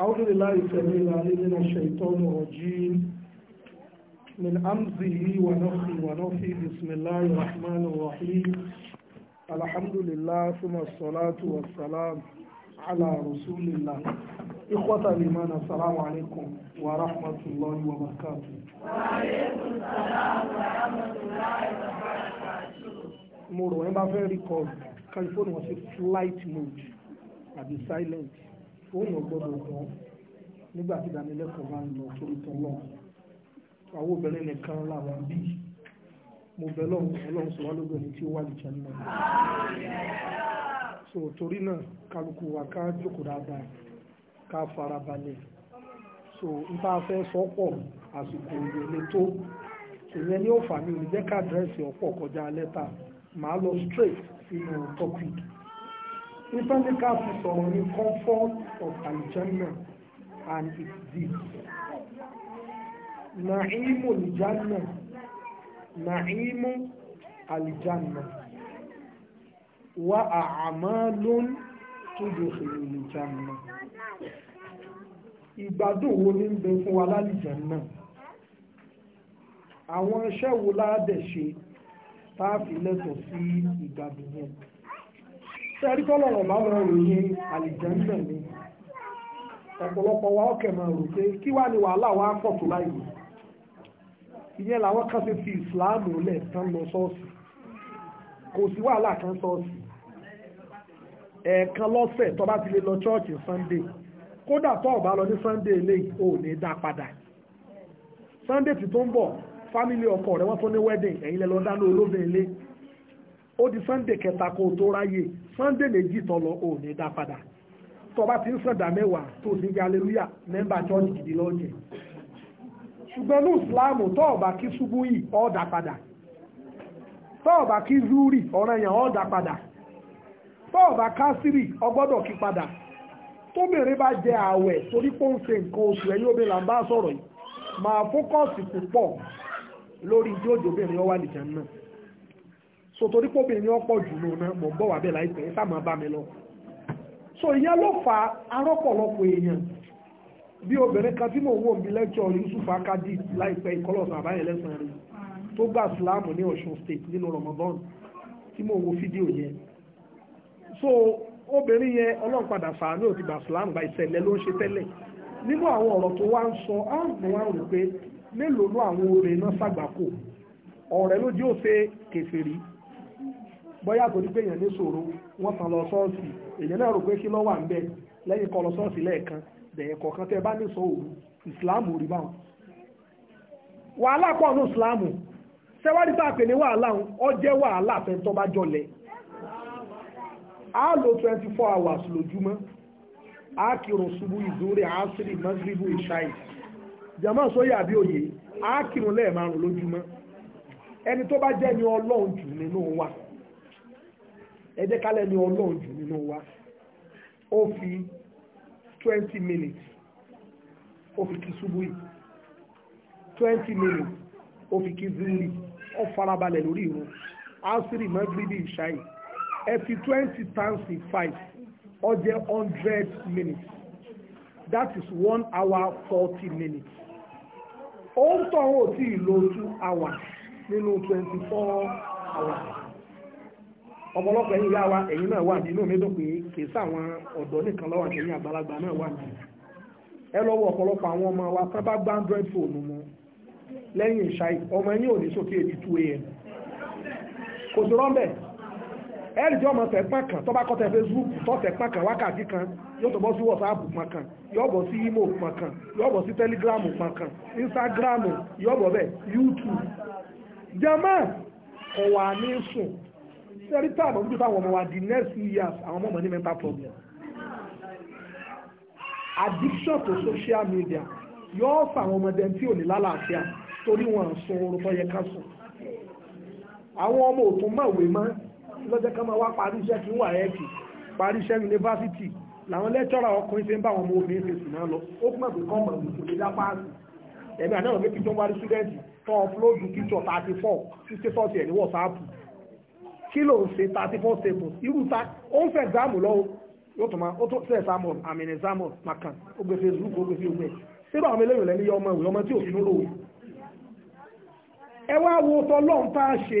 أعوذ بالله السميع العليم من الشيطان الرجيم من أمزه ونفخي ونفي بسم الله الرحمن الرحيم الحمد لله ثم الصلاة والسلام على رسول الله إخوة الإيمان السلام عليكم ورحمة الله وبركاته وعليكم السلام ورحمة الله وبركاته mo rò ẹ bá káyọ̀ fóònù wọn sí flight mode àbí silent fóònù ọgbọ́dọ̀ gan nígbà tí ìdánilẹ́kọ̀ọ́ bá ń lọ sórí tó lọ àwọn obìnrin nìkan làwọn bí mo bẹ lọ́hùn ọlọ́run sọ wá lóbìnrin tí ó wà lìjẹ́ náà so torí náà kálukú wa ká jókòó dáadáa ká fara balẹ̀ so n ta fẹ́ sọ́pọ̀ àsìkò ìrẹ̀lẹ̀ tó ìyẹn ni ó fà mí ò ní jẹ́ ká dírẹ́sì ọ̀pọ̀ kọjá lẹ́tà màá lọ straight sínú topic ìfẹ́nìkà ti sọ̀rọ̀ ní comfort of aljanna and its deeds nàìmù aljanna nàìmù aljanna wa àmàlùn tó yóò fi aljanna ìgbádùn wo ní ń bẹ fún wa lálìjẹ́ náà àwọn iṣẹ́ wo láàdẹ̀ ṣe táàfì lẹ́tọ̀ sí ìgbàdùnmọ́ sẹ́rí kọ́lọ̀rọ̀ láwọn ìròyìn àlìjẹ́ńdẹ̀ ni ọ̀pọ̀lọpọ̀ wa ọkẹ̀ máa rò pé kí wá ní wàhálà wa pọ̀ tó láyé ìyẹn làwọn kan ṣe fi ìsìláàmù lẹ̀ tán lọ ṣọ́ọ̀ṣì kò sí wàhálà kan ṣọ́ọ̀ṣì ẹ̀ẹ̀kan lọ́sẹ̀ tó bá ti lè lọ ṣọ́ọ̀ṣì sunday kódà tó o bá lọ ní sunday eléyìí ò ní dá padà sunday ti tó ń bọ̀ fámìlì ọkọ rẹ wọ́n tó ní wedding ẹ̀yin lẹ lọ dáná ilé di sunday kẹta kó tó ráyè sunday méjì tó ò ní dá padà ti ń tó aleluya mẹ́mbà church gidi lọ́jẹ̀ ṣùgbọ́n ní islam tó kí ṣubú yìí ó dá padà kí zuri ọ̀ràn yẹn ó dá padà tó ọba kásírì kí padà tóbìnrin bá jẹ ààwẹ̀ torí lórí tí ó jòbìnrin ọwà lè jẹun náà so torí pé obìnrin ọ̀pọ̀ jù lọ náà mọ̀ bọ̀ wà bẹ́ẹ̀ láìpẹ́ sáà máa bá mi lọ so ìyẹn ló fa arọ́pọ̀lọpọ̀ èèyàn bí obìnrin kan tí mò ń wò mí lẹ́kọ̀ọ́ Yusuf Akadi láìpẹ́ ìkọlọ́sàn àbáyẹ lẹ́sàn rẹ̀ tó gba Ìsìláàmù ní Ọ̀ṣun state nínú Ramadan tí mò ń wo fídíò yẹn so obìnrin yẹn Ọlọ́run padà sàánú òtí gba Ìsìláàmù gba ìṣẹ̀lẹ̀ ló ń ṣe tẹ́lẹ̀ nínú àwọn ọ̀rọ̀ tó wá ń sọ áàmù ah, wá rò pé mélòó ló àwọn obìnrin náà ṣàgbákò ọ̀rẹ́ ló jẹ́ òfé kèfèrí bóyá torí pé ní wọ́n san lọ ṣọ́ọ̀ṣì èèyàn náà rò pé kí lọ́wọ́ à ń bẹ̀ lẹ́yìn kọ́ lọ ṣọ́ọ̀ṣì lẹ́ẹ̀kan bẹ̀yẹ̀ kọ̀ọ̀kan tẹ́ bá ní sọ òru ìsìláàmù rí báwọn. ọ jẹ́ wàhálà bá jọlẹ̀ twenty four hours lójúmọ́ ṣubú jàmọ́ sóyè àbí òye á kírun lẹ́ẹ̀márùn lójúmọ́ ẹni tó bá jẹ́ ni ọlọ́run jù nínú wa ẹ jẹ́ ká lẹ́ni ọlọ́run jù nínú wa ó fi twenty minutes ó fi kí ṣubú yìí twenty minutes ó fi kí zúlì ó farabalẹ̀ lórí ìrun asiri magribi ìṣáì ẹ fi twenty times five ó jẹ́ hundred minutes that is one hour forty minutes ó ń tọ̀hún ò tí ì lo two hours nínú twenty four hours ọ̀pọ̀lọpọ̀ ẹ̀yin ìyá wa ẹ̀yin náà wà nínú mi dùn pé kìí sáwọn ọ̀dọ́ nìkan lọ́wọ́ àtẹ̀yìn àgbàlagbà náà wà nínú ẹ lọ́wọ́ ọ̀pọ̀lọpọ̀ àwọn ọmọ wa tán bá gbá android phone mu lẹ́yìn ìṣáì ọmọ ẹ̀yìn ò ní sókè di two a.m. kò sí rọ́ńbẹ́ ẹ̀rì jọ́ ọmọ tẹ̀pá kan tó bá kọ́ tẹ Facebook tó tẹ̀pá kan wákàtí kan yóò tó bọ́ sí WhatsApp pọn kan yóò bọ́ sí imo pọn kan yóò bọ́ sí Telegram pọn kan Instagram yóò bọ́ bẹ́ẹ̀ YouTube jama ọ̀wà ní sùn sẹ́rí tá àmọ́ nítorí táwọn ọmọ wa the next few years àwọn ọmọ ní mental problem addiction to social media yóò fà àwọn ọmọdé tí ò ní lálàáfíà torí wọn sùn orun tó yẹ ká sùn àwọn ọmọ òtún mọ̀wé máa lọ́jọ́ kan máa wá parí iṣẹ́ kí wà ẹ́ẹ̀kì parí iṣẹ́ yunifásitì làwọn lẹ́tọ́rà ọkùnrin ṣe ń bá àwọn ọmọ obìnrin ṣe sì náà lọ ó kúmọ̀ pé kọ́ mọ̀ òṣèlú lápáàsì ẹ̀mí àdáwọn méjì tó ń wárí súdẹ́ǹtì tó ọ̀pọ̀lọ́dù píṣọ̀ 34 sí sọ́ọ̀tì ẹ̀ ní wọ́sáàpù kí ló ń ṣe 34 staples irú ta ó ń fẹ́ ẹ̀sáàmù lọ́wọ́ yóò tó máa ó tó fẹ́ ẹ̀sáàmù àmì ẹ̀sáàmù màkàn ó gbé Facebook ó gbé sí ogun ẹ̀ síbà àwọn eléyìn lẹ́ni ọmọ ìwé ọmọ tí òfin ló wò ẹ wá wo tọ́lọ́run tá a ṣe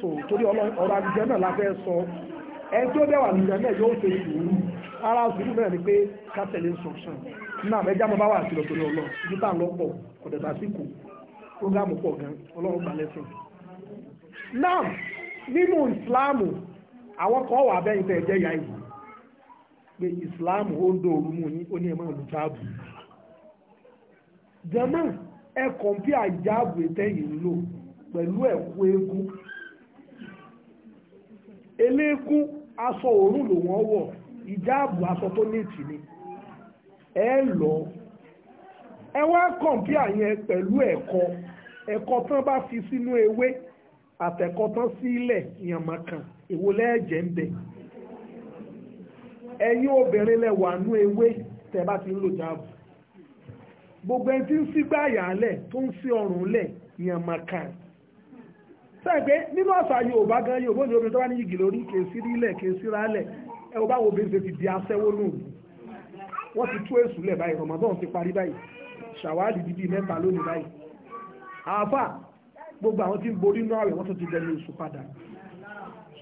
so torí ọ̀rọ̀ àdìjẹ́ náà la fẹ́ sọ ẹ tó dẹ̀wà àdìjẹ́ náà yóò ṣe sùúrù ara sùúrù náà ni pé ká tẹ̀lé instruction náà ẹjá mo bá wà sílọ torí ọlọ ibi tá à ń lọ pọ̀ ọ̀dẹ̀ bá sì kù program pọ̀ gan ọlọ́run gbà lẹ́sìn náà nínú ìsìláàmù àwọn kan wà abẹ́yìn tẹ̀ ẹ̀jẹ̀ yà yìí pé ìsìláàmù ó ń do òru mú ní ó ní ẹ̀mọ́ olùjáàbù jẹ́mọ́ ẹ kọ̀ǹpí àjáàbù ìtẹ́yìn lò pẹ̀lú ẹ̀kú eégún eléégún aṣọ òórùn ló wọ́n wọ̀ ìjáàbù aṣọ tó nìtì ni ẹ lọ ẹ wá kọ̀ǹpìà yẹn pẹ̀lú ẹ̀kọ́ ẹ̀kọ́ tán bá fi sínú ewé àtẹ̀kọ́ tán sílẹ̀ yànmọ̀kàn èwo lẹ́ẹ̀jẹ̀ ń bẹ ẹ̀yin obìnrin lẹ wà nú ewé tẹ́ bá ti ń lò jáàbù gbogbo ẹni tí ń sígbà yà á lẹ̀ tó ń sí ọrùn lẹ̀ yànmọ̀kàn sẹ́yìn pé nínú àṣà Yorùbá gan Yorùbá ní obìnrin tó wá ní yìgì lórí kè sí rílẹ̀ kè sí rálẹ̀ ẹ wo báwo obìnrin ṣe ti di aṣẹ́wó nù wọ́n ti tú èṣù lẹ̀ báyìí Ramadan ti parí báyìí ṣàwádìí bíbí mẹ́ta lónìí báyìí àáfà gbogbo àwọn tí ń borí náà rẹ̀ wọ́n tún ti dẹnu èṣù padà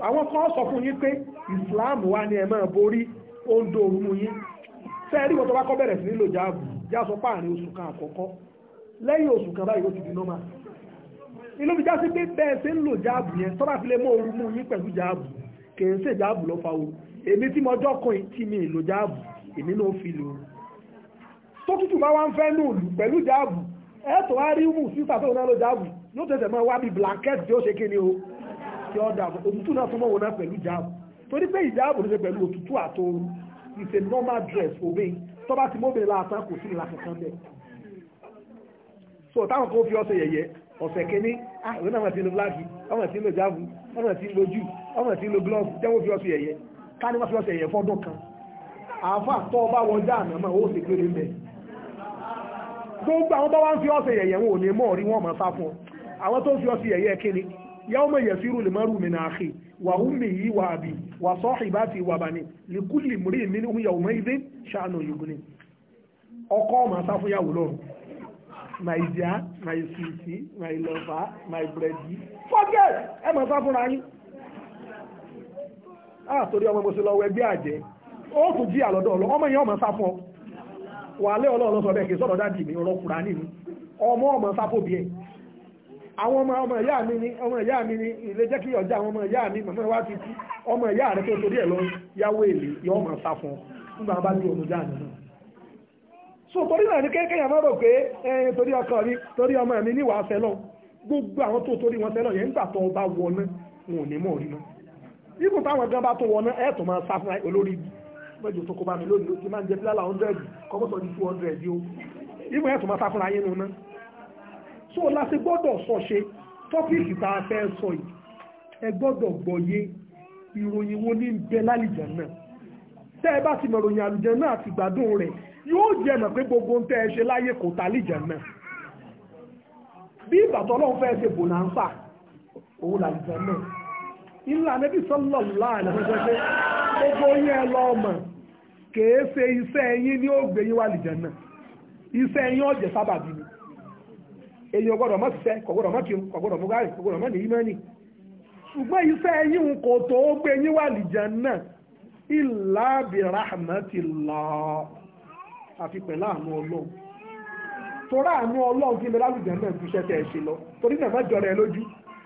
àwọn kan sọ fún yín pé Islam wa ní ẹ máa borí ó ń do òun yín fẹ́ẹ́ rí wọn tó bá kọ́ bẹ̀rẹ̀ sí nílò jáàbù já páàrin oṣù kan àkọ́kọ́ lẹ́yìn oṣù kan báyìí ó ti di normal inú fi já sí pé bẹ́ẹ̀ ṣe ń lò jáàbù yẹn tọ́ba fi lè mọ ooru mú yín pẹ̀lú jáàbù kì í ṣe jáàbù ló fa ooru èmi tí mo jọ́ kan tí mi ì lò jáàbù èmi náà fi lò ooru tó tútù bá wá ń fẹ́ ní òòlù pẹ̀lú jáàbù ẹ tó wá rí mú sí sàtọ́ náà lò jáàbù yóò tẹ̀sẹ̀ mọ́ wá bí blanket tí ó ṣe kéde o tí ó dàbò òtútù náà tó mọ̀ wọn náà pẹ̀lú jáàbù torí pé ìjáàbù ló ṣe pẹ̀lú òtútù àtòoru it's normal dress obìnrin tọ́ba ti mọ́bìnrin láàtàn kò sí ìlà kankan bẹ́ẹ̀ so ọ̀sẹ̀ kéde ah ìwé náà mà ti lo black ọmọ ti lo jáàbù ọmọ ti lo jù ọmọ ti lo glove jẹ́wọ́ fi ọ̀sẹ̀ ẹ̀yẹ ká ní wọ́n fi ọ̀sẹ̀ ẹ̀yẹ fọ́dún kan àáfà tó ọba wọ jáàmù ọmọ ó sì péré mẹ́ gbogbo àwọn bá wá ń fi ọ̀sẹ̀ ẹ̀yẹ wọn ò ní mọ́ ọ̀rí wọn mọ̀ sá fún ọ àwọn tó ń fi ọ̀sẹ̀ ẹ̀yẹ kéde yàwó mọ̀ my dear my sweetie my lover my bready forget ẹ mọ̀ sá fúnra yín ah torí ọmọ ìmọ̀sí lọ́wọ́ ẹgbẹ́ àjẹ́ ó kù jí àlọ́dọ̀ ọlọ́ ọmọ yẹn ọmọ ọ wà lé sọ bẹ́ẹ̀ kì sọ̀rọ̀ dáàdì mi nínú ọmọ ọmọ so torí náà ní kéèkéèyàn má rò pé ẹyìn torí ọkọ rí torí ọmọ mi ní wàá fẹ́ lọ gbogbo àwọn tó torí wọn fẹ́ lọ yẹn nígbà tó ọba wọ náà wọn ò ní mọ̀ rí náà ibùn táwọn gan bá tó wọ náà ẹ̀ tó máa sá fún olórí mẹ́jọ tó kó bá mi lónìí ó ti máa ń jẹ fílàlà hundred kọ́mọ́sọ̀ ní two hundred yìí ó ibùn ẹ̀ tó máa sá fún ayé nu so láti gbọ́dọ̀ sọ ṣe tọ́pìkì tá a fẹ́ sọ yìí ẹ gbọ́dọ̀ gbọ́yé ìròyìn wo ní bẹ lálìjẹ náà tẹ́ ẹ bá ti mọ̀ ròyìn àlùjẹ náà àti gbádùn rẹ̀ yóò jẹ́ mọ̀ pé gbogbo ń tẹ́ ẹ ṣe láyé kò ta lìjẹ̀ náà bí ìbàtọ́ ọlọ́run fẹ́ ṣe bònáńsà òun làlìjẹ̀ náà ilé ànábì sọ́lọ̀ láàrin ọjọ́ pé gbogbo yín ẹ lọ ọmọ kèé ṣe iṣẹ́ yín ní ó gbé yín wà lìjẹ̀ náà iṣẹ́ yín ọ̀jẹ̀ sábàbí ni èyí ọgbọ́dọ̀ mọ́ ṣiṣẹ́ kọ̀gbọ́dọ̀ mọ́ kírun kọ̀gbọ́dọ̀ mọ́ gáàrí kọ̀gbọ́dọ̀ mọ́ nìyí mẹ́rin ṣùgbọ́n iṣẹ́ yín kò tó gbé yín wà lìjẹ̀ náà ìlà bi rahmatillah àfi pẹ̀lú àánú ọlọ́run torí àánú ọlọ́run kí n bẹ lálùjẹ́ náà ju iṣẹ́ tẹ̀ ẹ ṣe lọ torí náà má jọra ẹ lójú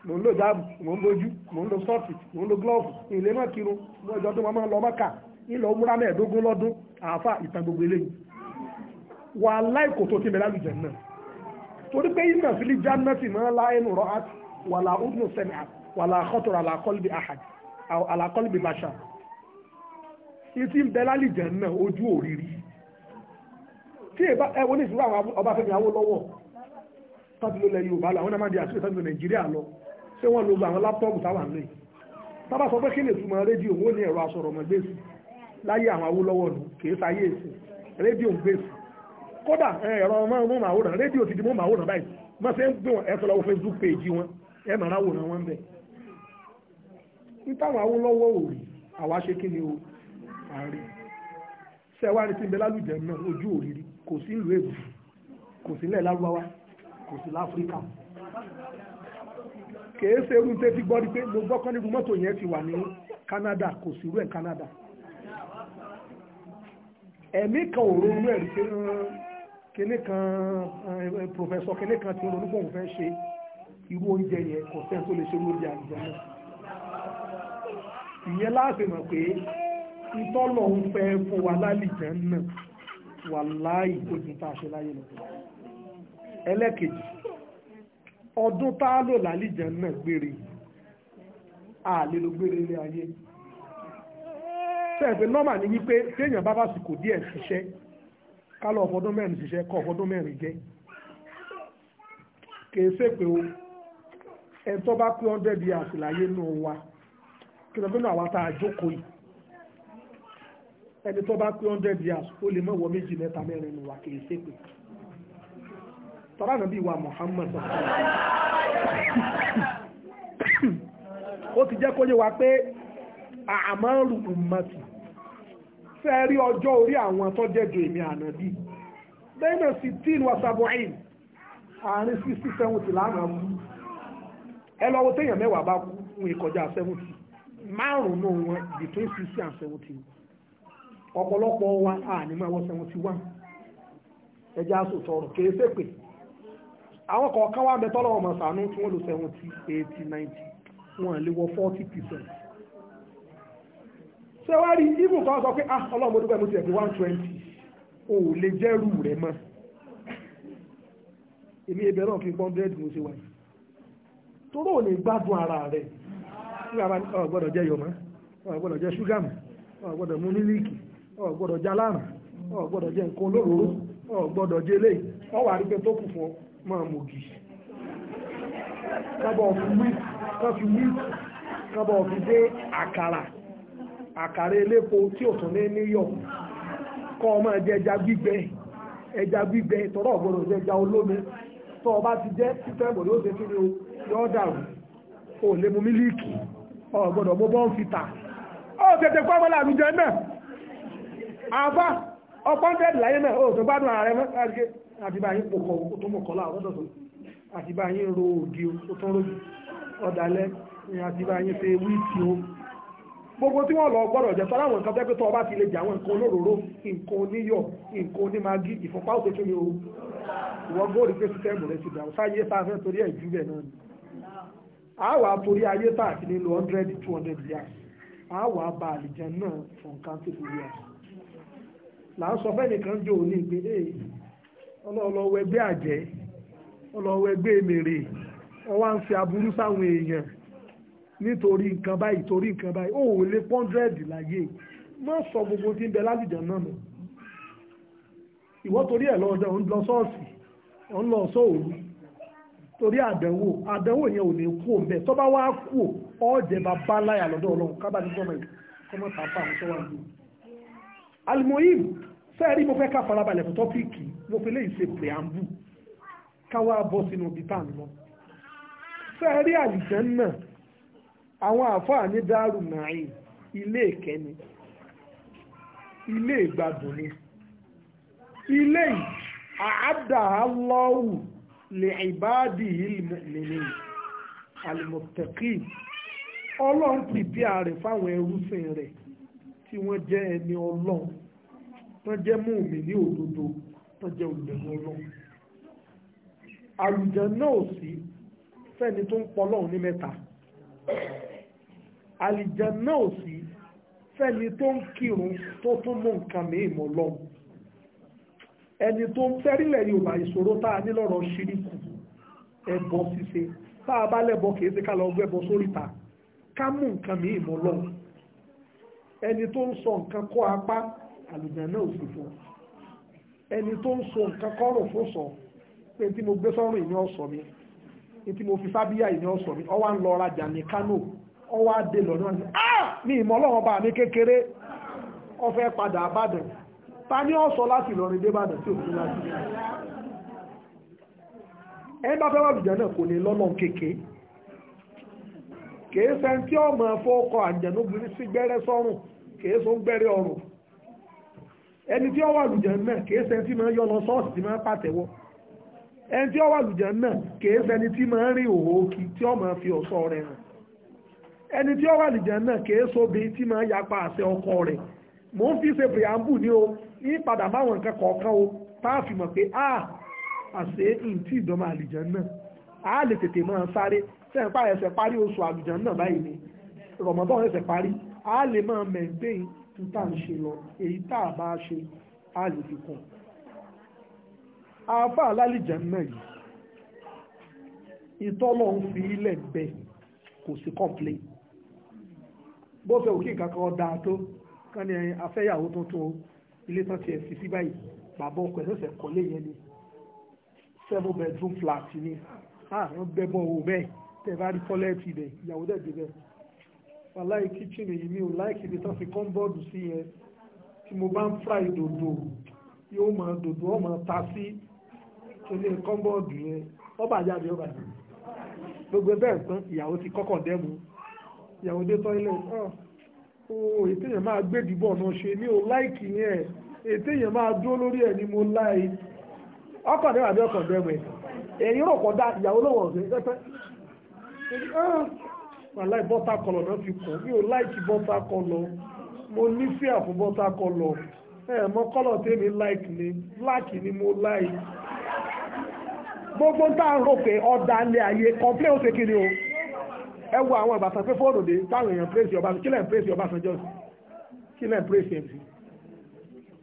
mò ń lo jáàbù mò ń bojú mò ń lo sọ́ọ̀tì mò ń lo glọ́ọ̀fù ìlé má kírun mọ́ ìjọ tó máa ń lọ mọ́kà ìlọ múra mẹ́ẹ̀ẹ́dógún lọ́dún àáfà ìtàn gbogbo eléyìí wà láìkò tó ti bẹ náà torí pé iná fili jannati máa la ẹnu rọ àti wàlà udnu sami'at wàlà khatar ala qalbi ahad ala qalbi bashar ìtì ń bẹ lálùjẹ́ náà ojú òrìrì tí ẹwọ ní ìṣúra ọba fẹ́mi awó lọ́wọ́ tábìlì lẹ Yorùbá lọ àwọn náà máa di àṣírí tábìlì Nàìjíríà lọ ṣé wọ́n lo àwọn láptọ́ọ̀pù táwọn àlẹ́ tábà sọ pé kí lè túmọ̀ rédíò wọ́n ní ẹ̀rọ asọ̀rọ̀mọ̀gbèsì láyé àwọn awó lọ́wọ́ nù kìí sáyé èsì rédíò ń gbèsì kódà ẹ̀rọ mọ́màwòrán rédíò ti di mọ́màwòrán báyìí wọ́n ṣe ń gbé wọn ẹ̀sọ́ lọ́wọ́ Facebook page wọn ẹ̀ màrá wòrán wọn bẹ̀. nítawọn awó lọ́wọ́ ò rí àwa ṣe kí ni o àárín ṣẹ́wárí tí ń bẹ lálùjẹ́ náà ojú òrìrì kò sí ìlú èbù kò sílẹ̀ lárúbáwá kò sí láfíríkà kèé ṣe irú tẹ́ ti gbọ́ rí pé mo gbọ́ kán nínú mọ́tò yẹn ti wà ní Canada kò sí irú ẹ̀ Canada ẹ̀mí kan ò ronú ẹ̀rí pé kíní kan eh, professor kíní kan ti ronú fóun fẹ́ ṣe irú oúnjẹ yẹn kò sẹ́ni tó lè ṣe lórí àjọ náà ìyẹn láàfin mọ̀ pé ìtọ́lọ̀ ń fẹ́ fún wa lálìjẹ́ náà wàláì ojú tá a ṣe láyé lọ. ẹlẹ́kejì ọdún tá a lò lálìjẹ náà gbére àlelò gbére ilé ayé sẹ́ẹ̀fẹ̀ nọ́mà ni wípé téèyàn bá bá sì kò díẹ̀ ṣiṣẹ́ ká lọ ọ̀fọ́dún mẹ́rin ṣiṣẹ́ kọ́ ọ̀fọ́dún mẹ́rin jẹ́ kì í ṣèpè o ẹ̀tọ́ bá pé hundred years láyé nù wa kí lọ́gbẹ́nu àwa tá a jókòó yìí ẹni tó bá pé hundred years ó lè mọ̀wọ́ méjì mẹ́ta mẹ́rin nù wá kì í ṣépè tọ́lá nàbí wa Muhammad ó ti jẹ́ kó yé wa pé àmọ́rù ummati fẹ́ rí ọjọ́ orí àwọn tó jẹ́jọ èmi ànábì bẹ́ẹ̀ náà sì tíìn wa sabu'in àárín sixty seventy lánàá mú ẹ lọ́wọ́ téèyàn mẹ́wàá bá kú ń kọjá seventy márùn-ún wọn between sixty and seventy ọ̀pọ̀lọpọ̀ wa àní máa wọ seventy one ẹja sòtọ̀ ọ̀rọ̀ kìí ṣépè àwọn kọ̀ọ̀kan wà bẹ́ẹ̀ tọ́lọ̀ ọmọ sànú tí wọ́n lò seventy eighty ninety wọn lè wọ forty percent ṣé wá rí ibùn kan sọ pé ah ọlọ́run mo dúpẹ́ mo ti ẹ̀ pé one twenty o ò lè jẹ́rù rẹ̀ mọ́ èmi ẹbẹ̀ náà fi hundred mo ṣe wáyé toró ò ní gbádùn ara rẹ̀ nígbà máa ní ọ̀gbọ́dọ̀ jẹ́ yọ̀mọ́ ọ̀gbọ́dọ̀ jẹ́ ṣúgàmù ọ̀gbọ́dọ̀ mú mílíìkì ọ gbọdọ jẹ alára ọ gbọdọ jẹ nǹkan olóróró ọ gbọdọ jẹ ilé wà tó kù fún ọ máa mọ̀ gì. kábọ̀ fi wí kábọ̀ fi dé àkàrà àkàrà elépo tí ò tún ní níyọ̀ kọ́ ọ máa ẹja gbígbẹ ẹja gbígbẹ ẹja olómi ọ ti ṣe kí ni o dàrú o lè mu mílíìkì mo ń fi ọ tètè ọmọ làlùjẹ àfá ọpọ́ntẹ́dì láyé náà ó tó gbádùn ààrẹ mẹ́sàgbé àtibáyín pòkọ̀ ó tó mọ̀kọ́lá ọ̀dọ́dọ̀tún àtibáyín ro òdi ó tó rójú ọ̀dàlẹ́ àtibáyín fẹ́ wíìtì ó gbogbo tí wọ́n lọ gbọ́dọ̀ jẹ́ sọ́lá àwọn nǹkan tẹ́pẹ́ tó ọba ti lè jà àwọn nǹkan olóróró nǹkan oníyọ̀ nǹkan onímagí ìfúnpá òkè tó ní o ìwọ góòlù pé sísẹ́mù rẹ ti dà ó sáyé tá a fẹ́ torí ẹ̀ jù bẹ́ẹ̀ náà ni àwa torí ayé tá a ti nílò hundred two hundred years àwa bá àlìjẹ náà for nǹkan tó fi yẹ là ń sọ fẹ́nìkan jò ní pé ọlọ́ọ̀lọ́wọ́ ẹgbẹ́ àjẹ́ ọlọ́ọ̀wọ́ ẹgbẹ́ èmèrè ọwọ́ à ń fi aburú sáwọn èèyàn nítorí nǹkan báyìí torí nǹkan báyìí ó ò lé pọ́ndrẹ́dì láyé má sọ gbogbo tí ń bẹ lálùjọ náà nù ìwọ́ torí ẹ̀ lọ́ọ̀dọ̀ ń lọ sọ́ọ̀sì ń lọ torí àdánwò àdánwò yẹn ò ní kú òǹbẹ wá kú ọ̀ọ́dẹ̀ láyà lọ́dọ̀ ọlọ́run gọ́ọ̀mẹ̀ntì kọ́mọ̀tà sọ́wọ́n alimoyim sẹ́ẹ̀rí mo fẹ́ ká farabalẹ̀ fún tọ́píìkì mo fi lè ṣe preambu káwá bọ́ sínú ibi tá à ń lọ sẹ́ẹ̀rí àlìjẹ́nnà àwọn àfáà ní dárù nàáyì ilé ìkẹ́ni ilé ìgbàdùn ni ilé àádà lè ìbáàdì ìlmọ̀mìnì alìmọ̀tẹ̀kì ọlọ́run pìpì ààrẹ fáwọn ẹrúsìn rẹ̀ tí wọ́n jẹ́ ẹni ọlọ́run tó jẹ́ mùmí ní òdodo tó jẹ́ olùbẹ̀rù ọlọ́run àlùjá náà ò sí fẹ́ni tó ń pọlọ́run ní mẹ́ta àlùjá náà ò sí fẹ́ni tó ń kírun tó tún mú nǹkan mìíràn mọ́ lọ́run ẹni tó ń fẹ́rílẹ̀ yorùbá ìṣòro tá a ní lọ́rọ̀ ṣíríkù ẹbọ ṣíṣe tá a bá lẹ́bọ kìí sí ká lọ gbẹ́bọ sóríta ká mú nǹkan mìíràn mọ́ lọ́run ẹni tó ń sọ nǹkan kọ́ apá àlùjànnà ò sì fún ẹni tó ń sọ nǹkan kọ́rùn fún sọ pé tí mo gbé sọ́rùn ìní ọ̀sọ̀ mi tí mo fi sábíyà ìní ọ̀sọ̀ mi ọwá ń lọ rajà ní Kánò ọwá dé lọ náà ní ìmọ̀ mi kékeré ọfẹ́ padà ta ní ọ̀sọ̀ láti dé tí láti bá fẹ́ wà kìí ṣe tí ọmọ fọ́ọ̀kọ àjẹ̀nú burú sí gbẹ́rẹ́ sọ́rùn kìí sọ gbẹ́rẹ́ ọrùn ẹni tí ó wà lùjẹ̀ náà kìí ṣe tí máa yọ lọ sọ́ọ̀sì tí máa pàtẹ́wọ́ ẹni tí ó wà lùjẹ̀ náà kìí ṣe ẹni tí máa rí òhò kí tí ọmọ fi ọ̀ṣọ́ rẹ̀ hàn ẹni tí ó wà lùjẹ̀ náà kìí sọ bí tí máa yapa àṣẹ ọkọ rẹ̀ mò ń fi ṣe preambu ní o ní padà máwọn nǹkan kọ̀ọ̀kan o táàfì mọ̀ pé a ah, àṣẹ ìntì ìdọ́mọ àlùjẹ̀ náà a lè tètè máa sáré sẹ́ǹpá ẹ̀sẹ̀ parí oṣù àlùjàn náà báyìí ni rọ̀mọ́dọ́ ẹ̀sẹ̀ parí a lè máa mẹ̀ǹdéyìn tó tá à ń ṣe lọ èyí tá a bá ṣe a lè fi kún. àáfà alálìjàn náà yìí ìtọ́lọ̀ ń fi ilẹ̀ bẹ kò sí kọ́ńplé bó fẹ́ òkè kankan dáa tó kán ní afẹ́yàwó tuntun ilé tán tiẹ̀ fi sí báyìí bàbá ọkọ̀ ẹ̀sẹ̀sẹ̀ kọ́lé yẹn ni seven bedroom flat ni ah wọ́n bẹ́ bọ́ owó bẹ́ẹ̀ tẹ̀bá rí tọ́lẹ́ẹ̀tì rẹ̀ ìyàwó dẹ̀ dé bẹ́ẹ̀ wàláì kíchìnì yìí mi ò láìkì ibi tán fi kọ́ńbọ́ọ̀dù sí yẹn tí mo bá ń fry dòdò yóò máa dòdò ọ̀ máa ta sí ilé kọ́ńbọ́ọ̀dù yẹn ọba àjáde ọba àjáde gbogbo bẹ́ẹ̀ tán ìyàwó ti kọ́kọ̀ dẹ́mu ìyàwó dé tọ́lẹ̀ ooo ètò yẹn máa gbé dìbò náà ṣe mi ò láìkì yẹn ètò yẹn máa dúró lórí ẹ̀ ni mo láì ọkọ̀ dẹ́mu àbí ọkọ̀ dẹ́mu ẹ̀ ẹ̀yìn rò Ah, wàhálà bọ́tà kọlọ̀ náà fi kọ́ mi ò láìkí bọ́tà kọlọ̀ mo nífẹ̀ẹ́ fún bọ́tà kọlọ̀ ẹ mọ kọlọ̀ tèmi láìkì ni láìkì ni mo láìkì gbogbo tá à ń rò pé ọ̀dà ilé ayé kọ́ńplẹ́ òsè kiri o ẹ wo àwọn ìbátan pé fóònù dé táwọn èèyàn pèsè ọba kílẹ̀ ń pèsè ọba sanjọ́ sí kílẹ̀ ń pèsè mc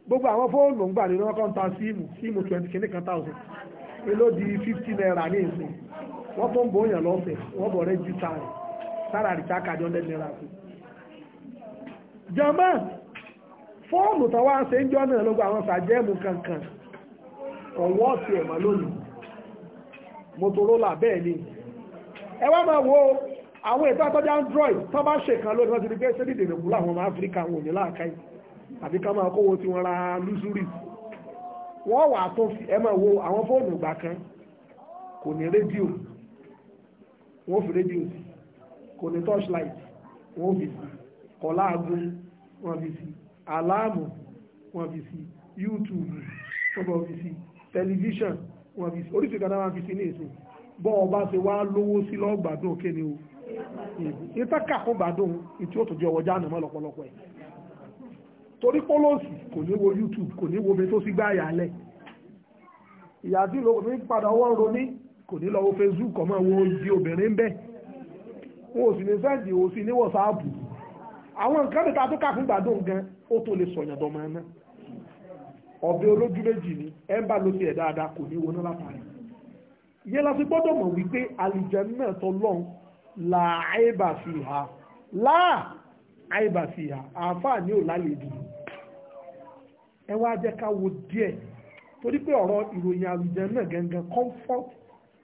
gbogbo àwọn fóònù ń gbà nínú ọkọ̀ ń ta síìmù síìmù twenty kìíní kan thousand èló di fifty naira ní ìsìn wọ́n tó ń bọ̀ yàn lọ́sẹ̀ wọ́n bọ̀ rẹ́jísà rẹ̀ sára rìta kàdé hundred naira sí. jọ̀mọ́ fóònù táwa ṣe ń jọ́ náà lógo àwọn sàjẹ́mù kankan ọ̀wọ́ ọ̀sẹ̀ ẹ̀mọ́ lónìí motorola bẹ́ẹ̀ ni ẹ wá máa wo àwọn ètò àtọ́jà android tó bá ṣe kan lónìí wọ́n ti di pé ṣé dìde ìdìbò láwọn ọmọ áfíríkà wọn ò ní láàkáyì àbí ká máa kówó tí wọ́n ra lùsùrì wọ́n wà tó fi ẹ máa wo àwọn fóònù ìgbà kan kò ní rédíò wọ́n fi rédíò sí kò ní torchlight wọ́n fi sí kọ̀lá aago wọ́n fi sí aláàmù wọ́n fi sí youtube wọ́n fi sí tẹlifíṣàn wọ́n fi sí oríṣìí kan náà wọ́n fi sí ní ìsìn bọ́ ọba ṣe wá lówó sí lọ́gbàdún òkè ni o ìtàkà fún gbàdún ìtí ó tó jẹ́ mọ́ lọ́pọ̀lọpọ̀ ẹ̀ torí pólòsì kò ní wo youtube kò ní wo omi tó sì gbá àyà lẹ̀ ìyàtí ló ní padà wọ́n roní kò ní lọ wo facebook ọmọ wo di obìnrin bẹ́ẹ̀ wọn ò sì ní sẹ́ǹdì ò sì ní wọ́sáàpù àwọn nǹkan níta tó kà fún gbàdún gan ó tó lè sọ̀yàn dọ̀mọ́ náà ọ̀bẹ olójú méjì ni ẹ ń bá ló ti ẹ̀ dáadáa kò ní wọná látàrí yẹn la fi gbọ́dọ̀ mọ̀ wípé àlìjẹ́n náà tọ́ lọ́n là áìbà fi hà láà áìbà fi hà àǹfààní ò lálejò ẹwà wá ká wo díẹ̀ torí pé ọ̀rọ̀ ìròyìn àlùjẹ́ náà gangan comfort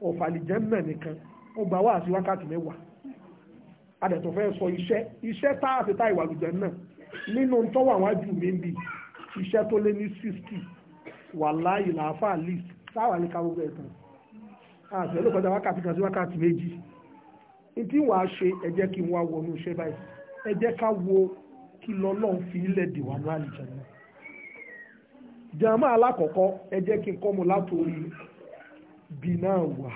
of àlùjẹ́ náà nìkan ó gbà wá sí wákàtí mẹ́wàá adẹ̀tọ̀ fẹ́ sọ iṣẹ́ iṣẹ́ tá a ti ta nínú tó lé ní sixty làáfà list sáwà ní káwọ́ bẹ́ẹ̀ tán kọjá wákàtí kan sí wákàtí méjì tí wàá ṣe ẹ kí n wá wọnú iṣẹ́ báyìí wo kí fi ní àlùjẹ́ náà jàmá alákọ̀ọ́kọ́ ẹ jẹ́ kí n kọ́ mu látòrí bìnnà wà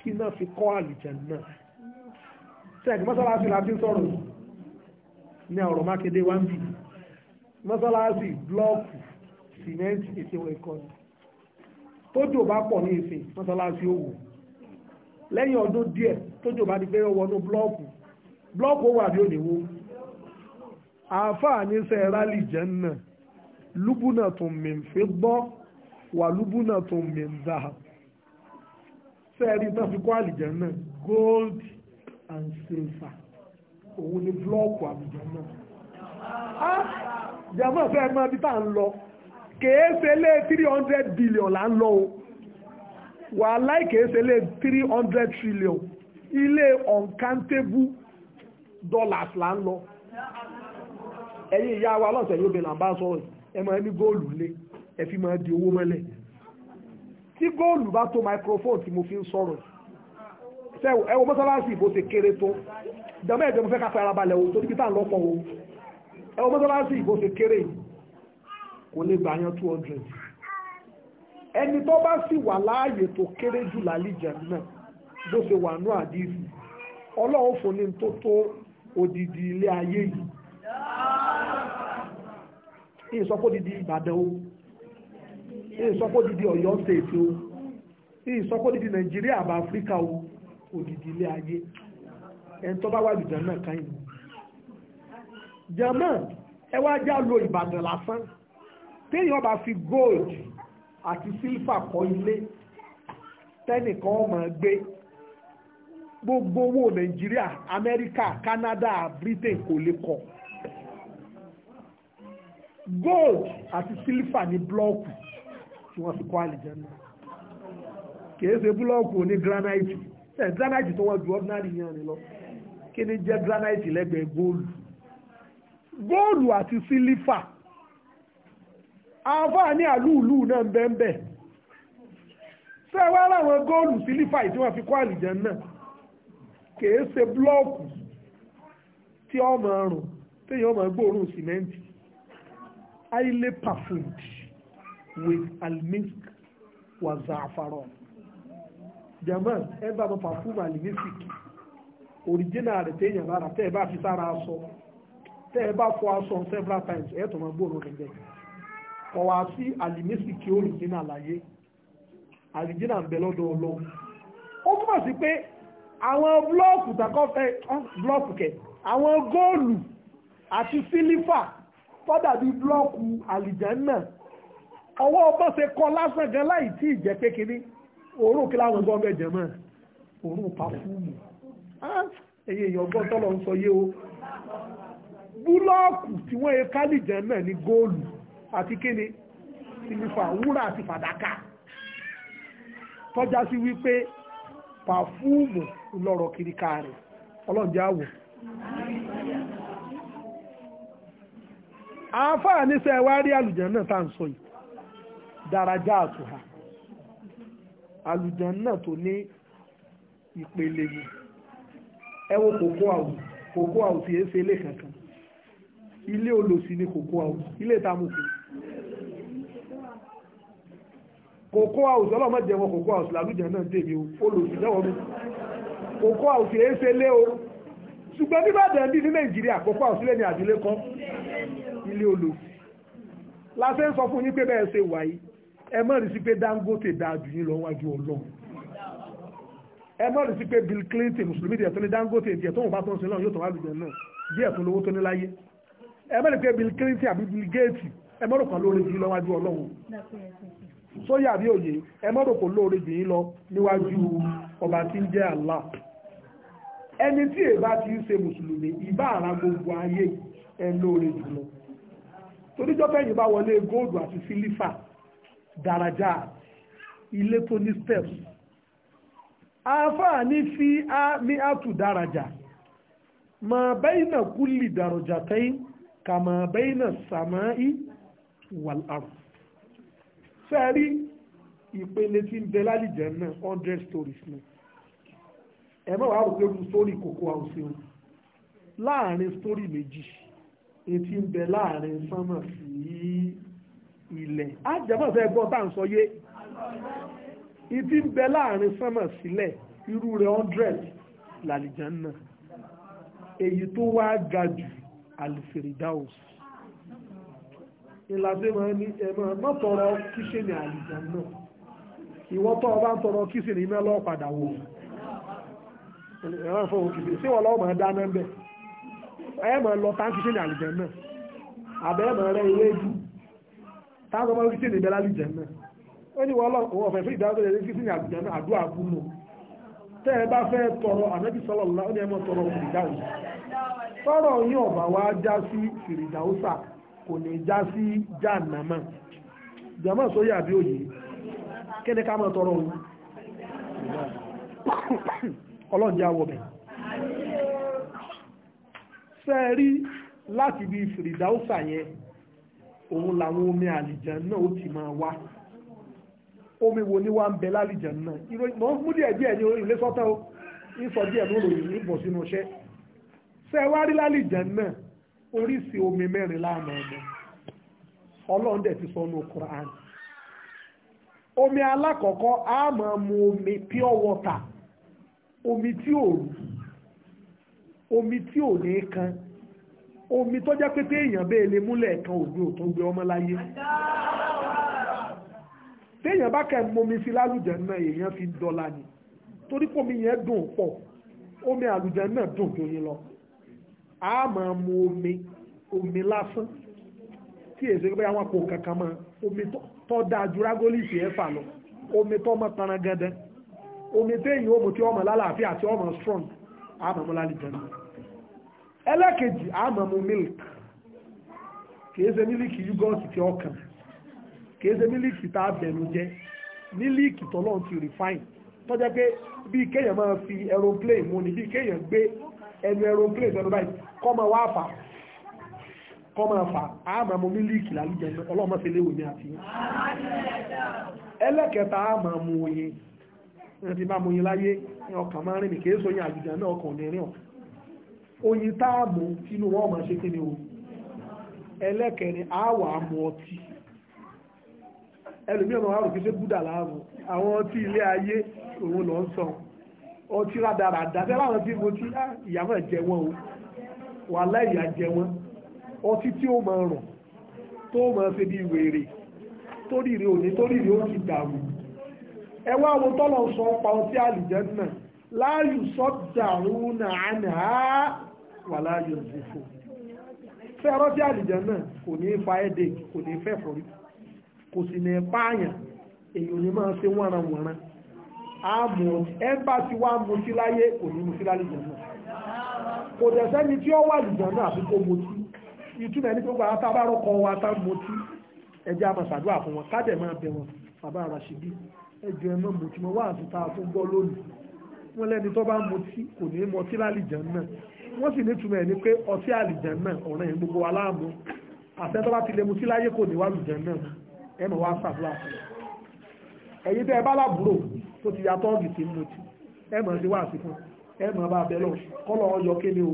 kí náà fi kọ́ àlùjánnà sẹ́ẹ̀kì mọ́sálásí la fi ń sọ̀rọ̀ ní ọ̀rọ̀ mákèdè wá ń bì mọ́sálásí blọ́ọ̀kù sìmẹ́ǹtì ètò ẹ̀kọ́ ni tójò bá pọ̀ ní ìsìn mọ́sálásí ó lẹ́yìn ọdún díẹ̀ tójò bá di pé wọnú blọ́ọ̀kù blọ́ọ̀kù ó wà bí òníwó àáfàá ní sẹ́ẹ̀ rálì jẹ́ náà Lubuna tó min fidda wà lúbúnà tó min zahab sẹ́ẹ̀rí tó fi kọ́ gold and silver òun ni búlọ́ọ̀kù àlìjánnà jàmọ́ fẹ́ mọ́ bí tá à ń lọ kèése lé three hundred billion là ń lọ o wàhálà kèése lé three hundred trillion ilé uncountable dollars là ń lọ ẹ̀yin ìyá wa lọ́sẹ̀ yóò bẹ̀rẹ̀ àbá sọ̀rọ̀ ẹ máa ní góòlù lé ẹ fi máa di owó mọ́lẹ̀ tí góòlù bá tó microphone tí mo fi ń sọ̀rọ̀ sẹ́wọ̀ ẹwọ mọ́sálásì ìbò ṣe kéré tó dàmọ́ ẹ̀jẹ̀ mo fẹ́ ká fẹ́ ara balẹ̀ o torí kí tá à ń lọ́pọ̀ o ẹwọ mọ́sálásì ìbò ṣe kéré kò lè gbà yan two hundred ẹni tó bá sì wà láàyè tó kéré jù lálìjẹ̀ náà bó ṣe wà ní àdìsí ọlọ́run fún ni tó tó odidi ilé ayé yìí ìsọkódìdì ìbàdàn o di ọ̀yọ́ state o ìsọkódìdì nàìjíríà àbá áfíríkà o òdìdì ilé ayé ẹni tó bá wà lùjọ náà kan yìí jama ẹ wá já lo ìbàdàn lásán téèyàn bá fi gold àti silver kọ́ ilé tẹ́nìkan ọmọ gbé gbogbo owó nàìjíríà amẹ́ríkà canada britain kò lè kọ́ gold àti sílífà ní blọ́ọ̀kù tí wọ́n fi kọ́ àlìjẹ́nà kìí ṣe búlọ́ọ̀kù ní granite ṣe granite tó wọ́n ju ordinary yẹn ni lọ kí ni jẹ́ granite lẹ́gbẹ̀ẹ́ góòlù góòlù àti sílífà àfáà ní àlúùlù náà bẹ́ẹ̀ ṣe wá láwọn gold sílífà tí wọ́n fi kọ́ àlìjẹ́nà kìí ṣe blọ́ọ̀kù tí ọmọ ọrùn tí yóò máa gbóòórùn sìmẹ́ǹtì highly perfumed with almisk wa za'afaron jama ẹ bá perfume almisk original rẹ̀ téèyàn lára tẹ́ ẹ bá fi sára aṣọ tẹ́ ẹ bá fọ aṣọ several times ẹ tó máa gbòòrò rẹ̀ bẹ́ẹ̀ kọ̀ wá sí almisk kí original láyé original ń bẹ lọ́dọ̀ ọlọ́run ó túmọ̀ sí pé àwọn búlọ́ọ̀kù tàkọ́ fẹ́ búlọ́ọ̀kù àwọn góòlù àti sílífà tọ́dà bíi búlọ́ọ̀kù àlìjánà ọwọ́ ọgbọ́n ṣe kọ́ lásán gan láì tí ì jẹ́ kékeré òórùn kí láwọn gbọ́n bẹ́ẹ̀ jẹ̀mọ́ òórùn pàfúùmù ẹ̀yẹ èèyàn gbọ́n tọ́lọ̀ ń sọ yé o búlọ́ọ̀kù tí wọ́n yẹ kálìjánà ní góòlù àti kíni sílífà wúrà àti fàdákà tọ́já sí wípé pàfúùmù lọ́rọ̀ kiri káàrẹ̀ ọlọ́njẹ́ àwọ̀ àáfàá ní sẹ́ wá rí àlùjànnà tá à ń sọ yìí dàrájà àtùhà àlùjànnà tó ní ìpele yìí ẹ wo kòkó àwù kòkó àwù tí èé ṣe ilé kankan ilé olòṣì ni kòkó àwù ilé ìtamùkù kòkó àwù sọlọ́mọ jẹ́wọ́ kòkó àwù sí àlùjànnà dèmi o olòṣì jẹ́wọ́ mi kòkó àwù tí èé ṣe lé o ṣùgbọ́n nígbàdàn bí ní Nàìjíríà kòkó àwù sílẹ̀ ní àdúlé kan ilé olóòfù láti ń sọ fún yín pé bẹ́ẹ̀ ṣe wà yìí ẹ mọ̀ rí sí pé Dangote dáa jù yín lọ wájú ọlọ́run ẹ mọ̀ sí pé Bill Clinton mùsùlùmí díẹ̀ tó ní Dangote díẹ̀ tó ń bá tó ń sin lọ́run yóò tó wá lùjẹ náà díẹ̀ tó lówó tó ní láyé ẹ mọ̀ pé Bill Clinton àbí Bill Gates ẹ mọ̀ rò kan lóore jù yín lọ wájú ọlọ́run sóyà bí òye ẹ mọ̀ rò kò lóore jù yín lọ níwájú ọba tí ń jẹ́ Allah ẹni tí èbá ti ń ṣe mùsùlùmí ìbá àrà gbogbo ayé ẹ lóore jù lọ toríjọ́ bẹ́yìn bá wọlé góòdù àti sílífà dàrájà ilé tó ní steps àáfàá ní fi á ní àtù dàrájà mà bẹ́yìn náà kúlì dàrájà tẹ́yìn kà mà bẹ́yìn náà sàmáì wàlárù sẹ́ẹ̀rí ìpele tí ń bẹ lálìjẹ́ náà hundred stories náà ẹ má wàá rò pé story kòkó àwòsàn láàrin story méjì etí ń bẹ láàrin sánmà sí ilẹ̀ àjẹmọ́ fẹ́ gbọ́ bá ń sọ yé etí ń bẹ láàrin sánmà sílẹ̀ irú rẹ̀ hundred làlìjánná èyí tó wá ga jù àlìfèrèdáwòs ìlàsẹ̀ máa ní ẹ̀mọ́ mọ́tọ̀rọ̀ kíṣẹ́nì àlìjánná ìwọ́n tó ọba ń tọrọ kíṣẹ́nì iná lọ́ọ́ padà wò ẹ̀rọ fún òkìsì sí wọn lọ́ọ́ máa dáná bẹ́ẹ̀. ẹ mọ̀ lọ táǹkì sí ní àlùjẹ náà àbẹ́ ẹ mọ̀ rẹ ilé jù táǹkì ọmọ kìí sí ní ìbẹ́lá àlùjẹ náà ó ní wọ́n ọ̀fẹ́ fún ìdáwọ́ tó yẹ kí ní àlùjẹ náà àdúrà kúnnù tẹ́ ẹ bá tọrọ ànábì sọlọ́ọ̀lá ó ní ẹ mọ̀ tọrọ tọrọ yín wa já sí fìrìdáwùsà kò ní já sí òye ká tọrọ òun bẹ̀rẹ̀ lati bi láti ibi fìrìdáùsà yẹn òun làwọn omi àlìjàn náà ó ti máa wá omi wo ni wá ń bẹ lálìjàn náà ìròyìn náà mú díẹ̀ díẹ̀ ní orí ilé sọ́tọ̀ ó ń sọ díẹ̀ ní òròyìn ní bọ̀ sínú iṣẹ́ fẹ́ lálìjàn náà oríṣi omi mẹ́rin láàmú ọmọ ọlọ́run dẹ̀ ti sọ ní omi alákọ̀ọ́kọ́ a máa mu omi pure water omi tí omi tí ò ní kan omi tó jẹ́ pé téèyàn bẹ́ẹ̀ lè múlẹ̀ kan òjò tó gbé ọmọ láyé téèyàn bá kẹ́ momi sí lálùjẹ́ náà èèyàn fi dọ́là ni torí omi yẹn dùn pọ̀ omi àlùjẹ́ náà dùn tó yín lọ a máa mu omi omi lásán tí èsì pé àwọn kò kankan mọ́ omi tó dáa ju rágólìsì ẹ̀fà lọ omi tó mọ́ tanrangẹ́dẹ́ omi téèyàn ó mu tí ọmọ lálàáfíà àti ọmọ strong a máa mu lálùjẹ́ náà ẹlẹ́kejì àmàmù milk kìí ṣe mílíkì yúgọ́ọ̀tì tí ọkàn kìí ṣe mílíkì tá a bẹ̀rù jẹ mílíkì tọ́lọ́ ti refine tọ́jà pé bíi kéèyàn máa fi aeroplane mú ni bíi kéèyàn gbé ẹnu aeroplane sẹ́nu báyìí kọ́ máa wá fà kọ́ máa fà àmàmù mílíkì làlújẹ ọlọ́mọ ṣe léwu ní àti ẹlẹ́kẹta àmàmù oyin ẹni tí bá mu oyin láyé ọkàn máa rìn mí kìí àjùjá náà ọkàn ò ní rìn ọ̀kan oyin táàmù inú wọn máa ṣe kíni o ẹlẹ́kẹ̀rin àwọ̀ àmú ọtí ẹlòmí ọmọ àrùn kìí ṣe gúdà láàmú àwọn ọtí ilé ayé òun lọ ń sọ ọtí rádaràdà fẹ́ láwọn tí mo ti ah, ìyàmọ̀ jẹ wọn o wà láìyà jẹ wọn ọtí tí ó máa rùn tó máa ṣe bí wèrè torí rẹ̀ òní torí rẹ̀ ó ti dàrú ẹwà wo tọ́lọ̀ sọ pa ọtí àlìjẹ́ náà láàyù sọ́dà òun náà wà láàyò ìdìfò fẹ́ ọ̀rọ̀ tí àlìjẹ́ náà kò ní fa ẹ́dẹ̀ kò ní fẹ́ fọ́rí kò sì ní pààyàn èyàn ní máa ṣe wọ́nranwọ̀nran àmọ́ ẹ̀bá ti wá mu sí láyé kò ní mu sí lálìjẹ́ náà kò dẹ̀ sẹ́ni tí ó wà àlìjẹ́ náà àfi kó mu sí ìtumọ̀ ẹni tó gbàgbá tábàrọ̀ kọ wa tá mu sí ẹjẹ́ fún wọn kájẹ̀ máa bẹ̀ wọn bàbá Ràṣídì ẹjọ́ ẹ mọ̀ mọ̀ tí wá àtúntà fún gbọ́ lónìí wọ́n lẹ́ni tó bá mu kò ní mọ sí náà wọ́n sì ní ni pé ọtí àlìjàn náà ọ̀ràn yẹn gbogbo aláàmú àtẹ́tọ́ bá ti lè mu sí láyé kò ní wá àlìjàn náà ẹ̀ mọ̀ wá sàdúrà fún ẹ̀yin tẹ́ ẹ bá lábúrò tó ti ya tọ́ọ̀gì sí mu ti ẹ̀ mọ̀ sí wá sí fún ẹ̀ mọ̀ bá kọ́lọ̀ ọyọ kéde o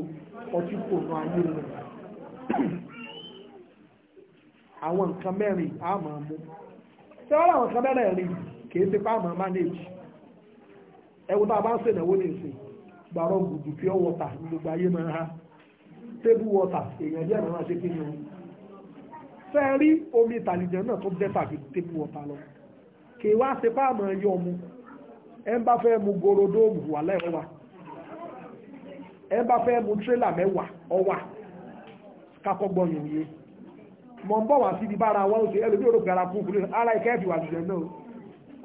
ọtí kò nù ayé rẹ̀ àwọn nǹkan mẹ́rin á máa mú tí wọ́n láwọn nǹkan mẹ́rin kì í ti pa àmọ́ manage ẹ̀wọ̀n tá a bá ń ṣèlú ẹ̀wọ́ ní ìsìn gbàrọ̀ gbùdù pure water gbogbo ayé máa ha table water èèyàn díẹ̀ náà ṣe kí ni o fẹ́ rí omi ìtàlìjẹ náà tó bẹ́tà ju table water lọ kì í wá ṣe páàmù ẹyọ mu ẹ ń bá fẹ́ mu gorodóòmù wà lẹ́wọ̀n wa ẹ bá fẹ́ mu tírélà mẹ́wàá ọwà kakọ́gbọ́n yìí yé mọ̀ ń bọ̀ wá síbi bára wọn ṣe ẹlòmí òrò gara fún kúrò ara ìkẹ́ẹ̀fì wà lùjẹ́ náà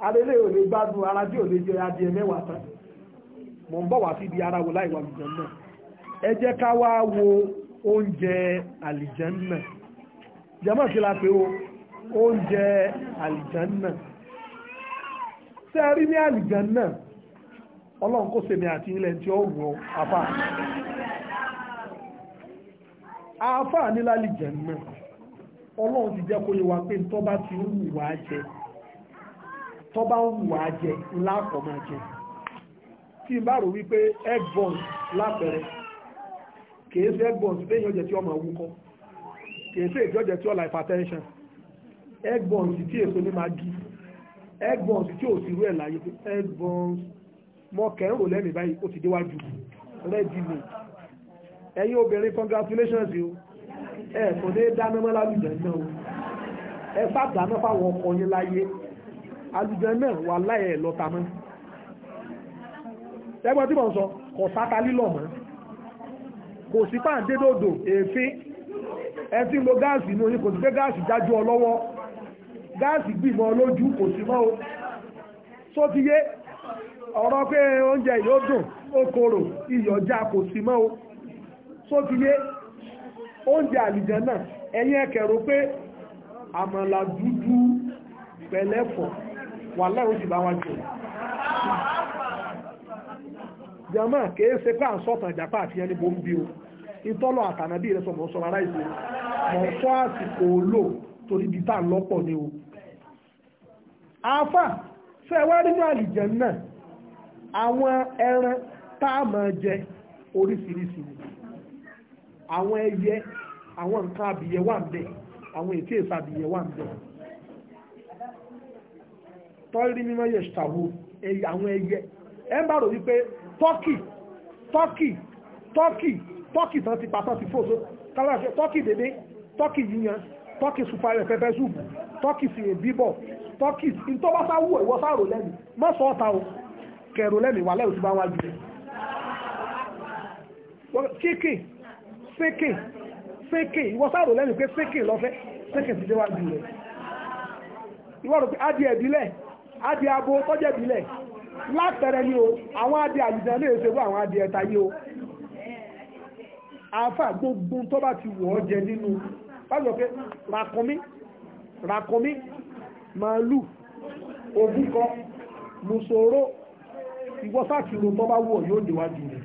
ara ilé ò lè gbádùn ara bí ò lè jẹ adìẹ mẹ́wàá tán mò ń bọ̀ wá síbi ara wo láì wà àlìjánà ẹ jẹ́ ká wá wo oúnjẹ àlìjánà jẹ́mọ̀ sí la pé o oúnjẹ àlìjánà sẹ́ẹ̀rí ní àlìjánà ọlọ́run kó sèmi àti ilẹ̀ tí ó wọ afá afá ní lálìjánà ọlọ́run ti jẹ́ kó yẹ wa pé tọ́ba ti ń wù wá jẹ tọ́ba ń wù wá jẹ ńlá kọ̀ máa jẹ tí n bá rò wípé eggbons lápẹ̀rẹ̀ kìí ṣe eggbons léyìn ọjẹ́ tí ọmọ wúkọ́ kìí ṣe ìjọjẹ́ tí ọlà hypertension eggbons tí èso ní máa gí eggbons tí ò sí rú ẹ̀ láyé eggbons mọ kẹ́rù lẹ́mì báyìí ó ti déwájú ready made ẹ̀yin obìnrin congratulations o ẹ̀ kò dé dáná mọ́ lálùjẹ́ náà o ẹ sáà dáná fáwọn ọkọ yín láyé àlùjẹ́ náà wà láyé ẹ̀ lọ́ta mọ́ ẹgbẹ́ tí mo sọ kò sáta lílọ̀ mọ́ kò sí pàǹdé dòdò èéfín ẹ ti lo gáàsì inú yín kò sí pé gáàsì jájú ọ lọ́wọ́ gáàsì gbìmọ̀ lójú kò sí mọ́ o só ti yé ọ̀rọ̀ pé oúnjẹ yóò dùn okòrò iyọ̀já kò sí mọ́ o só ti yé oúnjẹ àlìjẹ náà ẹ̀yin ẹ̀kẹ̀rọ pé àmàlà dúdú pẹ̀lẹ́fọ̀ wà lẹ́rùn sí bá wájú jama kìí ṣe pé à ń sọ̀tàn ìjàpá àti ẹni bó ń bí o ìtọ́lọ̀ àtànàbí rẹ̀ sọ̀mọ̀ sọ̀rọ̀ ará ìṣe mọ̀ sọ àsìkò lò torí bí tá à ń lọ́pọ̀ ni o. àáfà ṣe wá nínú àlìjẹ náà àwọn ẹran tá a máa jẹ oríṣiríṣi ni àwọn ẹyẹ àwọn nǹkan abìyẹ wà ń bẹ àwọn èké ìsàbìyẹ wà ń bẹ tọ́rí mímọ́ yẹ̀ ṣàwó àwọn ẹyẹ ẹ bá rò wípé turkey turkey turkey turkey tán ti pàtó ti fòso kálàṣẹ turkey dédé turkey yíyan turkey super pepper soup turkey sí bíbọ̀ turkey ntọ́ bá sá wù ẹ̀wọ́ sá rò lẹ́nu má sọ ọ́ta o kẹrò lẹ́nu ìwà lẹ́yìn tí bá wájú chicken chicken chicken ìwọ sá rò lẹ́nu pé chicken lọ́fẹ́ chicken ti déwájú rẹ̀ látẹ̀rẹ̀ ni o àwọn adé àjìjàn lè ṣerú àwọn adé ẹ̀ta yé o àáfà gbogbo tó bá ti wọ̀ ọ́ jẹ nínú bájọ pé ràkúnmí ràkúnmí màálù òbúkọ mùsòrò ìwọ́sàkìlò tó bá wọ̀ yóò déwájú rẹ̀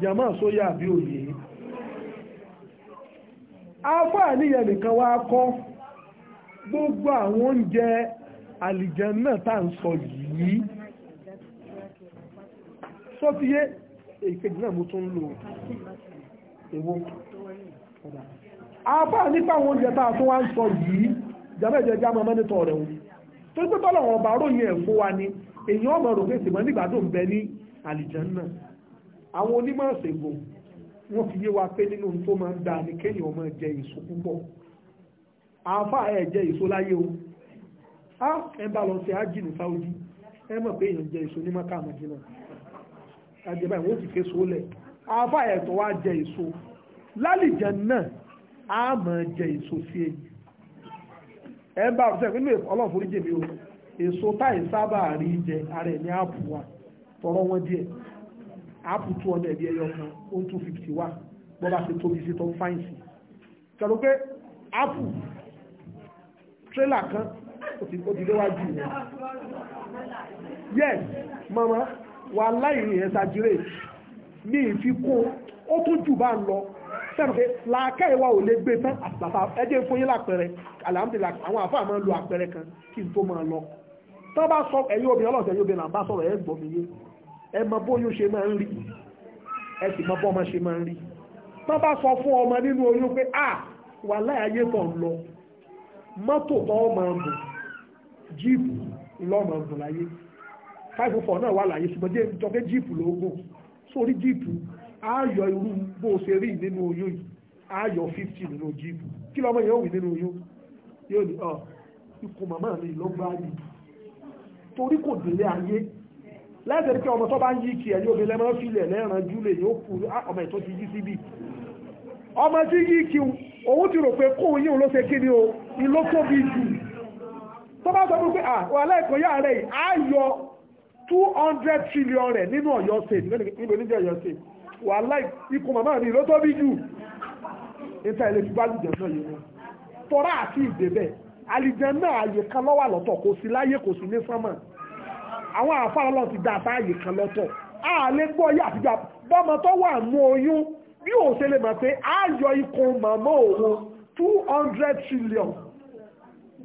jẹ̀mọ́ sóyà àbí òye afọ́ àníyàn nìkan wá kọ́ gbogbo àwọn oúnjẹ àlìjẹ náà tá à ń sọ yìí tó ti yé èkejì náà mo tún ń lò èwo àbá nípa àwọn oúnjẹ tá a wá ń sọ yìí jàmẹ́jẹ jámọ́ mẹ́nitọ̀ rẹ̀ wò tó ń pẹ́tọ́ lọ́wọ́ ọba aróyìn ẹ̀ wa ni èyí ọmọ rò pé ṣègbọ́n nígbà tó ń bẹ ní àlìjánná àwọn onímọ̀ ṣègùn wọ́n fi yé wa pé nínú tó máa ń da ni kéèyàn máa jẹ èso púpọ̀ àáfà ẹ̀ jẹ èso láyé o á ẹ bá lọ sí ájì ní ẹ mọ̀ pé èèyàn jẹ èso ní mọ́kà àmọ́jì náà ẹ̀jẹ̀ báyìí wọ́n ti ké so lẹ̀ afa ẹ̀tọ́ wa jẹ èso lálìjẹ náà a máa jẹ èso sí ẹ̀yìn ẹ̀ bá ọ̀sẹ̀ nínú ọlọ́run forí o èso táì sábà rí jẹ ara ẹ̀ ní àpò wa tọrọ wọn díẹ̀ àpò two hundred ẹ̀dí ẹyọ kan ó ń two fifty wa bọ́ bá ṣe tóbi sí tó ń fáyìn sí kẹlò pé àpò tírélà kan ó ti déwájú rẹ̀ yes mama wà láìrìn ẹ̀ sàjírè ní ìfikún ó tún jù bá ń lọ sẹ́nùfẹ́ làákà ìwà ò lè gbé tán àtàfà ẹjẹ́ fún yín lápẹẹrẹ àlàmdìlà àwọn àfáà máa ń lo àpẹẹrẹ kan kí n tó máa lọ tó bá sọ ẹ̀yìn obìnrin ọlọ́ọ̀sẹ̀ yóò bẹ̀rẹ̀ là ń bá sọ̀rọ̀ ẹ̀ gbọ́ mi yé ẹ mọ bóyún ṣe máa ń rí ẹ sì mọ bọ́mọ ṣe máa ń rí tó bá sọ fún ọmọ nínú oyún pé à wà láyé tó ń lọ mọ́tò tó máa ń bù jíìpù ńlọ́mọ̀ ń bù láyé five four náà wà láyé ṣùgbọ́n jẹ́ ìjọ pé jíìpù lóògùn sórí jíìpù ààyò irú bó o ṣe rí nínú oyún yìí ààyò fifty nínú jíìpù kí lọ́mọ yẹn ò wí nínú oyún yóò ní ọ ah, ikùn màmá mi lọ́gbà yìí torí kò délé ayé lẹ́sẹ̀ pé ọmọ tó bá ń yí kí ẹ̀yọ́ obìnrin lẹ́mọ́ fílẹ̀ lẹ́ran júlẹ̀ yóò kú ah, ọmọ ìtọ́ ti yí síbí ọmọ tí yí kí òun ti rò pé kóun yíò ló ṣe kí ni o ìlókòbí jù tó bá sọ pé à ah, wà láìpẹ́ yára rẹ̀ á yọ two hundred trillion rẹ̀ nínú ọ̀yọ́ state níbo níjẹ́ ọ̀yọ́ state wà láì ikú màmá mi ló tóbi jù níta ilé fipá lùjẹ̀ náà yìí wọn tọ́ra àti ìdèbẹ̀ àlìjẹ náà àyè kan lọ́wọ́ lọ́tọ̀ kò sí láyé kò sí ní sánmà àwọn àfáà lọ́n ti dá àyè kan lọ́tọ̀ àlẹ́ gbọ́ yé àtijọ́ bọ́mọ tó wà nú oyún bí òun ṣe lè mọ̀ pé á yọ ikùn màmá òun two hundred trillion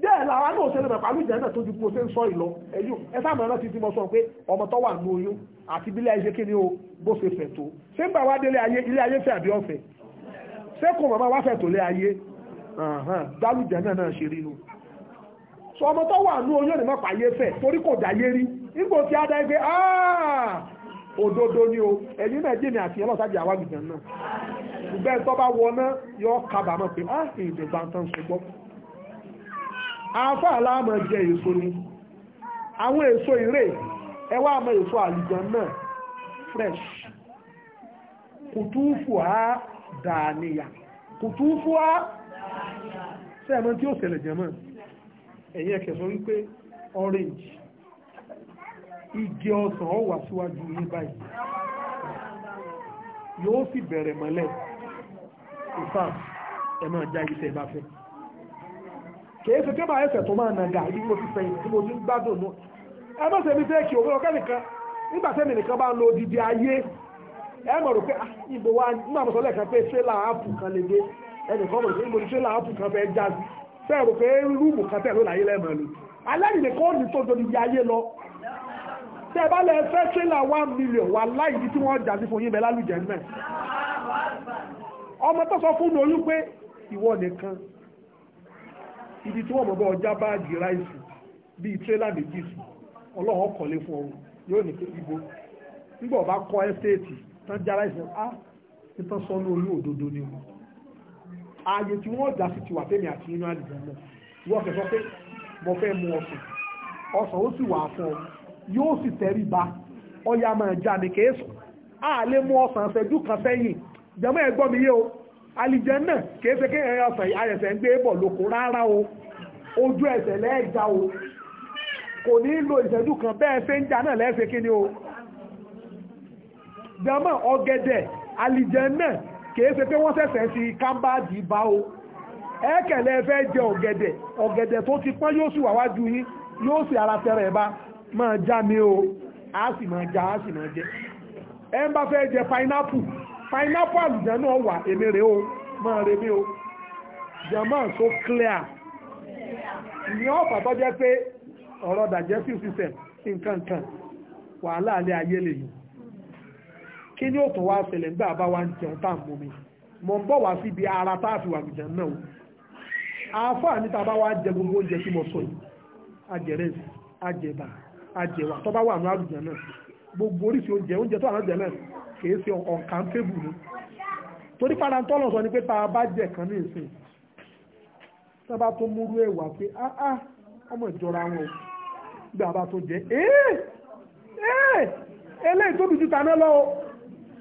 bẹ́ẹ̀ làwa náà ṣe lè bẹ̀rẹ̀ pàlú ìjẹ́ náà tó ju bó ṣe ń sọ ìlọ ẹ̀yọ́ ẹ sáàmù ẹ̀rọ ti ti mọ sọ pé ọmọ tó wà nù oyún àti bílẹ̀ ayé kí ni o bó ṣe fẹ̀ tó ṣé ń bá wa délé ayé ilé ayé fẹ́ àbí ọ̀fẹ́ ṣé kò màmá wa fẹ̀ tó lé ayé dálù ìjẹ́ náà náà ṣe rí nu. sọ ọmọ tó wà nù oyún nìmọ̀ pàyé fẹ̀ torí kò dáyé rí nígbò tí á dá òdodo ni o ẹ̀yin náà jẹ́mi àti ẹlọ́sàájì àwàgìjàn náà ṣùgbọ́n tó bá wọ náà yọ kábàámọ̀ pé Ah, èdè bá ń tán ṣe àáfà aláàmọ̀ jẹ èso ni àwọn èso ìrè ẹ wá àmọ́ èso àlùjọ náà fresh kùtùfù á dàníyà kùtùfù á sẹ́ẹ̀mọ́ tí ó ṣẹlẹ̀ jẹ́mọ́ ẹ̀yìn ẹ̀kẹ̀sọ́ wípé orange igi ọsàn ó wà síwájú yín báyìí yóò sì bẹ̀rẹ̀ mọ́lẹ̀ ìfà ẹ máa já ìtẹ̀ bá fẹ́ kìí ṣe kébà ẹsẹ̀ tó máa nàgà ibi mo ti fẹ̀yìn tí mo ti ń gbádùn mọ́ ẹ má ṣe mi fẹ́ kí òwe ọ̀kẹ́ nìkan nígbà tẹ́mi nìkan bá ń lo odidi ayé ẹ mọ̀ rò pé ah, ìbò wa nígbà mọ̀ sọ́lẹ̀ kan pé tírélà áàpù kan lè dé ẹnìkan mọ̀ rò pé ìbò tírélà áàpù kan fẹ́ já sí fẹ́ rò pé rúùmù kan tẹ̀ ló láyé lẹ́mọ̀ lò alẹ́rìí nìkan ó ní tó do odidi ayé lọ tẹ́ bá lẹ fẹ́ tírélà one million wà láì tí wọ́n já sí fún yín bẹ́ẹ̀ lálùjẹ́ náà ọmọ tó sọ fún mi oyún pé ìwọ nìkan ibi tí wọ́n bọ̀ bọ́ ọjà báàgì ráìsì bíi tírélà méjì sùn ọlọ́run ọkọ̀lé fún ọrùn yóò ní ibo nígbà ọba kọ ẹ́stéètì tán já ráìsì á títán sọ́nú olú òdodo ni wọn ààyè tí wọ́n dà sí ti wà fẹ́mi àti inú àlùjọ náà wọ́n fẹ́ sọ pé mo fẹ́ mu ọ̀sán ọ̀sán ó sì wà fún ọ yóò sì tẹ̀rí ba ọya máa já ní kéésù àlè mú ọ̀sán ṣẹ́jú kan sẹ́yìn jẹ́mọ́ ẹ̀gbọ́n mi yé o àlìjẹ́nà kìí ṣe kéèyàn ọ̀sán ayẹ̀sẹ̀ ń gbé bọ̀ lóko rárá o ojú ẹsẹ̀ lẹ́ẹ̀já o kò ní lo ìṣẹ́jú kan bẹ́ẹ̀ ṣe ń jà náà lẹ́ẹ̀ṣẹ̀ kí ni o jama ọ̀gẹ̀dẹ̀ àlìjẹ́nà kìí ṣe pé wọ́n ṣẹ̀ṣẹ̀ fi kábàdì bá o ẹ̀ẹ́kẹ̀lẹ́ fẹ́ jẹ ọ̀gẹ̀dẹ̀ ọ̀gẹ̀dẹ̀ tó ti pọ́n yóò sì wà wájú yín yóò sì ara tẹrẹ ẹ̀ bá máa já mi o a sì máa já a ẹ ń bá fẹ́ jẹ pineapple pineapple àlùjá náà wà èmi o ma rè mí o german so clear ìyẹn o tó je pe ọ̀rọ̀ digestive system nǹkan kan wàhálà alẹ́ ayé lè yìí kí ni ó tún wá ṣẹlẹ̀ nígbà bá wá ń jẹun tá à ń bomi mọ̀ ń bọ̀ wá síbi ara tá a fi wà àlùjá náà o àáfàá níta bá wá jẹ gbogbo oúnjẹ tí mo sọ yìí ajeda ajewa ajẹwà tó bá wà ní gbogbo oríṣi oúnjẹ oúnjẹ tó àwọn jẹlẹ kìí ṣe ọ̀kan tébù ni torí padà ń tọ́lọ̀ sọ ni pé tá a bá jẹ kan ní ìsìn tá ah, ah, a bá tó múrú ẹ̀wà pé áá ọmọ ìjọra wọn gbé àbá tó jẹ ee eh, ee eh, eléyìí tó dùn ju tàná lọ o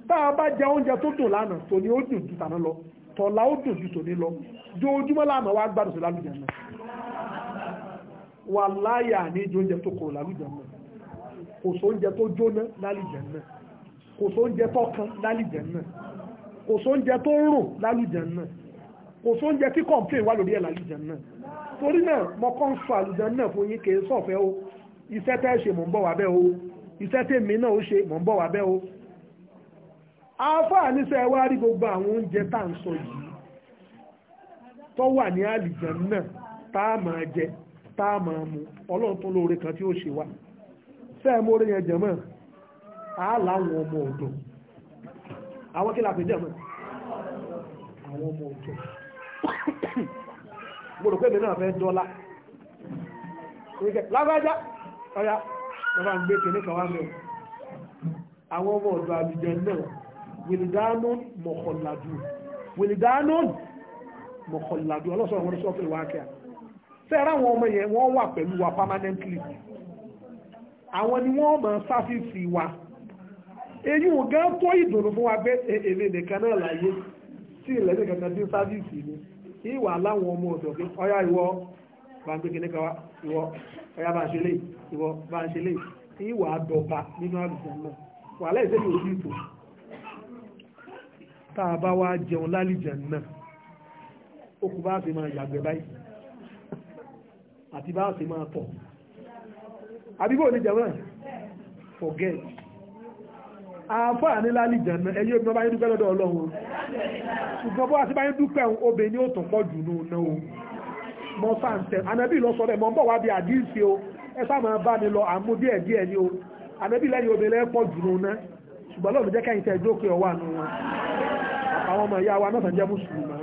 tá a bá jẹ oúnjẹ tó dùn lánàá tòní ó dùn ju tàná lọ tọ̀la ó dùn ju tòní lọ jojúmọ́ lánàá wá gbádùn sí lálùjẹ náà wàláyà ní oúnjẹ tó kọ̀ lálùjẹ náà kò sóúnjẹ tó jóná lálìjẹ̀ náà kò sóúnjẹ tó kan lálìjẹ̀ náà kò sóúnjẹ tó rùn lálìjẹ̀ náà kò sóúnjẹ tí complain wà lórí ẹ̀ lálìjẹ̀ náà torí náà mo kàn sọ àlùjẹ̀ náà fún yín kì í sọ̀fẹ́ o iṣẹ́ tẹ́ ṣe mò ń bọ̀ wá bẹ́ẹ̀ o iṣẹ́ tèmi náà ó ṣe mò ń bọ̀ wá bẹ́ẹ̀ o àáfàá níṣẹ́ wá rí gbogbo àwọn oúnjẹ tá à ń sọ yìí tó wà ní àlìjẹ̀ náà tá a máa jẹ tá a máa mu ọlọ́run tó lóore kan tí ó ṣe wá sẹ́ẹ̀mú orí yẹn jẹ̀mọ́ àláwọn ọmọ ọ̀dọ̀ àwọn kí láti jẹ̀mọ́ àwọn ọmọ ọ̀dọ̀ mo rò pé mi náà fẹ́ dọ́lá lágbájá ọ̀yá bàbá ń gbé kìnní kan wá mẹ́rin àwọn ọmọ ọ̀dọ̀ àbìjẹ náà wìlìdánù mọ̀kànládù wìlìdánù mọ̀kànládù ọlọ́sọ̀rọ̀ wọn sọ́kìlì wákẹ́ fẹ́ràn àwọn ọmọ permanently àwọn ni wọ́n mọ̀ sáfíìsì wa èyí ò gán tó ìdùnnú fún wa pé èlé nìkan náà láyé tí ilẹ̀ ní kankan tí sáfíìsì ni ìwà láwọn ọmọ ọ̀dọ̀ pé ọyá ìwọ bá ń gbégi níka wa ìwọ ọyá bá ń ṣe lè ìwọ bá ń ṣe lè ìwà àdọ̀ba nínú àlùfẹ́ náà wà láì sẹ́yìn ojú ìtò tá a bá wá jẹun lálìjẹ náà ó kú bá a sì máa yàgbẹ́ báyìí àti bá a sì máa tọ̀ àbíbò ní jẹ̀mọ́ forget àfáà ní lálì jẹ̀mọ́ ẹ̀yí obìnrin bá yín dúpẹ́ lọ́dọ̀ ọlọ́run ṣùgbọ́n bó àti bá yín dúpẹ́ obìnrin ní òtún pọ̀ jù náà o mọ sáǹtẹ̀ anábì lọ sọ bẹ́ẹ̀ mọ wá bí àdíìsí o ẹ sáàmà bá mi lọ àmú díẹ̀ díẹ̀ ni o anábì lẹ́yìn obìnrin pọ̀ jù náà ṣùgbọ́n lọ́nà jẹ́ kẹ́yìn tẹ́ ìjókè ọwà nù wọn àwọn ọmọ ìyá wa náà tàn jẹ́ mùsùlùmí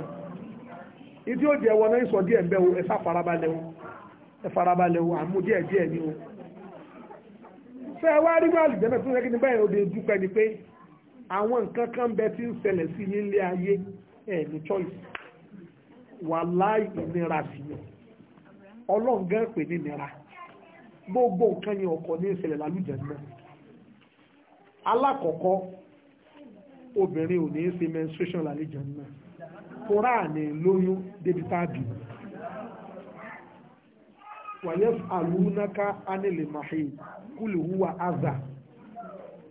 ìdí òjì o ẹ sá o ẹ farabalẹ̀ o àmú díẹ̀ díẹ̀ ni o ṣe wá rí wá àlùjẹ́nà tó ń rẹ́kí ní báyìí ó lè dúpẹ́ ni pé àwọn nǹkan kan bẹ tí ń ṣẹlẹ̀ sí nílé ayé ẹ̀ ní choice wà láì ìnira sí i ọlọ́run gan pè ní nira gbogbo nǹkan yẹn ọkọ̀ ní ìṣẹ̀lẹ̀ lálùjẹ́nà alákọ̀ọ́kọ́ obìnrin ò ní í ṣe menstruation lálùjẹ́nà kúránì lóyún débi tá a bìí wàyẹ́fàlúnáká anilemahi kúlùhúwa azà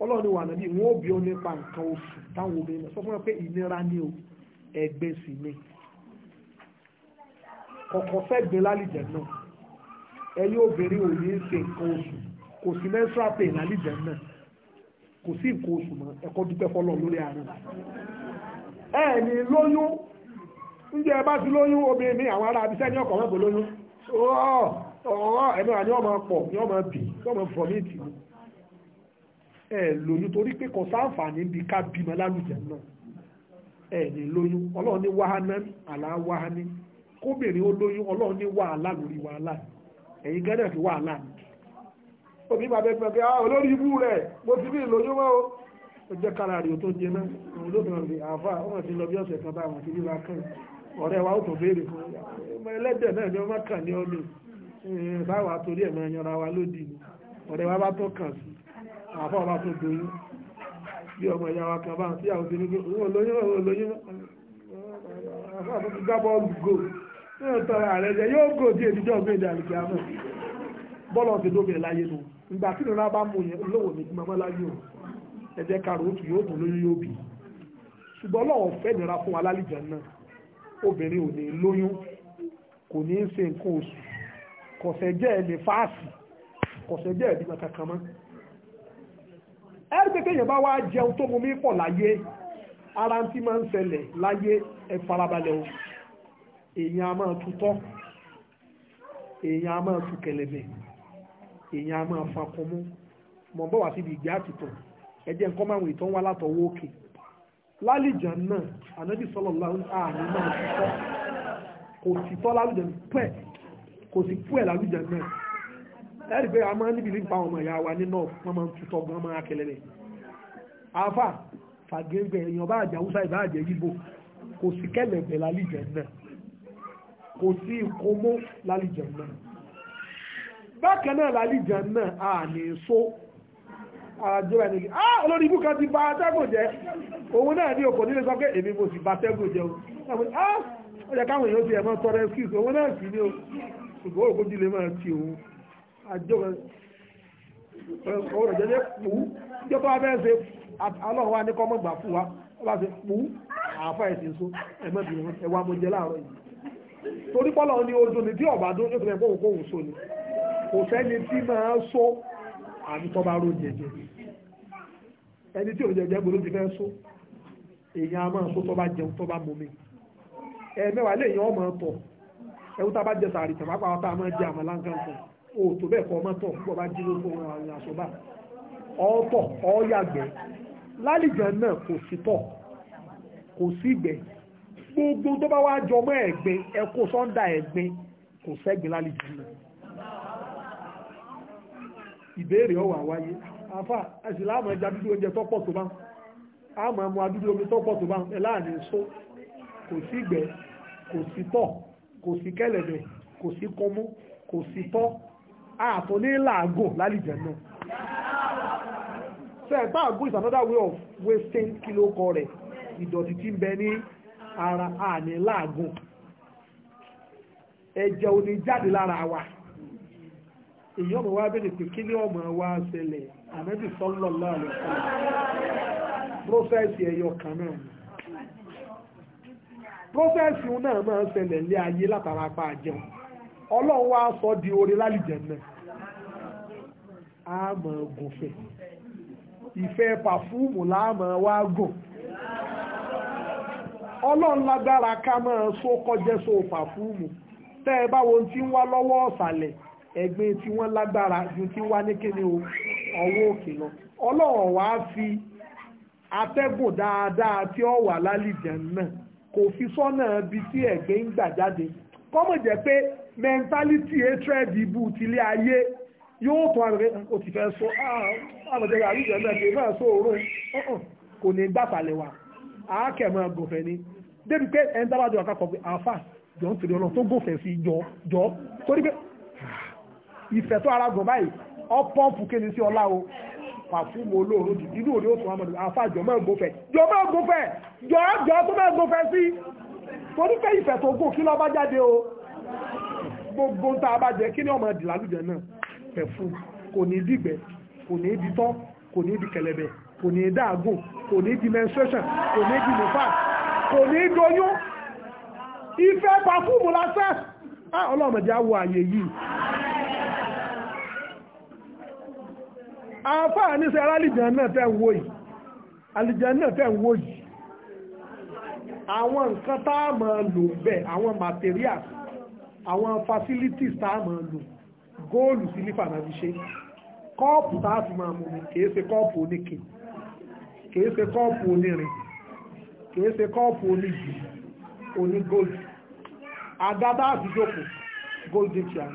ọlọ́run ni wà nàbí wọn ò bí ọ nípa nǹkan oṣù táwọn obìnrin sọ fún wọn pé ìnira ni o ẹgbẹ́ sì ni kọ̀kọ́ fẹ́ gbé lálìjẹ náà ẹ̀yin obìnrin ò ní í ṣe nǹkan oṣù kò sí menstrual pain na náà kò sí nǹkan oṣù mọ́ ẹ̀kọ́ dúpẹ́ fọlọ́ lórí àárín ní lóyún ń jẹ́ bá ti lóyún obìnrin mi àwọn ará abisẹ́ ní ọkọ̀ lóyún ọ̀rọ̀ ẹ̀mí wa ni ọmọ pọ̀ ni ọmọ bì ni ọmọ fọ̀mìtì ẹ lóyún torí pé kò sáǹfààní bí ká bímọ lálùjẹ náà ẹ ní lóyún ọlọ́run ní wàhánà àlá kóbìnrin ó lóyún ọlọ́run ní wàhálà lórí wàhálà ẹ̀yin fi wàhálà ni òbí bàbá ẹgbẹ́ pé ah, olórí ibú rẹ̀ mo ti bí o ó jẹ́ kára tó jẹ náà lọ bí ọ̀sẹ̀ kan bá àwọn bí wa kàn ọ̀rẹ́ wa ó tó Eh, báwa torí ẹ̀mọ ẹyanra wa lódì ni ọ̀rẹ́ wa bá tó kàn sí àfọ́ wa tó doyún bí ọmọ ìyá wa kan bá ń sí àwọn obìnrin pé òun olóyún òun olóyún àfọ́ àfọ́ ti gbá bọ́ọ̀lù gò yóò tọrọ ààrẹ jẹ yóò gò sí èdíjọ́ ọ̀gbìn ìdí àlùkí àmọ́ bọ́ọ̀lù ọ̀sẹ̀ tó bẹ̀rẹ̀ láyé nu ìgbà tí ìrora bá mú yẹn olówó mi gbọmọ láyé o ẹ̀jẹ̀ karùn-ún yóò dùn lóyún yóò bì ṣùgbọ́n lọ́wọ́ fẹ́ nira fún wa lálìjọ náà obìnrin ò ní lóyún kò ní í ṣe nǹkan oṣù kò sẹ́jẹ́ ẹ̀ lè fáàsì kò sẹ́jẹ́ ẹ̀ nígbà kankan mọ́ ẹ̀rí pé kéèyàn bá wá jẹun tó mú mi pọ̀ láyé ara tí máa ń ṣẹlẹ̀ láyé ẹ farabalẹ̀ o èèyàn a máa tutọ́ èèyàn a máa tu kẹlẹ̀bẹ̀ èèyàn a máa fakunmú mọ̀ bọ́ wá síbi ìgbé àtìtàn ẹjẹ́ nǹkan máa ń ìtàn wá látọwọ́ òkè lálìjà náà ànábì sọlọ láàrin máa tutọ́ kò sì tọ́ lálìjà pẹ́ẹ́ kò sí fún ẹ̀ lálùjẹ̀ náà ẹ̀rì pé a máa níbi nípa ọmọ ìyá wa nínú wọn máa ń tutọ́ gan máa kẹlẹ̀ rẹ̀ afa fàgẹ́gbẹ̀ èèyàn bá àjẹ́ haúsá ìbá àjẹ́ yíbo kò sí kẹlẹ̀bẹ̀ lálùjẹ̀ náà kò sí ìkómó lálùjẹ̀ náà bákan náà lálùjẹ̀ náà a ní so àjọ ẹni kí ah olórí ibú kan ti bà atẹ́gùn jẹ́ òun náà ní òkò nílé sọ pé èmi mo sì bà atẹ́gùn jẹ́ o ah ó yẹ káwọn èèyàn ti ẹ̀ mọ́ tọrọ òun náà sì ní o ṣùgbọ́n òkójú lè máa ti òun àjọ ọ̀rọ̀ jẹ́jẹ́ pù ú jẹ́ tó wá fẹ́ ṣe ọlọ́run wá ní kọ́ mọ́gbà fún wa wọ́n bá ṣe pù ú àáfà ẹ̀sìn so ẹ̀mọ́bìnrin ẹ̀wà mo jẹ láàárọ̀ yìí torí pọ́lọ̀ ni ojú ni tí ọ̀bà dún yóò tó fẹ́ kóhùn kóhùn so ni kò sẹ́ni tí máa so àti tọ́ba ró jẹjẹ ẹni tí ò jẹjẹ gbòdó ti fẹ́ so èèyàn a máa so tọ́ba jẹun tọ́ba mọ́mi ẹ̀ẹ́mẹ́wàá lè ọmọ tọ̀ ẹ̀wù tá a bá jẹ sàárì tẹ̀ pápá wọn tá a máa jẹ àmọ́ láǹkan kan o tó bẹ́ẹ̀ kọ́ ọmọ tọ̀ bọ́ bá jí lóko wọn àwọn aṣọ bá ọ̀tọ̀ ọ̀yàgbẹ́ lálìjàn náà kò sí tọ̀ kò sí ìgbẹ́ gbogbo tó bá wá jọ mọ́ ẹ̀gbin ẹ̀kọ́ sọ́ńdà ẹ̀gbin kò sẹ́gbin lálìjàn náà ìbéèrè ọwà wáyé afá àṣìlá àmọ́ ẹja dúdú oúnjẹ tọ́pọ̀ tó bá ń àmọ́ ẹmu adúdú omi tọ́pọ̀ tó bá ń láàrin só kò sí ìgbẹ́ kò sí tọ̀ kò sí kẹ̀lẹ̀bẹ̀ kò sí kọmú kò sí tọ́ ààtọ̀ ní làágùn lálìjẹ̀ náà sẹ́ẹ̀tà àgùn is another way of wasting kilo kọ rẹ̀ ìdọ̀tí tí ń bẹ ní ara àní làágùn ẹ̀jẹ̀ ò ní jáde lára wa èyàn mọ̀ wá bèèrè pé kí ní ọmọ wa ṣẹlẹ̀ àmẹ́bì sọ́lọ́lọ́ process yìí náà máa ń ṣẹlẹ̀ lé ayé látara apá àjẹun ọlọ́run wá sọ di oore lálìjẹ náà a máa gùnfẹ̀ ìfẹ́ pàfúùmù láàmọ̀ wá gùn ọlọ́run lágbára ká máa só kọjẹ́ só pàfúùmù tẹ́ ẹ bá wo tí ń wá lọ́wọ́ ọ̀sàlẹ̀ ẹ̀gbin tí wọ́n lágbára ju tí wá ní kíni ọwọ́ òkè lọ ọlọ́run wá fi atẹ́gùn dáadáa tí ó wà lálìjẹ náà kò fi sọ́nà bí tí ẹ̀gbẹ́ ń gbà jáde kọ́mọ̀ jẹ́ pé mẹ́ntálítì hatred ibu tilé ayé yóò tún àgbẹ̀ o ti fẹ́ sọ àbọ̀jẹ́ àrí ìjọ náà kì í fẹ́ sọ òórùn kò ní gbàtàlẹ̀ wa àákẹ́mọ̀ gòfẹ́ ni débi pé ẹni tá bá jọ àkàkọ̀ pé àáfà jọ ń tèrè ọlọ́ tó gòfẹ́ sí jọ jọ torí pé ah, ìfẹ́ tó ara gùn báyìí ọ pọ́ǹpù kéde sí ọlá o pàfúmù olóòórùn dì inú òde oṣù amadu àfa jọ máa ń gbófẹ̀ jọ máa ń gbófẹ̀ jọ jọ tó máa ń gbófẹ̀ sí torí pé ìfẹ́ tó gùn kí ló bá jáde o gbogbo ń ta abájẹ kí ni ọmọ ẹdì lálùjẹ náà pẹ̀fún kò ní dìgbẹ kò ní di tọ́ kò ní di kẹlẹ̀bẹ̀ kò ní dáàgùn kò ní di menstruation kò ní di nufa kò ní doyún ìfẹ́ pàfúmù lásán ah, ọlọ́mọdé á wo àyè yìí. àfáà ní sẹ́ra alìjàn náà tẹ́ ń wò yìí alìjàn náà tẹ́ ń wò yìí àwọn nǹkan tá a máa lò bẹ́ àwọn materials àwọn facilities tá a máa lò góòlù sílífà náà fi ṣe kọ́ọ̀pù tá a fi máa mú mi kìí ṣe kọ́ọ̀pù oníke kìí ṣe kọ́ọ̀pù onírin kìí ṣe kọ́ọ̀pù oníjì oní góòlù àgádá àfijọ́kù golden chair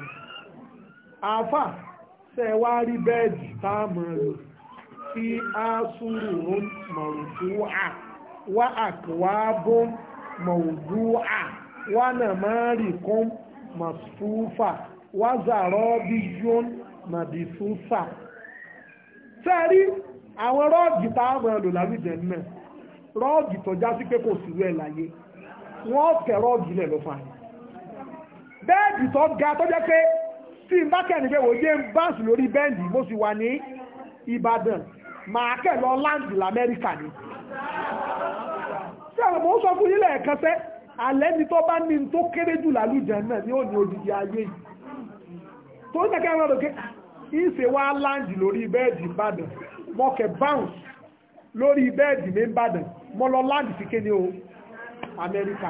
àáfàá ṣe wá rí bẹ́ẹ̀dì tá a mọ̀ lò tí a sùúrù ń mọ̀rùndú à wá àkùwá bó mọ̀rùndú à wá nà má rì kún mọ̀sùfà wá zàrọ́ bí yón màdìsúfà. sẹ́rí àwọn rọ́ọ̀gì tá a lò lálùjẹ́ náà rọ́ọ̀gì tó já sí pé kò sí rẹ̀ láyé wọ́n tẹ̀ rọ́ọ̀gì lẹ̀ lọ́fà bẹ́ẹ̀dì tó ga tó jẹ́ pé tí n bá kẹ́ni pé wò jẹ́ báǹsì lórí bẹ́ǹdì mo sì wà ní Ìbàdàn màá kẹ́ lọ láǹdì lamẹ́ríkà ni sọ̀rọ̀ mo sọ fún yín lẹ́ẹ̀kan sẹ́ alẹ́ ni tó bá ní tó kéré jù lálùjẹ náà ni ó ní odidi ayé yìí tó ń tẹ́kẹ́ ẹ̀rọ lókè ìṣe wá láǹdì lórí bẹ́ẹ̀dì Ìbàdàn mo kẹ́ bounce lórí bẹ́ẹ̀dì ní Ìbàdàn mo lọ láǹdì sí kéde o Amẹ́ríkà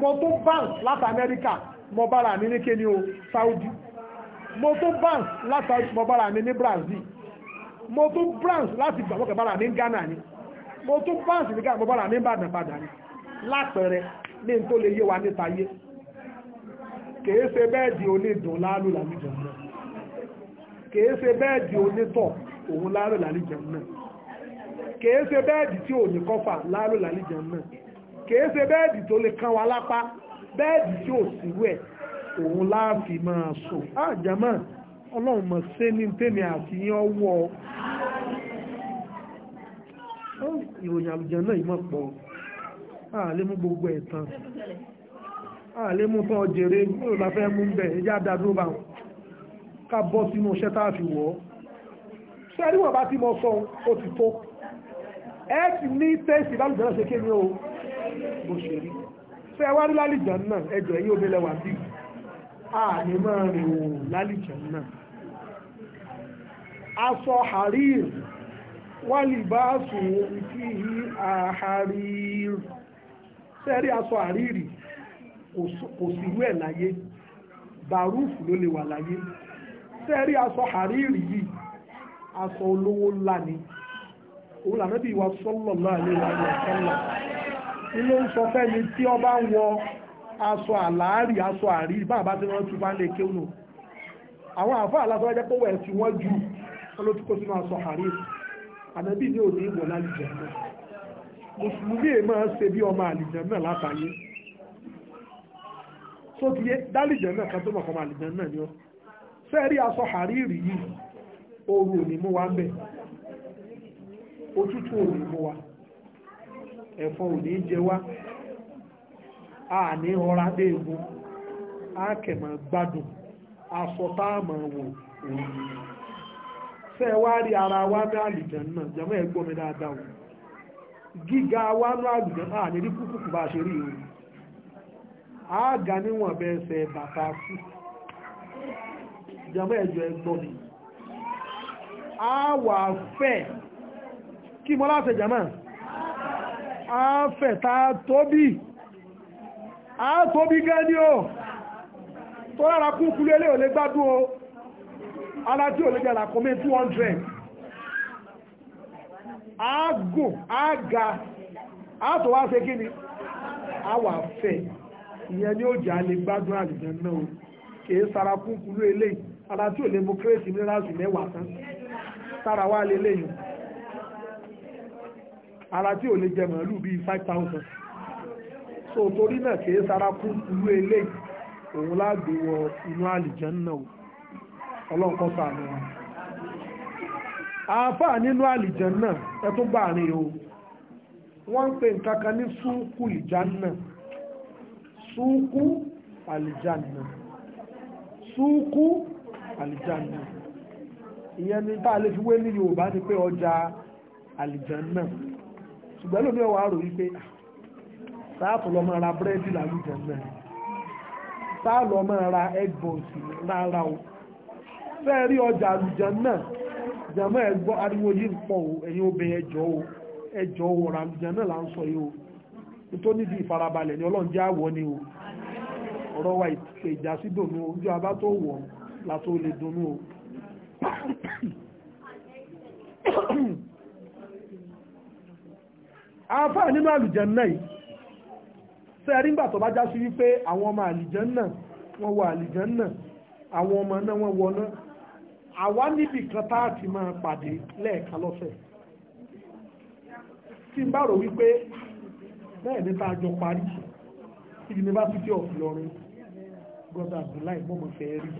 mo tó bounce láti Amẹ́ríkà mo bára mi ní kéde o Saudi mo tún bounce látàrí mo bára mi ní Brazil mo tún bounce láti gbà mọ́kà bára mi ní Ghana ni mo tún bounce ní Ghana mo bára mi ní Ìbàdàn padà ni lápẹẹrẹ ní n tó lè yé wa níta yé kìí ṣe bẹ́ẹ̀dì onídùn láàrù làlìjẹ̀ náà kìí ṣe bẹ́ẹ̀dì onítọ̀ òun láàrù làlìjẹ̀ náà kìí ṣe bẹ́ẹ̀dì tí ò ní kọfà láàrù làlìjẹ̀ náà kìí ṣe bẹ́ẹ̀dì tó lè kan wa lápá bẹ́ẹ̀dì tí ò síwẹ̀ òun láàfi máa sùn àjàmọ́ ọlọ́run mọ̀ sí ní tèmi àti yín ọwọ́ ìròyìn àlùjẹ náà ìmọ̀ pọ̀ ààlé mú gbogbo ẹ̀tàn ààlé mú tán jèrè yóò la fẹ́ mú bẹ̀ ẹjá dádúró bá wọn ká bọ́ sínú iṣẹ́ tá a fi wọ̀ ọ́ ṣé ẹni wọ̀n bá ti mọ sọ ó ti tó ẹ ti ní tẹ́sì lálùjẹ náà ṣe kéde o bó ṣe rí ṣé wá rí lálùjẹ náà ẹjọ ẹ̀yìn obìnrin lẹ́wà bíi ààrẹ máa rìn òun lálìjẹ̀ náà aṣọ harir wálìbáàsù ìfì àharir sẹ́rí aṣọ àríìrì kò sí irú ẹ̀ láyé bàrúfù ló lè wà láyé sẹ́rí aṣọ hariri yìí aṣọ olówó ńlá ni òun làmẹ́bí wa sọ́lọ̀ náà lè wà ní ọ̀sán náà ilé ń tí ọba ń wọ asọ àlàárì asọ àrí bàbá tí wọ́n ti lè ké àwọn àfáà lásán jẹ́ pọ́wọ́ ẹ̀sìn wọ́n ju olótúkọ sínú aṣọ àrí ní òní ìwọ̀ mùsùlùmí bí ọmọ tó ti yé kan tó ni ó fẹ́ rí yìí ní mú wa ń òtútù ní mú wa ẹ̀fọn jẹ a ní ọra dé egun a kẹ̀mọ̀ gbádùn aṣọ a mọ̀ wò òun ṣe wá rí ara wa ní àlìjẹ̀ náà jẹ́mọ́ ẹ̀gbọ́n mi dáadáa o gíga wa ní àlìjẹ̀ náà ní rí kúkúkú bá ṣe rí o a ga níwọ̀n bẹ́ẹ̀ ṣe bàtà sí jẹ́mọ́ ẹ̀jọ̀ ẹ̀gbọ́n mi a wà fẹ́ kí mo láti jẹ́mọ́ a fẹ́ ta tóbi. a tóbi gẹ́ ní o tó lára kún o ara tí lè jẹ́ 200 a gùn a ga a tó wá kí ni a wà fẹ́ ìyẹn ni ó gbádùn náà o kìí sara kún kúlé ara tí ò lè mú kírèsì mẹ́wàá tán sára ara tí ò lè jẹ 5000 so torí náà kìí sára kú irú eléyìí òun láàgbé wọ inú àlìjánná o ọlọ́nkọ́ sàánú wa àáfàá nínú àlìjánná ẹ tó gbà rìn o wọ́n ń pè nǹkan kan ní súnkù ìjánná súnkù àlìjánná súnkù àlìjánná ìyẹn ni tá a lè fi wé ní Yorùbá ni pé ọjà àlìjánná ṣùgbọ́n lómi ọ̀wá rò wípé ah, sáàtù lọ máa ra búrẹ́dì lálùjẹ náà sáà lọ máa ra eggbons rárá o fẹ́ rí ọjà àlùjẹ náà jàmọ́ ẹ gbọ́ ariwo yìí ń pọ̀ o ẹ̀yin obìnrin ẹjọ́ o ẹjọ́ o ọ̀rọ̀ àlùjẹ náà là ń sọ yìí o nítorí níbi ìfarabalẹ̀ ni ọlọ́run jẹ́ àwọ̀ ni o ọ̀rọ̀ wa ìpè ìjà sí dònú o ojú abá tó wọ̀ látó lè dùnnú o àfáà nínú àlùjẹ náà yìí sẹ́ẹ̀rí ńgbà tó bá já sí wípé àwọn ọmọ àlìjànnà wọ́n wọ àlìjànnà àwọn ọmọ náà wọ́n wọná àwa níbi kan tá a ti máa pàdé lẹ́ẹ̀kan lọ́sẹ̀ tí n bá rò wípé bẹ́ẹ̀ ni tá a jọ parí University of Ilorin brother Abdullahi mọ̀mọ́ fẹ́ rí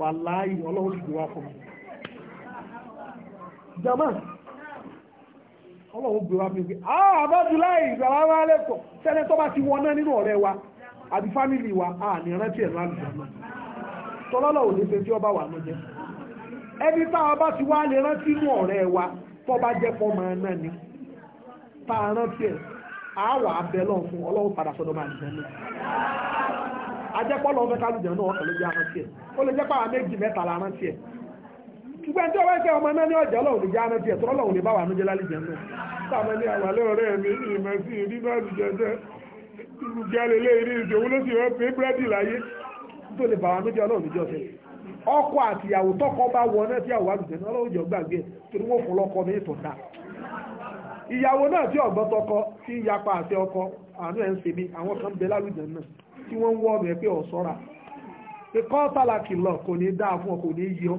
wàláì ọlọ́run ti gbé wá fún mi. jama ọlọ́run gbé wa mi gbé ah abájúláì ìsàlámà alẹ́kọ̀ọ́ sẹ́ni tó bá ti wọ́n náà nínú ọ̀rẹ́ wa àbí fámìlì wa a ní rántí ẹ̀ tọ́lọ́lọ́ ò ṣe tí ọba wà ló jẹ́ ẹni tá ọba ti wá lè rántí inú wa tó bá jẹ́ fọ́mọ náà ni tá a rántí ẹ̀ wà lọ́n fún ọlọ́run padà sọ́dọ̀ máa jẹ́ ajẹ́pọ̀ lọ́n fẹ́ náà ṣùgbọ́n tí ọwọ́ ẹgbẹ́ ọmọ náà ní ọjà ọlọ́run lè já náà tiẹ̀ tọ́lọ́ ọlọ́run lè bá wà níjẹ́ lálẹ́ jẹ́ńtẹ́ sáàmọ́ ní àwàlẹ́ ọ̀rẹ́ mi ìmọ̀ sí ìrí náà ti jẹ́ńtẹ́ ìgbàlẹ̀ lé ìrí ìdè owó ló sì rẹ́ pé búrẹ́dì láyé tó lè bá wà níjẹ́ ọlọ́run níjọ́ sẹ́ ọkọ àtìyàwó tọkọ bá wọ náà tí àwọ àgùntẹ náà lọ́wọ́ ìjọ gbàgbé torí wọn fún lọkọ ní ètò náà ìyàwó náà tí ọgbọ́n tọkọ tí yapa àti ọkọ àánú ẹ̀ ń ṣe mí àwọn kan bẹ lálùjẹ náà tí wọ́n ń wọ́ ọ̀rẹ́ pé ọ̀ṣọ́ra pé kọ́ lọ kò ní dáa fún ọ kò ní yí ọ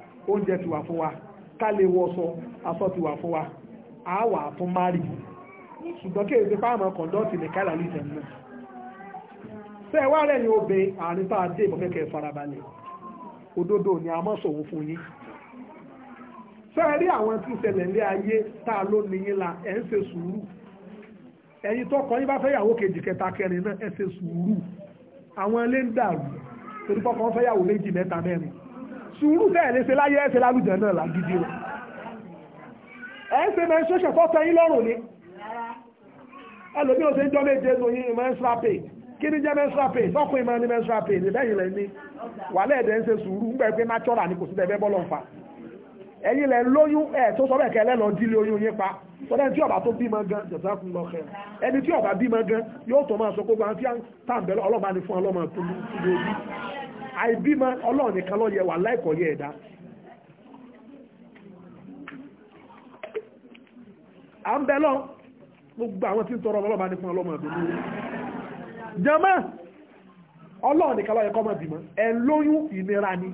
oúnjẹ ti wà fún wa ká lè wọṣọ aṣọ ti wà fún wa a wà fún mari ṣùgbọ́n kí èsì fáwọn kọ̀ǹdọ́ọ̀tì lè kára lè jẹun náà ṣe wá rẹ̀ ni obe àárín tá a dé ìbọn kẹ́kẹ́ farabalẹ̀ òdodo ni a mọ́ sòun fún yín ṣe rí àwọn tí ìṣẹ̀lẹ̀ ilé ayé tá a ló ní yín la ẹ̀ ń ṣe sùúrù ẹ̀yin tó kọ́ yín bá fẹ́ yàwó kejì kẹta kẹrin náà ẹ̀ ṣe sùúrù àwọn ilé ń dàrú torí pọ́kàn fẹ́ méjì mẹ́ta mẹ́rin sùúrù tẹ́ẹ̀ lè ṣe láyé ẹ̀ṣẹ̀ lálùjẹ̀ náà lágídí rẹ̀ ẹ̀ ń ṣe menstruation fọ́ tẹ́yìn lọ́rùn ni ẹlòmí ò ṣe ń jọ méje ló yín menstrual pain kí ni jẹ́ menstrual pain tọ́kùn ìmọ̀ ní menstrual pain ìbẹ́yìn lẹ́ ní wà lẹ́ẹ̀dẹ̀ ń ṣe sùúrù ń gbẹ̀gbẹ́ natural ni kò sí tẹ́fẹ́ bọ́lọ̀ fà ẹ̀yin lẹ lóyún ẹ̀ tó sọ bẹ́ẹ̀ kẹlẹ́ lọ dílé oyún yín pa tọ́lẹ́ tí ọba tó bímọ gan jẹ̀sán kún lọ kẹrin ẹni tí ọba bímọ gan yóò tó máa sọ gbogbo àwọn tí à ń tàǹbẹ̀lọ́ ọlọ́ba ni fún ọlọ́mọ tó ní àìbímọ ọlọ́run nìkan ló yẹ wà láìkọ̀ yẹ ẹ̀dá à ń bẹ lọ gbogbo àwọn tí ń tọrọ ọlọ́ba ní fún ọlọ́mọ ìbínú jẹmọ́ ọlọ́run nìkan ló kọ́ mọ̀ bímọ ẹ̀ lóyún ìnira ni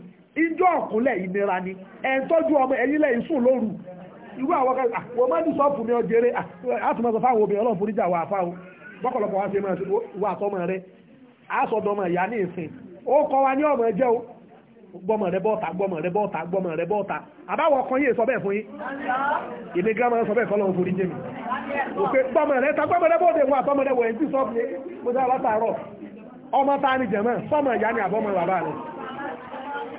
ìjọ ọ̀kúnlẹ̀ ìnira ni ẹ̀ ń tọ́jú ọmọ ẹ̀yìn lẹ́yìn sùn lóru irú àwọn kan wọ́n máa ní ọjẹ́rẹ́ àtúmọ̀sọ fáwọn obìnrin wà fáwọn bọ́kọ̀lọpọ̀ wá sí wà tọ́mọ rẹ̀ ìyá ní ìsìn ó ní ọmọ o gbọ́mọ̀ rẹ bọ́ta gbọ́mọ̀ rẹ rẹ bọta ọkọ yìí sọ bẹ́ẹ̀ fún yín èmi máa sọ bẹ́ẹ̀ fọlọ forí jẹ́mi òkè gbọmọ rẹ ta gbọ́mọ̀ rẹ bọ́ta ìwọ̀n àtọ́mọ̀ rẹ wọ̀ ẹ̀ńtì sọ́ọ̀bù mo ọmọ ta ni ìyá ni bàbá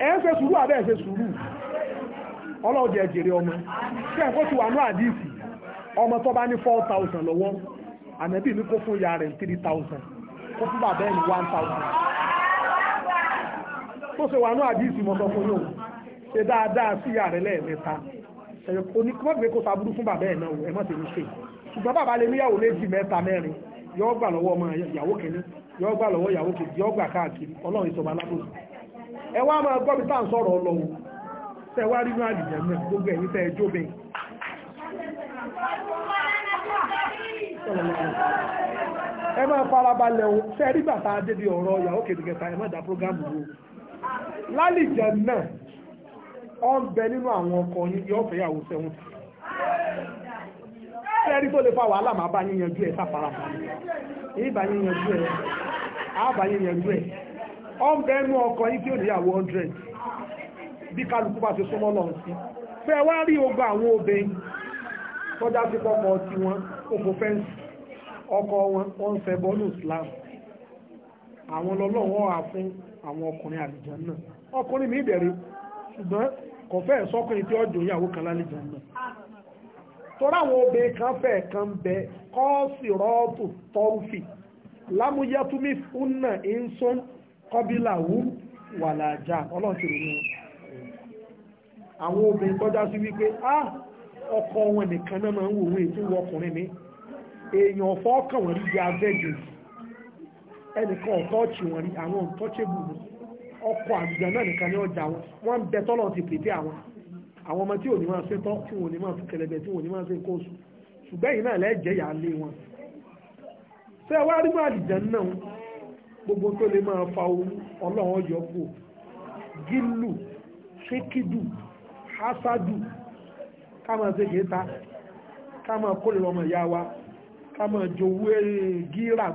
rẹ ń ṣe sùúrù àbẹ́ ṣe sùúrù jèrè ọmọ ẹ̀kọ́ tó ṣe wà ní àdíìsì mọ́tọ́ fún yóò ṣe dáadáa sí ìyá rẹ̀ lẹ́ẹ̀mẹ́ta oníkọ́bìnrin kò sábúrú fún bàbá ẹ̀ náà ẹ̀ mọ́ tèmi ṣe ṣùgbọ́n bàbá lè níyàwó méjì mẹ́ta mẹ́rin yọ́ gbà lọ́wọ́ ọmọ ìyàwó kìíní yọ́ gbà lọ́wọ́ ìyàwó kìíní yọ́ gbà káàkiri ọlọ́run ìṣọba alábòsí ẹ wá máa gbọ́ mi tá à ń sọ̀rọ̀ ọlọ́wọ́ tẹ wá rí inú àdìjẹ́ mẹ́ gbogbo ẹ̀yìn tẹ ẹjọ́ bẹ́ẹ̀ ẹ máa farabalẹ̀ o ṣe rí bàtà adébí ọ̀rọ̀ ìyàwó kìíní kẹta ẹ má dá prógámù wo lálìjẹ̀ náà ọ ń bẹ nínú àwọn ọkọ yín yóò fẹ́ yàwó sẹ́wọ̀n fẹ́rí tó lè fa wàhálà máa bá yín yanjú ẹ̀ sáfara èyí bá yín yanjú ẹ̀ àbá yín yanjú ẹ̀ ọ ń bẹ nínú ọkọ yín tí ò níyàwó 100 bí kálukú bá ti súnmọ́ lọ sí fẹ́ wá rí ogun àwọn obìnrin tọ́já sí pọ́pọ̀ tí wọ́n òfò fẹ́ǹsì ọkọ wọn wọ́n ń fẹ́ bọ́nù Islam àwọn lọ́lọ́wọ́ wà àwọn ọkùnrin àlìjàn náà ọkùnrin mi bẹ̀rẹ̀ ṣùgbọ́n kò fẹ́ tí ọjọ́ ìyàwó kan lálìjàn náà àwọn obìnrin kan fẹ́ kan bẹ kọ́ọ̀sì rọ́ọ̀tù tọ́rùfì lámúyẹ́túmí fúnà ìǹsọ́n mi èèyàn ọ̀fọ́ rí ẹnìkan ọ̀tọ́ọ̀chì wọn rí àwọn ọ̀tọ́ọ̀chẹ́bù ni ọkọ̀ àgbà náà nìkan ní ọjà wọn wọ́n ń bẹ tọ́lọ̀ ti pèpè àwọn àwọn ọmọ tí ò ní máa ṣe tọ́ tí wọ́n ní máa fi kẹlẹ̀bẹ̀ tí wọ́n ní máa ṣe nǹkan oṣù ṣùgbẹ́ náà lẹ́jẹ̀ yà á lé wọn. gbogbo tó lè máa fa ohun ọlọ́run yọ gílù hásádù ká máa ṣe ká máa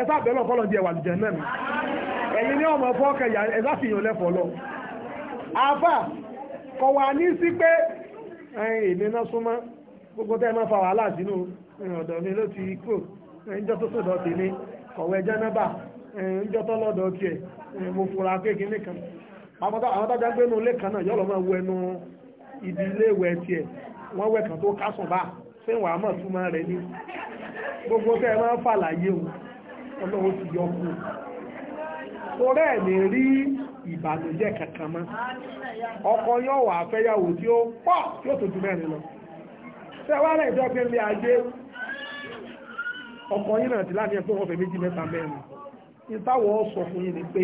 ẹ̀sà bẹ̀rẹ̀ fọ́lọ̀ jẹ́ wàlùjẹ́ náà ẹ̀yìn ní ọmọ fọ́ọ̀kẹ̀yà ẹ̀sà fi yàn lẹ́fọ̀ lọ àfà kọ̀ wà ní sí pé ẹ̀yìn èmi náà súnmọ́ gbogbo tẹ́ máa fa wàhálà sínú ọ̀dọ̀ mi ló ti kúrò ẹ̀yìnjọ́ tó sọ̀dọ̀ tèmi kọ̀wé jẹ́nẹ́bà ẹ̀yìnjọ́ tó lọ́dọ̀ tiẹ̀ mo fura pé kinní kan àwọn tájá gbénu ilé kan náà yọ́lọ́ máa wọ ẹnu ibi ilé ìwẹ̀ tiẹ̀ wọ́n wẹ̀ ọlọ́wọ́ ti yọ kú torí ẹ̀ ní rí ìbànújẹ́ kankan mọ́ ọkọ yóò wà fẹ́yàwó tí ó pọ̀ tí ó tó ju mẹ́rin lọ sẹ́wálẹ̀ ìjọ pé ilé ajé ọkọ yìí ti láàrin ẹgbẹ́ wọn méjì mẹ́ta mẹ́rin ìtawọ̀ sọ fún yín ni pé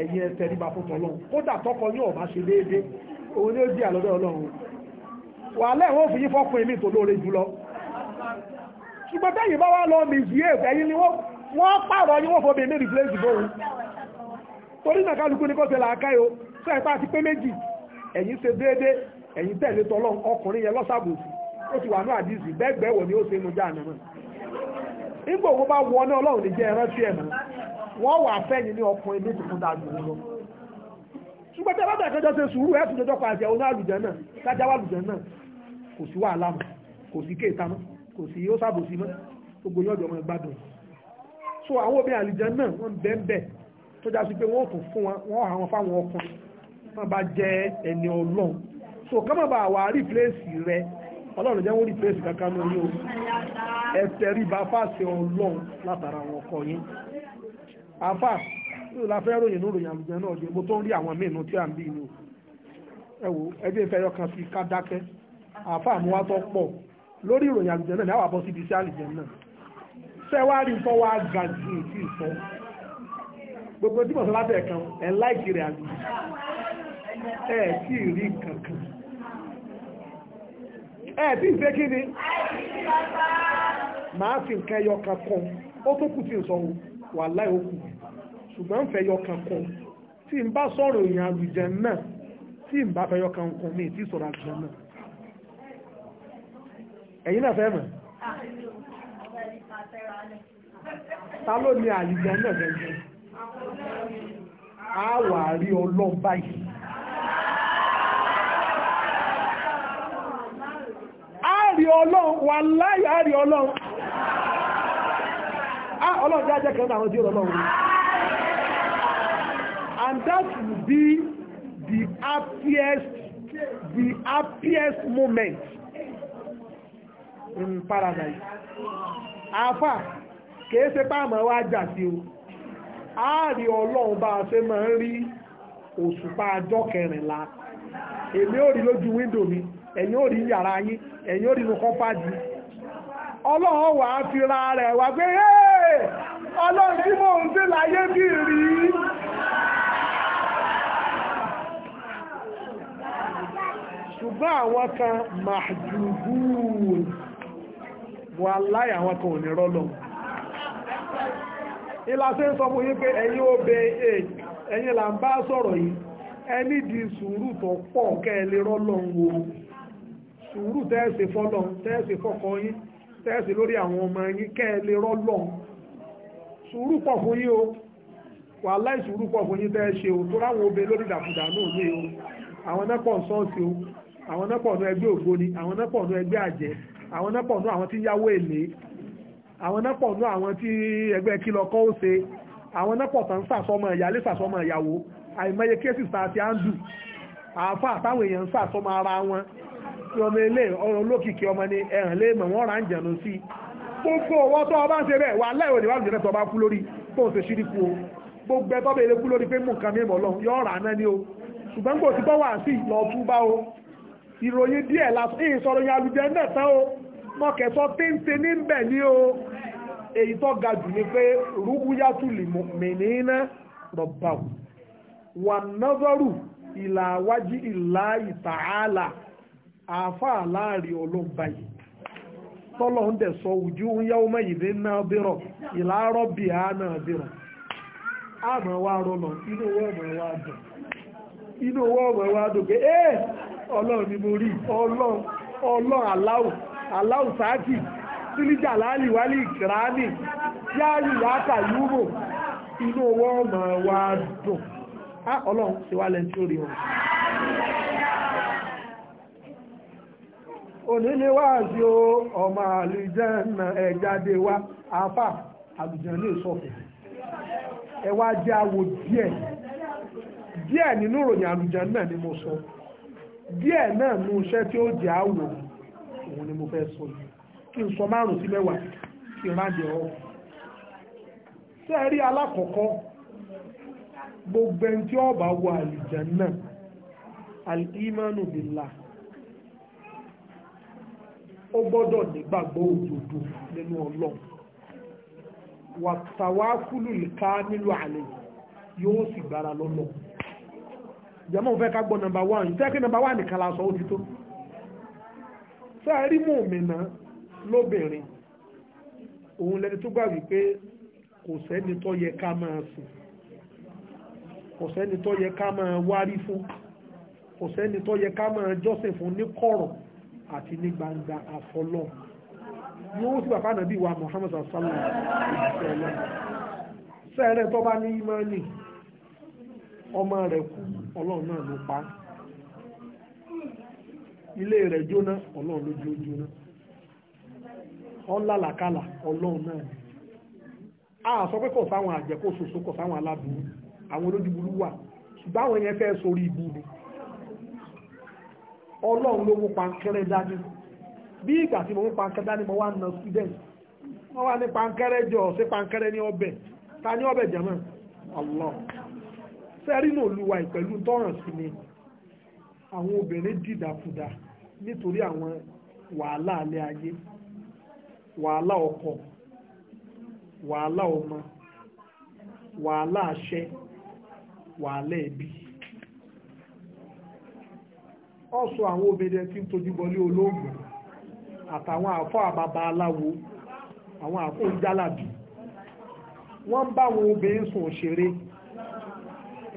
ẹ̀yin ẹsẹ̀ nígbà fún tọ́lọ́run kódà tọ́kọ yóò bá ṣe déédéé òun ni ó di àlọ́dọ̀ ọlọ́run wàhálẹ̀ ṣùgbọ́n tẹ́yìn bá wá lọ misbehave ẹ̀yìn ni wọ́n pààrọ̀ yín wọ́n fọ́bẹ̀ ní replace bóhun torí náà kálukú ní kọ́sẹ̀ làákàyè o sọ ẹ̀ ti pé méjì ẹ̀yìn ṣe déédé ẹ̀yìn tẹ̀lé tọ́lọ́ ọkùnrin yẹn lọ́sàbòsì ó ti wà ní àdìsí bẹ́ẹ̀gbẹ́wọ̀ kò sí ó sàbòsí mọ́ gbogbo yóò jọ mọ́ so àwọn obìnrin àlìjẹ́ náà wọ́n bẹ́ẹ̀ bẹ́ẹ̀ tó já sí pé wọ́n kò fún wọn wọ́n àwọn fáwọn ọkùnrin wọ́n bá jẹ́ ẹni ọlọ́run so kọ́mọ̀ bá wà rípléèsì rẹ ọlọ́run jẹ́ wọ́n rípléèsì kankan ní orí o ẹ̀tẹ̀ rí bá fàṣẹ ọlọ́run látara àwọn ọkọ yín afá yóò la fẹ́ ròyìn lóròyìn àlùjẹ náà jẹ́ mo tó ń rí àwọn míì tí à ń bí ni o ẹ wo ẹgbẹ́ ìfẹ́ yọkan sí ká dákẹ́ afá àmúwá tó pọ̀ lórí ìròyìn àlùjẹ náà ní àwọn àbọ̀ síbi iṣẹ́ náà fẹ́wárí ga ju gbogbo tí mọ̀sán kan ẹ̀ láìkì rẹ̀ àlù ẹ̀ tí kankan ẹ̀ tí ì fẹ́ kí ni màá fi nǹkan ẹyọ kan kan ó tó kù tí ì sọ wà láì ṣùgbọ́n ń fẹ́ kan kan tí n bá sọ̀rọ̀ ìyàn àlùjẹ náà tí n bá fẹ́ yọ kan kan ẹ̀yin náà fẹ́ mọ̀ ta ló ní àlìjẹ́ náà gẹ́gẹ́ a wà rí ọlọ́run báyìí a rí ọlọ́run wà láyé a rí ọlọ́run a ọlọ́run jájẹ́ kan àwọn tí ó rọlọ́run and that will be the happiest the happiest moment in paradise Afọ a, ṣe páàmọ́ wá jà si o ààrí ọlọ́run bá rí òṣùpá ọjọ́ kẹrìnlá èmi mi ẹ̀yin rí yara yín ẹ̀yin o rí inú kọ́fàdì fi ra rẹ̀ wá pé ọlọ́run tí mò ń rí ṣùgbọ́n àwọn kan wà láyà àwọn kan ò ní rọ́lọ́ ìlàṣẹ́ ń sọ fún yín pé ẹ̀yin ó bẹ ẹ̀yin là ń bá sọ̀rọ̀ yìí ẹni di sùúrù tó pọ̀ kẹ́ẹ̀lẹ́ rọ́lọ́ wo sùúrù tẹ́ẹ̀sì fọ́lọ́ tẹ́ẹ̀sì fọ́kọ yín tẹ́ẹ̀sì lórí àwọn ọmọ yín kẹ́ẹ̀lẹ́ rọ́lọ́ sùúrù pọ̀ fún yín o wà láì sùúrù pọ̀ fún yín tẹ́ẹ̀ o tó ráwọn obè lórí ìdàkudà náà ní o àwọn nẹ́pọ̀ sọ́ọ̀sì o àwọn nẹ́pọ̀ ọ̀nà ẹgbẹ́ ògbóni àwọn nẹ́pọ̀ ọ̀nà ẹgbẹ́ àjẹ́ àwọn náà pọ̀ nú àwọn tí yáwó èlé àwọn náà pọ̀ nú àwọn tí ẹgbẹ́ kìlọ̀ kọ́ ó ṣe àwọn náà pọ̀ tán sàsọmọ ìyálé sàsọmọ ìyàwó àìmọye kéèsì tá a ti ń dù àáfà táwọn èèyàn ń sàsọmọ ara wọn tí ọmọ ilé ọ̀rọ̀ olókìkí ọmọ ni ẹ̀hàn lé mọ̀ wọ́n ra ń jẹ̀nu sí gbogbo ọwọ́ tó ọba ń ṣe wà láìwò ní wàlùjẹ́ tó ọba kú lórí tó ń ṣe ṣíríkù o gbogbo ẹtọ́ bẹ̀rẹ̀ kú lórí pé mú nǹkan mímọ̀ lọ yọ ọ̀rà náà ni o ṣùgbọ́n kò sí tọ́wọ́ àti lọ o ìròyìn díẹ̀ lásán èyí sọ̀rọ̀ yẹn alùjẹ́ náà o mọ́kẹ̀sọ́ téńté ní bẹ̀ ní o èyí tó ga jù ní pé rúgbúyàtù lìmọ̀mìnínà rọ̀bàù wà nọ́zọ́rù ìlàwájí ìlà ìtààlà àáfàá láàrin olóńgbà yìí tọ́lọ̀ ń dẹ̀ sọ ojú ń yá ọmọ yìí ní bírọ̀ ìlàárọ̀ bí i náà bírọ̀ àmọ́ wa rọlọ̀ inú owó ọmọ wa dùn inú owó ọmọ dùn pé ẹ́ẹ̀ ọlọ́run ni mo rí ọlọ́run ọlọ́run aláwù aláwù sáàkì sílíjà láàlì wálì ìkìrání yáàlì yáàkà yúrò inú wọn mọ̀ wá dùn á ọlọ́run ti wá lẹ́ni tí wọn onílé wá sí o ọmọ àlùjànnà ẹ̀jáde wá àfà àlùjànnà ní ìsọ̀fẹ̀ ẹ wá jẹ́ àwò díẹ̀ díẹ̀ nínú ìròyìn àlùjànnà ni mo sọ díẹ̀ náà nú iṣẹ́ tí ó jẹ́ àwò òun ni mo fẹ́ sọ yìí kí n sọ márùn sí mẹ́wàá kí n rájẹ ọ́ tẹ́ ẹ rí alákọ̀ọ́kọ́ gbogbo ẹni tí ọba wọ àlìjánnà alìmánu bìlà ó gbọ́dọ̀ nígbàgbọ́ òdodo nínú ọlọ́run wàtàwákùlù ìka nílò àlè yóò sì gbára lọ́lọ́run jẹ́mọ́ fẹ́ ká gbọ́ nọmba wán yìí tẹ́kí nọmba wán nìkan la sọ ó ti tó sẹ́ẹ̀rí mòmìnà lóbìnrin òun lẹni tó gbà wípé kò sẹ́ni tó yẹ ká máa sìn kò sẹ́ni tó yẹ ká máa wárí fún kò sẹ́ni tó yẹ ká máa jọ́sìn fún ní kọ̀rọ̀ àti ní gbangba àfọlọ́ ní ó sì bàbá nàbí wa Muhammad sallallahu alaihi wa sallam sẹ́ẹ̀rẹ́ tó bá ní ìmánì ọmọ rẹ̀ kú ọlọ́run náà ló pa ilé rẹ̀ jóná ọlọ́run ló jó jóná ọlálàkálà ọlọ́run náà ni a sọ pé kò sáwọn àjẹkó ṣoṣo kò sáwọn aláburú àwọn olójúburú wà ṣùgbọ́n àwọn yẹn fẹ́ sórí ibu ni ọlọ́run ló mú pankẹ́rẹ́ dání bí ìgbà tí mo mú pankẹ́rẹ́ dání mo wá na student wá ní pankẹ́rẹ́ jọ pankẹ́rẹ́ ní ọbẹ̀ ta ní ọbẹ̀ sẹ́rí náà luwa ìpẹ̀lú tọ́ràn sí ni àwọn obìnrin dìdàkudà nítorí àwọn wàhálà alẹ́ ayé wàhálà ọkọ wàhálà ọmọ wàhálà àṣẹ wàhálà ẹbí ọ̀sọ̀ àwọn obìnrin tí ń tojú ologbo olóògùn àtàwọn àfọ́ àbàbà aláwo àwọn àfọ́ ìjálàbì wọ́n bá àwọn obìnrin sùn òṣèré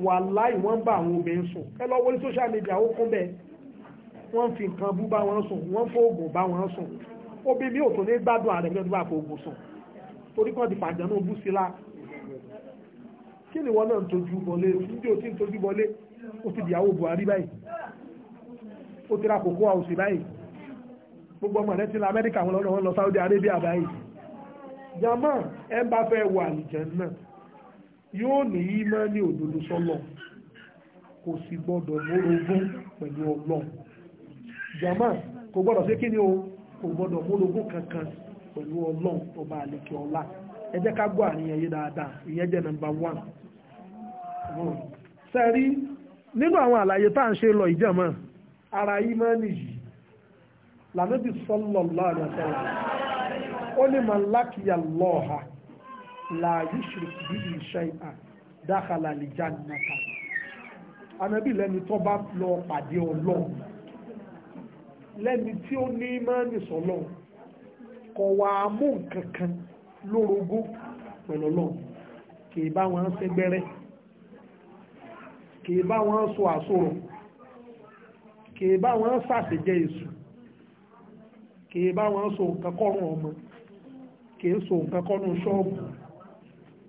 wàláì wọ́n bá àwọn obìnrin sùn ẹ lọ wọlé social media ó kún bẹ́ẹ̀ wọ́n fi nǹkan bú bá wọn sùn wọ́n fóògùn bá wọn sùn obìnrin mi ò tó ní gbádùn ààrẹ bí wọ́n bá fóògùn sùn torí kan ti pàjánù bú sí la kí ni wọ́n náà ń tọ́jú bọlé níbi ò tí ń tọ́jú bọlé ó ti dìyàwó Buhari báyìí ó ti ra kókó àwòsì báyìí gbogbo ọmọ rẹ ti la Amẹ́ríkà wọn lọ Saudi Arabia báyìí jama ẹ bá fẹ́ wọ àlìjẹ náà yóò ní òdodo sọlọ kò sì mórogún pẹ̀lú ọlọ. jama kò gbọ́dọ̀ sí kí ni o kò mórogún kankan pẹ̀lú ọlọ ọba àlekè ọlá ká gbọ́ àníyàn dáadáa ìyẹn nínú àwọn àlàyé tá à ń ṣe lọ ara yìí lànà bí la yushrik bihi shay'an dakhala li jannata anabi lẹ́ni tó bá lọ pàdé ọlọ́run lẹ́ni tí ó ní mọ́ni sọ́lọ́ kọ̀ wá mú nǹkan kan lórogún pẹ̀lú ọlọ́run kì í bá wọn ṣẹgbẹ́rẹ́ kì í bá wọn sọ àsọ̀rọ̀ kì í bá wọn ṣàṣejẹ èṣù kì bá wọn sọ nǹkan ọmọ kì í sọ nǹkan ṣọ́ọ̀bù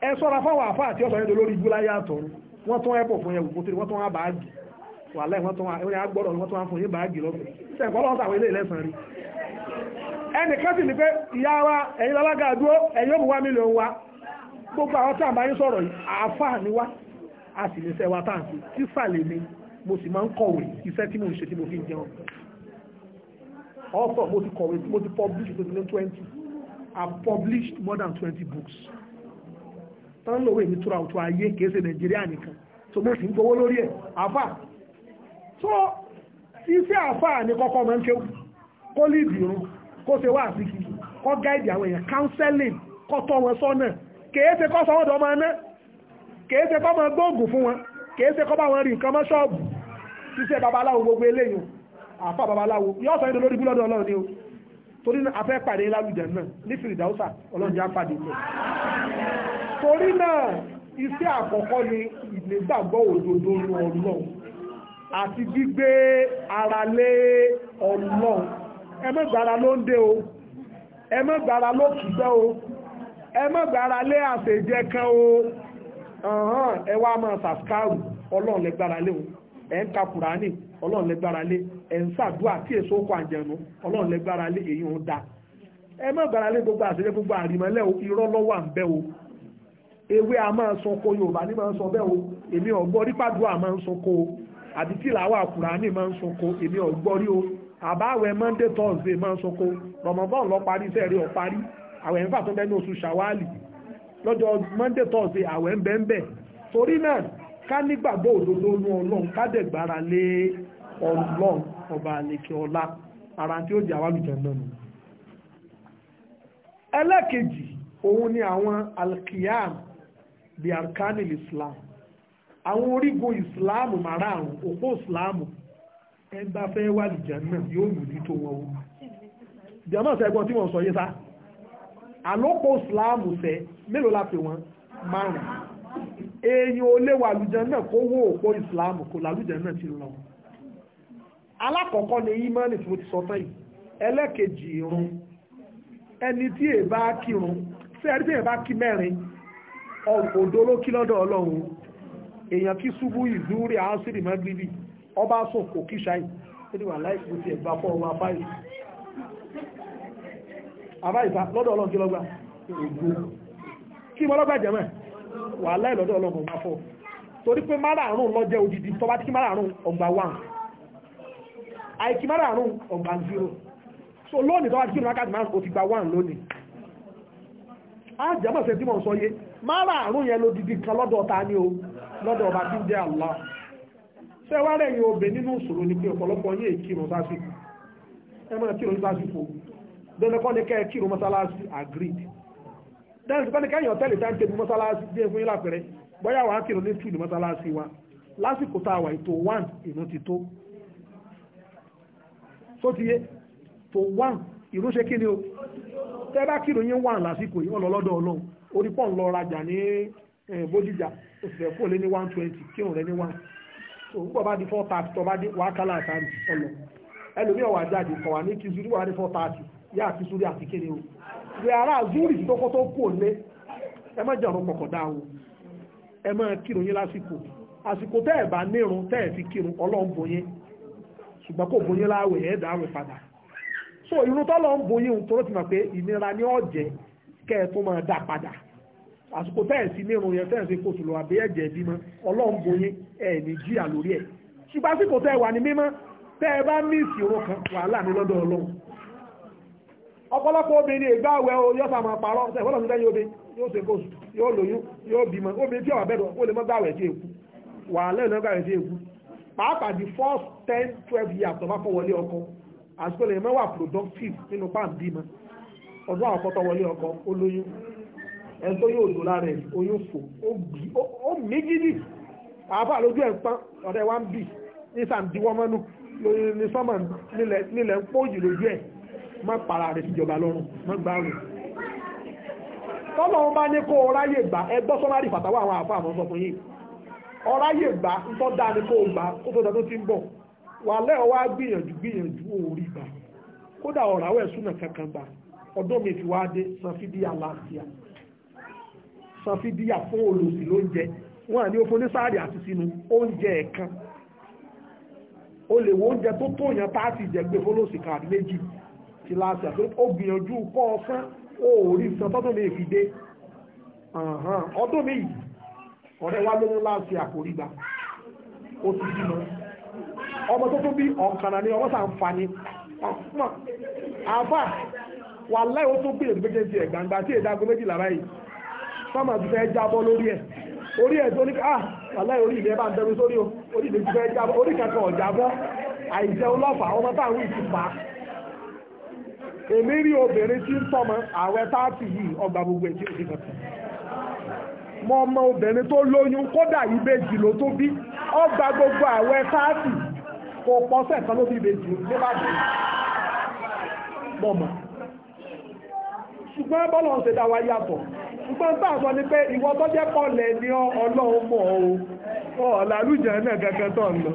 ẹ sọ́ra fáwọn àfáà àti ọ̀sán yẹn lórí ibú láyé àtọ̀run wọ́n tún ẹ̀pọ̀ fún yẹn wò kótó wọ́n tún wá báàgì wàhálà wọ́n tún wá gbọ́dọ̀ wọ́n tún wá fún yín báàgì lọ́sẹ̀ sẹ́ǹkọ́ lọ́sẹ̀ àwọn ilé ìlẹ́sàn rí ẹnìkan sì ní pé ìyá wa ẹ̀yin lálága dúró ẹ̀yin ó mú wá mílíọ̀nù wa gbogbo àwọn tí a bá yín sọ̀rọ̀ yìí àáfàá ni wá a sì lè sẹ́wà tá à ń fi sísàlẹ̀ ni mo sì máa ń kọ̀wé iṣẹ́ tí mo ń ṣe tí mo fi ń jẹun ọ̀pọ̀ mo ti kọ̀wé publish tó I published more than 20 books tó ń lòwé ní túra òtò ayé kìí ṣe nàìjíríà nìkan tó mo sì ń gbowó lórí ẹ̀ àfà tó iṣẹ́ àfà ní kọ́kọ́ máa ń kéwù kó lídìí irun kó ṣe wá àsìkí kó gáìdì àwọn èèyàn counseling kó tọ́ wọn sọ́nà kìí ṣe kó sọ́wọ́dọ̀ ọmọ aná kìí ṣe kó máa gbóògùn fún wọn kìí ṣe kó bá wọn rí nǹkan mọ́ torí náà iṣẹ́ àkọ́kọ́ ni ìgbàgbọ́ òdodo ní ọlọ́run àti gbígbé ara lé ọlọ́run ẹ má gbára ló ń dé o ẹ má gbára ló kìgbẹ́ o ẹ má gbára lé àṣejẹ kan o ẹ wá máa ṣàṣkáàrù ọlọ́run lẹ gbára lé o ẹ ń ka kùránì ọlọ́run lẹ gbára lé ẹ ń ṣàdúrà tí èso kọ àjẹnu ọlọ́run lẹ gbára lé èyí ń da ẹ má gbára lé gbogbo àṣejẹ gbogbo àrìmọ́lẹ̀ irọ́ lọ́wọ́ à ń bẹ́ o ewé a máa sọko yorùbá ní máa sọ bẹ́ẹ̀ o èmi ọ̀gbọ́rí pàdúrà máa ń sọko àbí tìlàwà kùránì máa ń sọko èmi ọ̀gbọ́rí o àbáwẹ̀ monday thursday máa ń sọko rọmọbọ́n lọ parí sẹ́ẹ̀rí ọ̀ parí àwẹ̀ ń fà tó bẹ́ẹ̀ ní oṣù ṣàwálì lọ́jọ́ monday thursday àwẹ̀ ń bẹ́ẹ̀ bẹ́ẹ̀ torí náà ká nígbàgbọ́ òdodo nu ọlọ́run ká dẹ̀ gbára lé ọlọ́run ọba àlekè ni àwọn alkiyam bí arkanil islam àwọn orígun islam márààrún òpó islam ẹ bá fẹ́ wà lìjà náà yóò lòdì tó wọn o jẹ́mọ́ sẹ́gbọ́n tí wọ́n sọ yé sá àlọ́pọ̀ islam sẹ́ mélòó la pè wọ́n márùn èèyàn ò lè náà kó wó òpó islam kò làlùjẹ́ náà ti lọ alákọ̀ọ́kọ́ ni imani tí mo ti sọ tán yìí ẹlẹ́kejì irun ẹni tí òdó ló kí lọ́dọ̀ ọlọ́run èèyàn kí ṣubú ìzúrí àásìrì mẹ́gbìlì ọba sùn kò kí ṣáì ó ní wà láìpù sí ẹ̀gbà fọ́ ọmọ abáyì abáyìta lọ́dọ̀ ọlọ́run kí lọ́gbà ògbó kí wọ́n lọ́gbà jẹ́mẹ̀ wà láì lọ́dọ̀ ọlọ́run ọgbà fọ́ torí pé márààrún lọ́jẹ́ odidi tọ́ba tí márààrún ọgbà wà àìkí márààrún ọgbà zero so lónìí tọ́ba tí kí márààrún yẹn ló didi kan lọ́dọ̀ ta ni o lọ́dọ̀ ọba tí ń jẹ́ Allah yi yìí obè nínú ìṣòro ni pé ọ̀pọ̀lọpọ̀ yìí kírun sásìkò ẹ máa kírun sásìkò dẹ́nìkọ́ ni kẹ́ kírun agreed dẹ́nìkọ́ ni kẹ́yìn ọ̀tẹ́lì tá ń tẹ́bi mọ́sálásí bí fún yín lápẹ̀rẹ́ wàá kírun ní wa lásìkò tá a wà ètò one ti tó tó ti yé one ni o tẹ́ bá kírun yín one lásìkò yìí orí pọ̀ ń lọ rajà ní eh, bódìjà òṣìṣẹ́ kúrò lé ní one twenty kírun rẹ ní one òun pọ̀ bá di four thirty tọ́ bá di wákàlà àtàrí ọlọ ẹlòmíràn wà jáde kọ̀ wà ní kìsúrí wà ní four thirty yá àkìsúrí àti kéde o ìwé ará zúrì tó kọ́ tó kú òlé ẹ má jẹ́ ọ̀rọ̀ pọ̀kọ̀ dá o ẹ má kírun yín lásìkò àsìkò tẹ́ ẹ̀ bá nírun tẹ́ ẹ̀ fi kírun ọlọ́run bòyín ṣùgbọ́n kò bòyín láwẹ̀ ẹ̀ dàrú padà so irun tọ́lọ́run bòyín torótìmọ̀ pé ìnira ní ọ̀jẹ̀ kẹ́ ẹ tó máa dà padà àsìkò tẹ́ẹ̀sì nírun yẹn tẹ́ẹ̀sì kò tùlọ̀ àbí ẹ̀jẹ̀ bímọ ọlọ́run boyin ẹ̀ ní jíà lórí ẹ̀ ṣùgbọ́n àsìkò tẹ́ẹ̀ wà ní mímọ́ tẹ́ẹ̀ bá ní ìṣòro kan wàhálà ní lọ́dọ̀ ọlọ́run ọ̀pọ̀lọpọ̀ obìnrin ìgbà àwẹ̀ o yóò sàmà parọ́ ọ̀pọ̀lọpọ̀ obìnrin yóò ṣe kóṣù yóò lóyún yóò bímọ obìnrin tí ọ̀rọ̀ bẹ̀rẹ̀ ó lè mọ́ gbàwẹ̀ sí èkú wàhálà ìlànà gbàwẹ̀ sí èkú pàápàá di first ten twelve years tó bá fọwọ́lé ọkọ àsìkò lè mọ́ wà productive nínú pàǹdì mọ́ ọdún àkọ́kọ́ tó wọlé ọkọ ó lóyún ẹni tó yóò lò lára ẹ̀ oyún fò ó méjì nì àbá lójú ẹ̀ ń pán ọ̀rẹ́ wa ń bì nísà ń diwọ́ mọ́nú ní sọ́mà nílẹ̀ ń pòjì lójú ẹ̀ má para rẹ̀ síjọba lọ́rùn má gbá rẹ̀ tọ́lọ́run bá ní kó ọráyè gbà ẹgbọ́ sọ́lárì fàtàwọ́ àwọn àfáà mọ́ sọ fún yìí ọráyè gbà ń tọ́ dáa ní kó gbà kó tó dọ́dún tí ń bọ̀ wà lẹ́ọ̀ wá gbìyànjú gbìyànjú òórí gbà kódà ọ̀ràwẹ̀ súnà kankan gbà ọdún mi fi wá dé san fídíà láàfíà san fídíà fún olùsí lóúnjẹ wọn àní òfin onísáàrì àti sínú oúnjẹ ẹ̀kan o lè wo oúnjẹ tó tó yẹn pàtì ìjẹgbẹ́ fọlọ́sì káàdì méjì ti láàfíà tó ó gbìyànjú kọ́ ọ̀sán ó rí san tọ́dún mi fi dé ọdún mi yìí ọ̀rẹ́ wa lóyún láti àkórí gbà ó ti bímọ ọmọ tó tó bí ọ̀kànà ni ọmọ sàn fani àfà wà láì ó tó bèrè tó bẹ́jẹ̀ ẹ̀ gbangba tí èdè aago méjìlá báyìí fáwọn àti fẹ́ jábọ́ lórí ẹ̀ orí ẹ̀ tó ní ah wà láì orí ilẹ̀ bá ń tẹ́lu sórí o ti fẹ́ jábọ́ orí kankan ọmọ táwọn ìtì pa èmi rí obìnrin tí ń tọ́mọ ààwẹ̀ táàtì yìí ọgbà gbogbo ẹ̀jẹ̀ òdì kan mọ obìnrin tó lóyún kódà ìbejì ló tó bí ọgbà gbogbo ṣùgbọ́n bọ́lọ̀ ń ṣe dá wa yàtọ̀ ṣùgbọ́n tá a sọ ni pé ìwọ tó jẹ́ pọ̀lẹ̀ ni ọlọ́run mọ̀ o ọ̀làlújẹ náà gẹ́gẹ́ tó ń lọ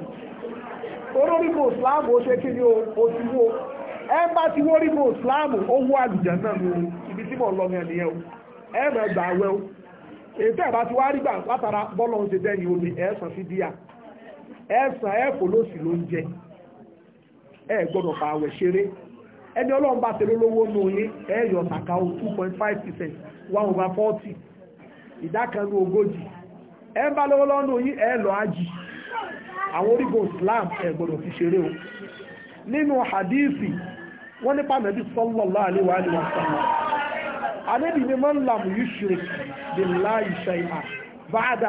orórígbò islam ó ṣe kí ni o ti wo ẹ bá ti wó rígbò islam ó àlùjẹ náà ní ibi tí mò ń lọ yẹn nìyẹn o ẹ mọ̀ gbà wẹ́ o ètò ẹ̀bá ti wá rí gbà látara bọ́lọ̀ ń ṣe dẹ́yìn omi ló ń jẹ gbọ́dọ̀ àwẹ̀ ṣeré ẹni ọlọ́run bá ṣe lólówó nù yín ẹ̀yọ̀ o 2.5% percent one over forty ìdá kan ní ogójì bá o nínú hadithi wọ́n nípa nàbí sallallahu alaihi wa alihi wa sallam ànábì ni man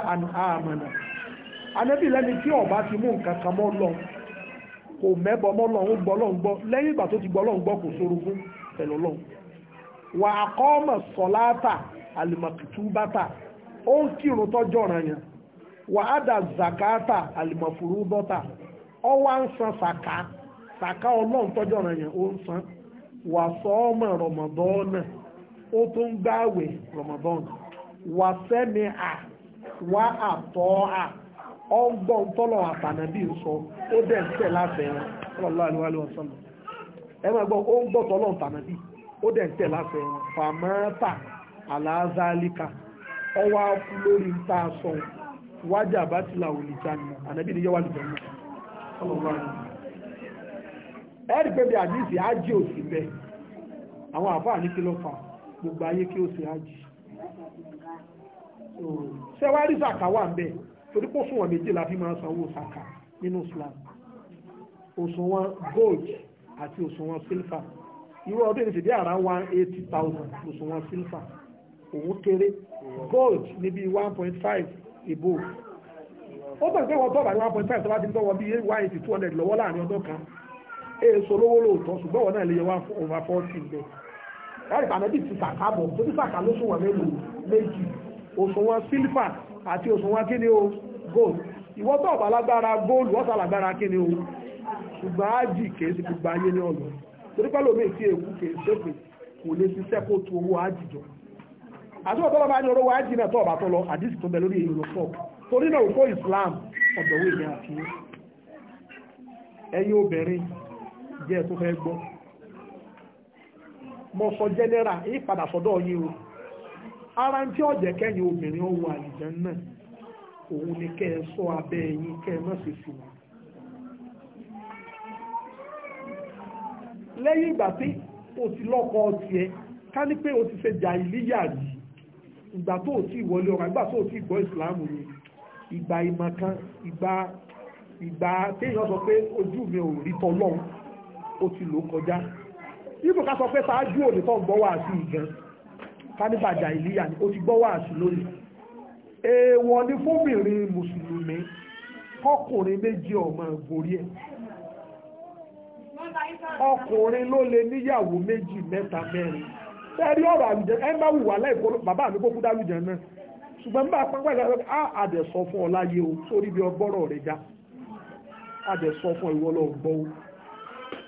an amana ànábì lẹ́ni tí ọba ti mú nǹkan kò mẹ́bọ mọ́ lọ́hún gbọ́ lẹ́yìn tó ti gbọ́ gbọ́ kò sorogún pẹ̀lú lọ́hún wà á kọ́ ọmọ sọ̀láàtà àlìmọ̀tútù bàtà ó ń kírun tọ́jọ́ ọ̀ràn yẹn wà á dà zakata bọ́tà ọ wá ń san sàká sàká ọlọ́run tọ́jọ́ ọ̀ràn yẹn ó ń san wà sọ ọmọ rọmọdọ́nà ó tún gbààwẹ̀ rọmọdọ́nà wà sẹ́mi wà àtọ́ à ọgbọ́n tọ́lọ̀ àtànàbí ń sọ ó dẹ̀ ń tẹ̀ láfẹ́ wọn sallallahu alaihi wa sallam ẹ máa gbọ́ ó ń gbọ́ tọ́lọ̀ àtànàbí ó dẹ̀ ń tẹ̀ láfẹ́ wọn fàmọ́tà àlàázálíkà ọwọ́ akú lórí ń tá sọ wájà bá ti là òlì jàǹnà ànàbí ni yẹ́ wà lè jẹun ẹ̀rí pé bí àdìsí ájì ò torí pé òṣùwọ̀n méjì la fi máa sanwó sàkà nínú Islam òṣùwọ̀n gold àti òṣùwọ̀n silver irú ọdún ìsìdí àrà one eighty thousand òṣùwọ̀n silver òun kéré gold ní bíi one point five ìbò ó tàn pé wọ́n tọ́ bá ní one point five tó bá ti ń tọ́wọ́ bíi one eighty two hundred lọ́wọ́ láàrin ọdún kan èso lówó lóòótọ́ ṣùgbọ́n wọn náà lè yẹ one over forty bẹ́ẹ̀ láti pàmò bíi ti sàkábọ̀ tó ti sàkà lóṣùwọ̀n mélòó méjì òṣùwọ̀n silver àti kí ni o gold ìwọ́n tó ọ̀bà lágbára wọ́n ni o ṣùgbọ́n ájì gbogbo ayé ní ọ̀nà torí pẹ́lú omi ìfi èkú kèé kò lè ṣiṣẹ́ kó tu owó ájì jọ àti ọ̀tọ́ lọ́ba ní orówó ájì náà tó ọ̀bà tó lọ àdísì tó bẹ lórí Islam ọ̀dọ̀wé ìgbẹ́ àti ẹ̀yin obìnrin jẹ́ tó fẹ́ gbọ́ sọ jẹ́nẹ́rà yí padà ara ń tí ọ̀jẹ̀ kẹ́yìn obìnrin ọ̀hún àlìjẹ́ náà òun ni kẹ́ ẹ sọ abẹ́ ẹ̀yìn kẹ́ ẹ má ṣe sí wa. lẹ́yìn ìgbà tí o ti lọ́kọ tiẹ̀ ká ní pé o ti ṣe jà ìlíyà yìí ìgbà tó o ti wọlé ọ̀rọ̀ ìgbà tó o ti gbọ́ ìsìláàmù yìí ìgbà ìmọ̀ kan ìgbà ìgbà téèyàn sọ pé ojú mi ò rí tọ́lọ́run o ti lò kọjá ibùkún ká sọ pé ṣáájú òní tó ń gbọ́ wá sí ìgan káníbàjá ìlíyà ni ó ti gbọ́ wàásù lónìí èèwọ̀ ni fóbìnrin mùsùlùmí kọkùnrin méjì ọmọ ìgbòrí ẹ̀ ọkùnrin ló lè níyàwó méjì mẹ́ta mẹ́rin fẹ́ẹ́rí ọ̀rọ̀ àlùjẹ ẹ má wùwà láìpọ̀ bàbá mi kó kú dálùjẹ náà ṣùgbọ́n bá pẹ́pẹ́ lọ́wọ́ á àdẹ̀sọ fún ọ láyé o sórí bí ọgbọ́rọ̀ rẹ̀ já àdẹ̀sọ fún ìwọ o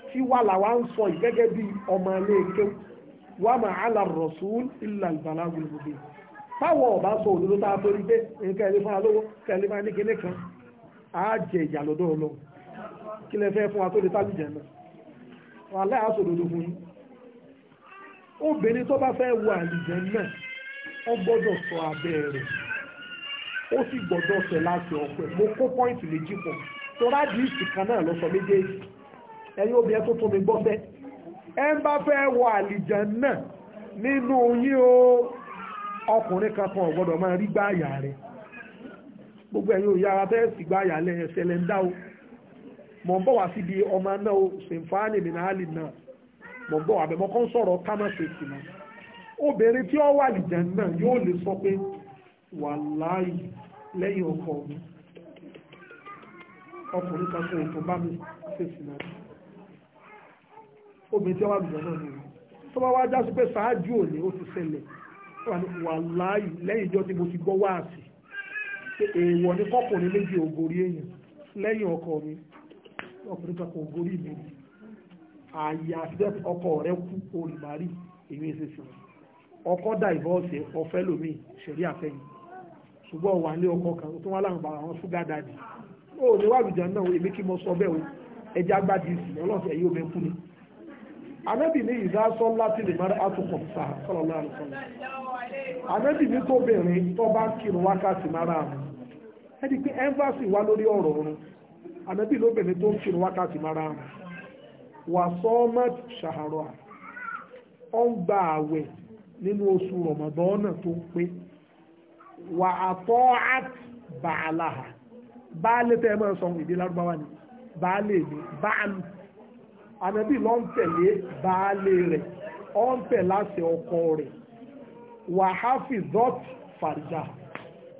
tí wà làwa ń sọ yìí gẹ́gẹ́ bí ọmọ ilé kéwù wà má àlà rọ̀sùn ìlà ìbàlá gbogbo táwọn ọba sọ òdodo tá a torí pé nǹkan ẹni fúnra lówó kẹlẹ máa ní kíní kan á jẹ ìyà lọ́dọ̀ Ọlọ́run kí lẹ fẹ́ fún wa tó lè tálù jẹ náà wà láì sọ òdodo fún yín obìnrin tó bá fẹ́ wo àlùjẹ náà ó gbọ́dọ̀ sọ abẹ́ rẹ̀ ó sì gbọ́dọ̀ sọ láti ọ̀pẹ mo kó pọ́ìntì méjì pọ̀ tó rádìí ìsìn kan náà lọ sọ méjèèjì ẹ̀yin obìnrin tó tún mi gbọ́ bẹ́ẹ̀ ẹ bá fẹ́ wọ náà nínú yín o ọkùnrin kankan ò máa rí gbáàyà rẹ̀ gbogbo ẹ̀yin ò yára bẹ́ẹ̀ sì gbáàyà ẹsẹ̀ lẹ́ ń dá o mọ̀ ń bọ̀ náà o sèǹfààní mi náà lè náà mọ̀ ń bọ̀ wá bẹ́ẹ̀ náà obìnrin tí sọ pé lẹ́yìn ọkọ mi ọkùnrin ètò bá mi obìnrin tí wọ́n wà lùjọ náà nìyẹn tó bá wá já sí pé ṣáájú òní ó ti ṣẹlẹ̀ wà láàyè lẹ́yìn ìjọ tí mo ti gbọ́ wáàsì èèwọ̀ ní kọ́kùnrin méjì ògòrí èèyàn lẹ́yìn ọkọ mi ọkùnrin kankan ògòrí mi ààyè àfihàn ọkọ rẹ kú olùmárì èmi ṣe sí ọkọ dà ìbọ́ọ̀sì ọ̀fẹ́ lómi ṣẹ̀rí àfẹ́yìn ṣùgbọ́n wà ní ọkọ kan tó wá láwọn bàbá wọn ṣúgà dàdí ó ní wàlùjọ náà èmi kí mo sọ bẹ́ẹ̀ o ẹja gbádìí sí ọlọ́sẹ̀ yóò mẹ́kú ni anábì ní ìdásọ́ láti lè máa àtúkọ̀ sá sọ́lọ́lá àlùsọ́lá anábì ní tóbìnrin tó bá kírun wákàtí mara àrùn ẹni pé ẹ́ńfàsì wá lórí ọ̀rọ̀ ọ̀run anábì lóbìnrin tó ń kírun wákàtí mara àrùn wà sọ́ọ́mọ́ ṣàhàrọ̀ à ó ń gba àwẹ̀ nínú oṣù rọ̀mọ̀dọ́nà tó ń pé wà àtọ́ àt bàálà baálé tẹ́ ẹ máa sọ ìdí lárúbáwá ni baálé ni baálù ànábì ló ń tẹ̀lé baálé rẹ̀ ó ń tẹ̀ láti ọkọ rẹ̀ wàháfì dot fàrìjà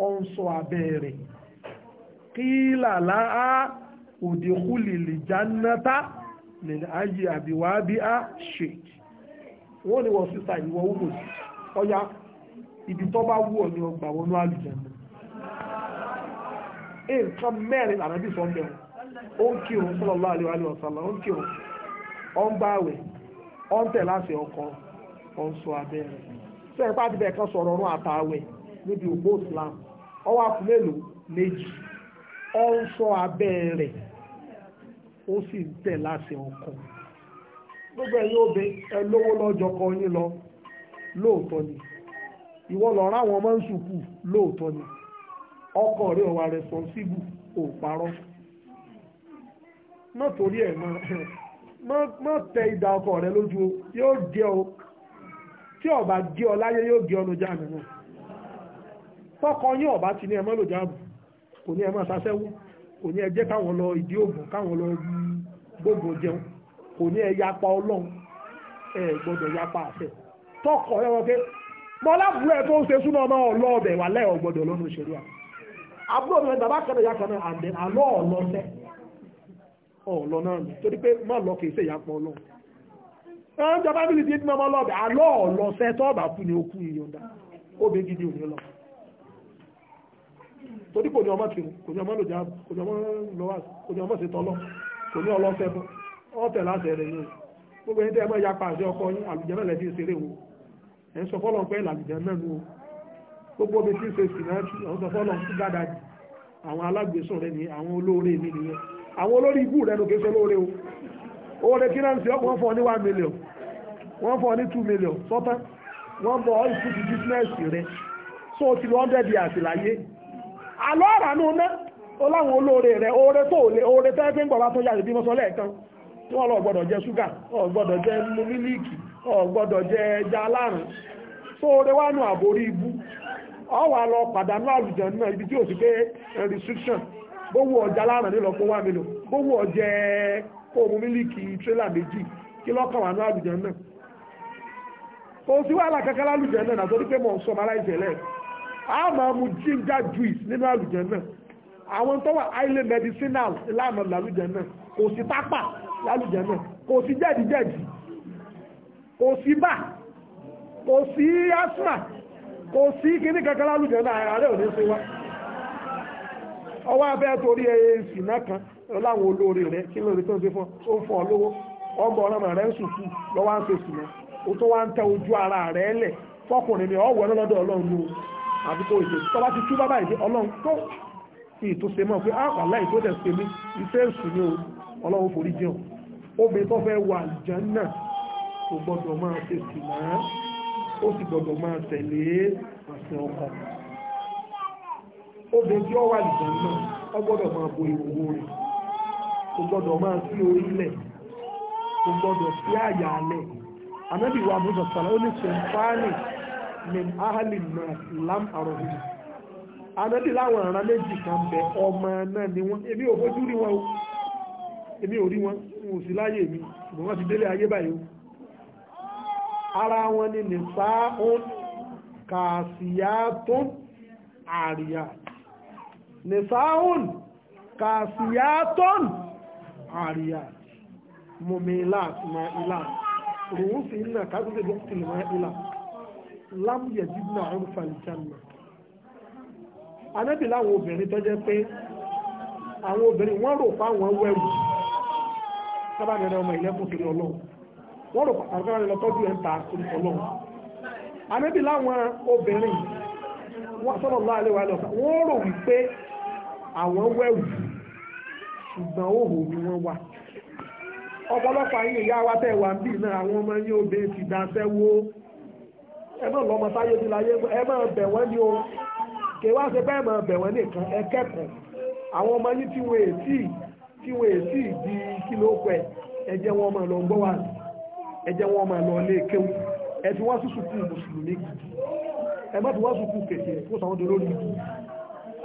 ó ń sọ abẹ́ rẹ̀ kílà láà òdìkúlìlì jannata lè ayé àbíwábí á ṣe wọ́n ni wọ́n sísà ìwọ̀ wúwo sí ọya ibi tó bá wú ọ ní ọgbà wọnú àlùjẹ̀mọ́ nǹkan mẹ́rin ànábì sọ́ńdẹ̀ ó ń kírun sallallahu alaihi wa sallam ó ń kírun ọ̀ ń bá àwẹ̀ ọ̀ ń tẹ̀ láti ọkọ ọ̀ ń sọ abẹ́ rẹ̀ sẹ́yìn pàtí bẹ́ẹ̀ kan sọ̀rọ̀ ọ̀run àtàwẹ̀ níbi òpó Islam ọwọ́ àkú mélòó méjì ọ̀ ń sọ abẹ́ rẹ̀ ó sì ń tẹ̀ láti ọkọ gbogbo ẹ̀yin òbí ẹ lówó lọ́jọ́ kan yín lọ lóòótọ́ ni ìwọ lọ ráwọn ọmọ ń sùkú lóòótọ́ ni ọkọ rẹ ọwà responsible ò parọ́ náà torí ẹ̀ náà má tẹ ìdá ọkọ rẹ lójú yóò gé tí ọba gé ọ láyé yóò gé ọnu jáàmù náà tọkọ yín ọba ti ní ẹ má kò ní ẹ má kò ní ẹ káwọn lọ ìdí òògùn káwọn lọ gbogbo jẹun kò ní ẹ yapa ẹ gbọdọ yapa tọkọ pé ẹ tó ń ṣe súná ọmọ wà òṣèlú àbúrò mi bàbá kan náà yà kan náà ọlọ ọ̀lọ́ náà nù torí pé má lọ kìí ṣe ìyapọ̀ ọlọ́run ẹ̀rọ ìjọba bí lìdí ẹ̀dínmọ́ ọmọ lọ́ọ̀bẹ̀ àlọ́ tọ́ọ̀bà kú ni okú ìyọ̀ǹda ó bẹ gidi òní lọ torí kò ní ọmọ tìrù kò ní ọmọ lòjà kò ní ọmọ lọ́wọ́ kò ní ọmọ ṣètọ́ lọ kò ní ọlọ́sẹ́ bọ́ ọ̀tẹ̀ láti ẹ̀rẹ̀ yìí gbogbo ẹni tẹ́ ẹ mọ́ àwọn sọ fọ́lọ́ ni àwọn olóore mi nìyẹn àwọn olórí ibu rẹ̀ ló kéṣe lóore o oore kí náà ń ṣe ọkọ̀ wọ́n fọ́ ní one million wọ́n fọ́ ní rẹ̀ so ti lọ hundred àlọ́ ọ̀rà ní ọ̀nà ó láwọn olóore rẹ̀ oore tó lè oore tẹ́ pé ń gbọ̀ bá tó yàrá ìbímọ kan tí wọ́n lọ gbọ́dọ̀ jẹ ṣúgà bówó ọjà láràn nílọ fún wá mílò bówó ọjẹ kóòmù mílíkì tírélà méjì kí lọ́kàn wà ní àlùjẹ́ náà kò sí wàhálà kankan lálùjẹ́ náà nàtọ́ pé mò sọ ọmọ aláìsẹ̀ a máa mu ginger juice nínú àlùjẹ́ náà àwọn tó wà highly medicinal láàmú náà kò sí tápà náà kò sí jẹ́dìjẹ́dì kò sí kò sí asthma kò ọwọ́ abẹ́ torí èsì náà kan láwọn olóore rẹ̀ kí ló tó ń ṣe fún ó ń fọ́ lówó ọmọ ọlọ́mọ rẹ̀ ń sùkú lọ́wọ́ ń ṣe ó tó wá ni ọlọ́run ló àfi kó ìṣe ti tú bábà ìṣe ọlọ́run tó fi mọ́ pé ah, ṣe mí èṣù ni ọlọ́run forí jẹun obìnrin tó fẹ́ wà kò máa ó sì máa tẹ̀lé obìnrin tí ó wà lìjọ náà ó gbọ́dọ̀ máa bo ìwòwò rẹ̀ kò gbọ́dọ̀ máa sí orílẹ̀ kò gbọ́dọ̀ sí àyà alẹ̀ ànábì wa àbúrò sọ̀rọ̀ ó ní sèǹfààní ní ahali náà lam àròhìn ànábì láwọn aràn méjì kan bẹ ọmọ náà ni wọn èmi ò fojú rí wọn o èmi ò rí wọn n ò sí láyé mi ṣùgbọ́n wọ́n ti délé ayé báyìí o ara wọn ni nìfà ó kàṣíyà tó àríyá nìfàáhùn kàṣíyàtọ́n àríyà mọ̀mílà àtìmọ̀ ilà rùn sí iná kágbé tìlìmọ̀ ilà lámúyẹ̀ jíjìnà ọ̀rùn fàlìjánà anábì láwọn obìnrin tó jẹ́ pé àwọn obìnrin wọ́n rò fáwọn wẹ́rù sábàdẹ̀rẹ̀ ọmọ ìlẹ́kùn kiri ọlọ́run wọ́n rò pàtàkì lọ́tọ́jú ẹ̀ ń ta kiri ọlọ́run anábì láwọn obìnrin wọ́n sọ́dọ̀ lọ́ àlewà wọ́n rò wípé àwọn wẹ̀wù ṣùgbọ́n òhò ni wọ́n wà ọ̀pọ̀lọpọ̀ ayé ìyá wa tẹ̀ wá bí náà àwọn ọmọ yín obè ti dáṣẹ́ wó ẹ náà lọ́mọ táyé ti láyé ẹ máa bẹ̀ wọ́n ní o kè wá ṣe bẹ́ẹ̀ máa bẹ̀ wọ́n nìkan ẹ kẹ́kọ̀ọ́ àwọn ọmọ yín tí wọ́n èsì tí wọ́n èsì di kíló pẹ̀ ẹ jẹ́ wọn máa lọ gbọ́ wà ẹ jẹ́ wọn máa lọ lé kéwù ẹ fi wọ́n sùsù kú mùsùlùmí ẹ má fi wọ́n sùkú kèké fún sàwọn dolórí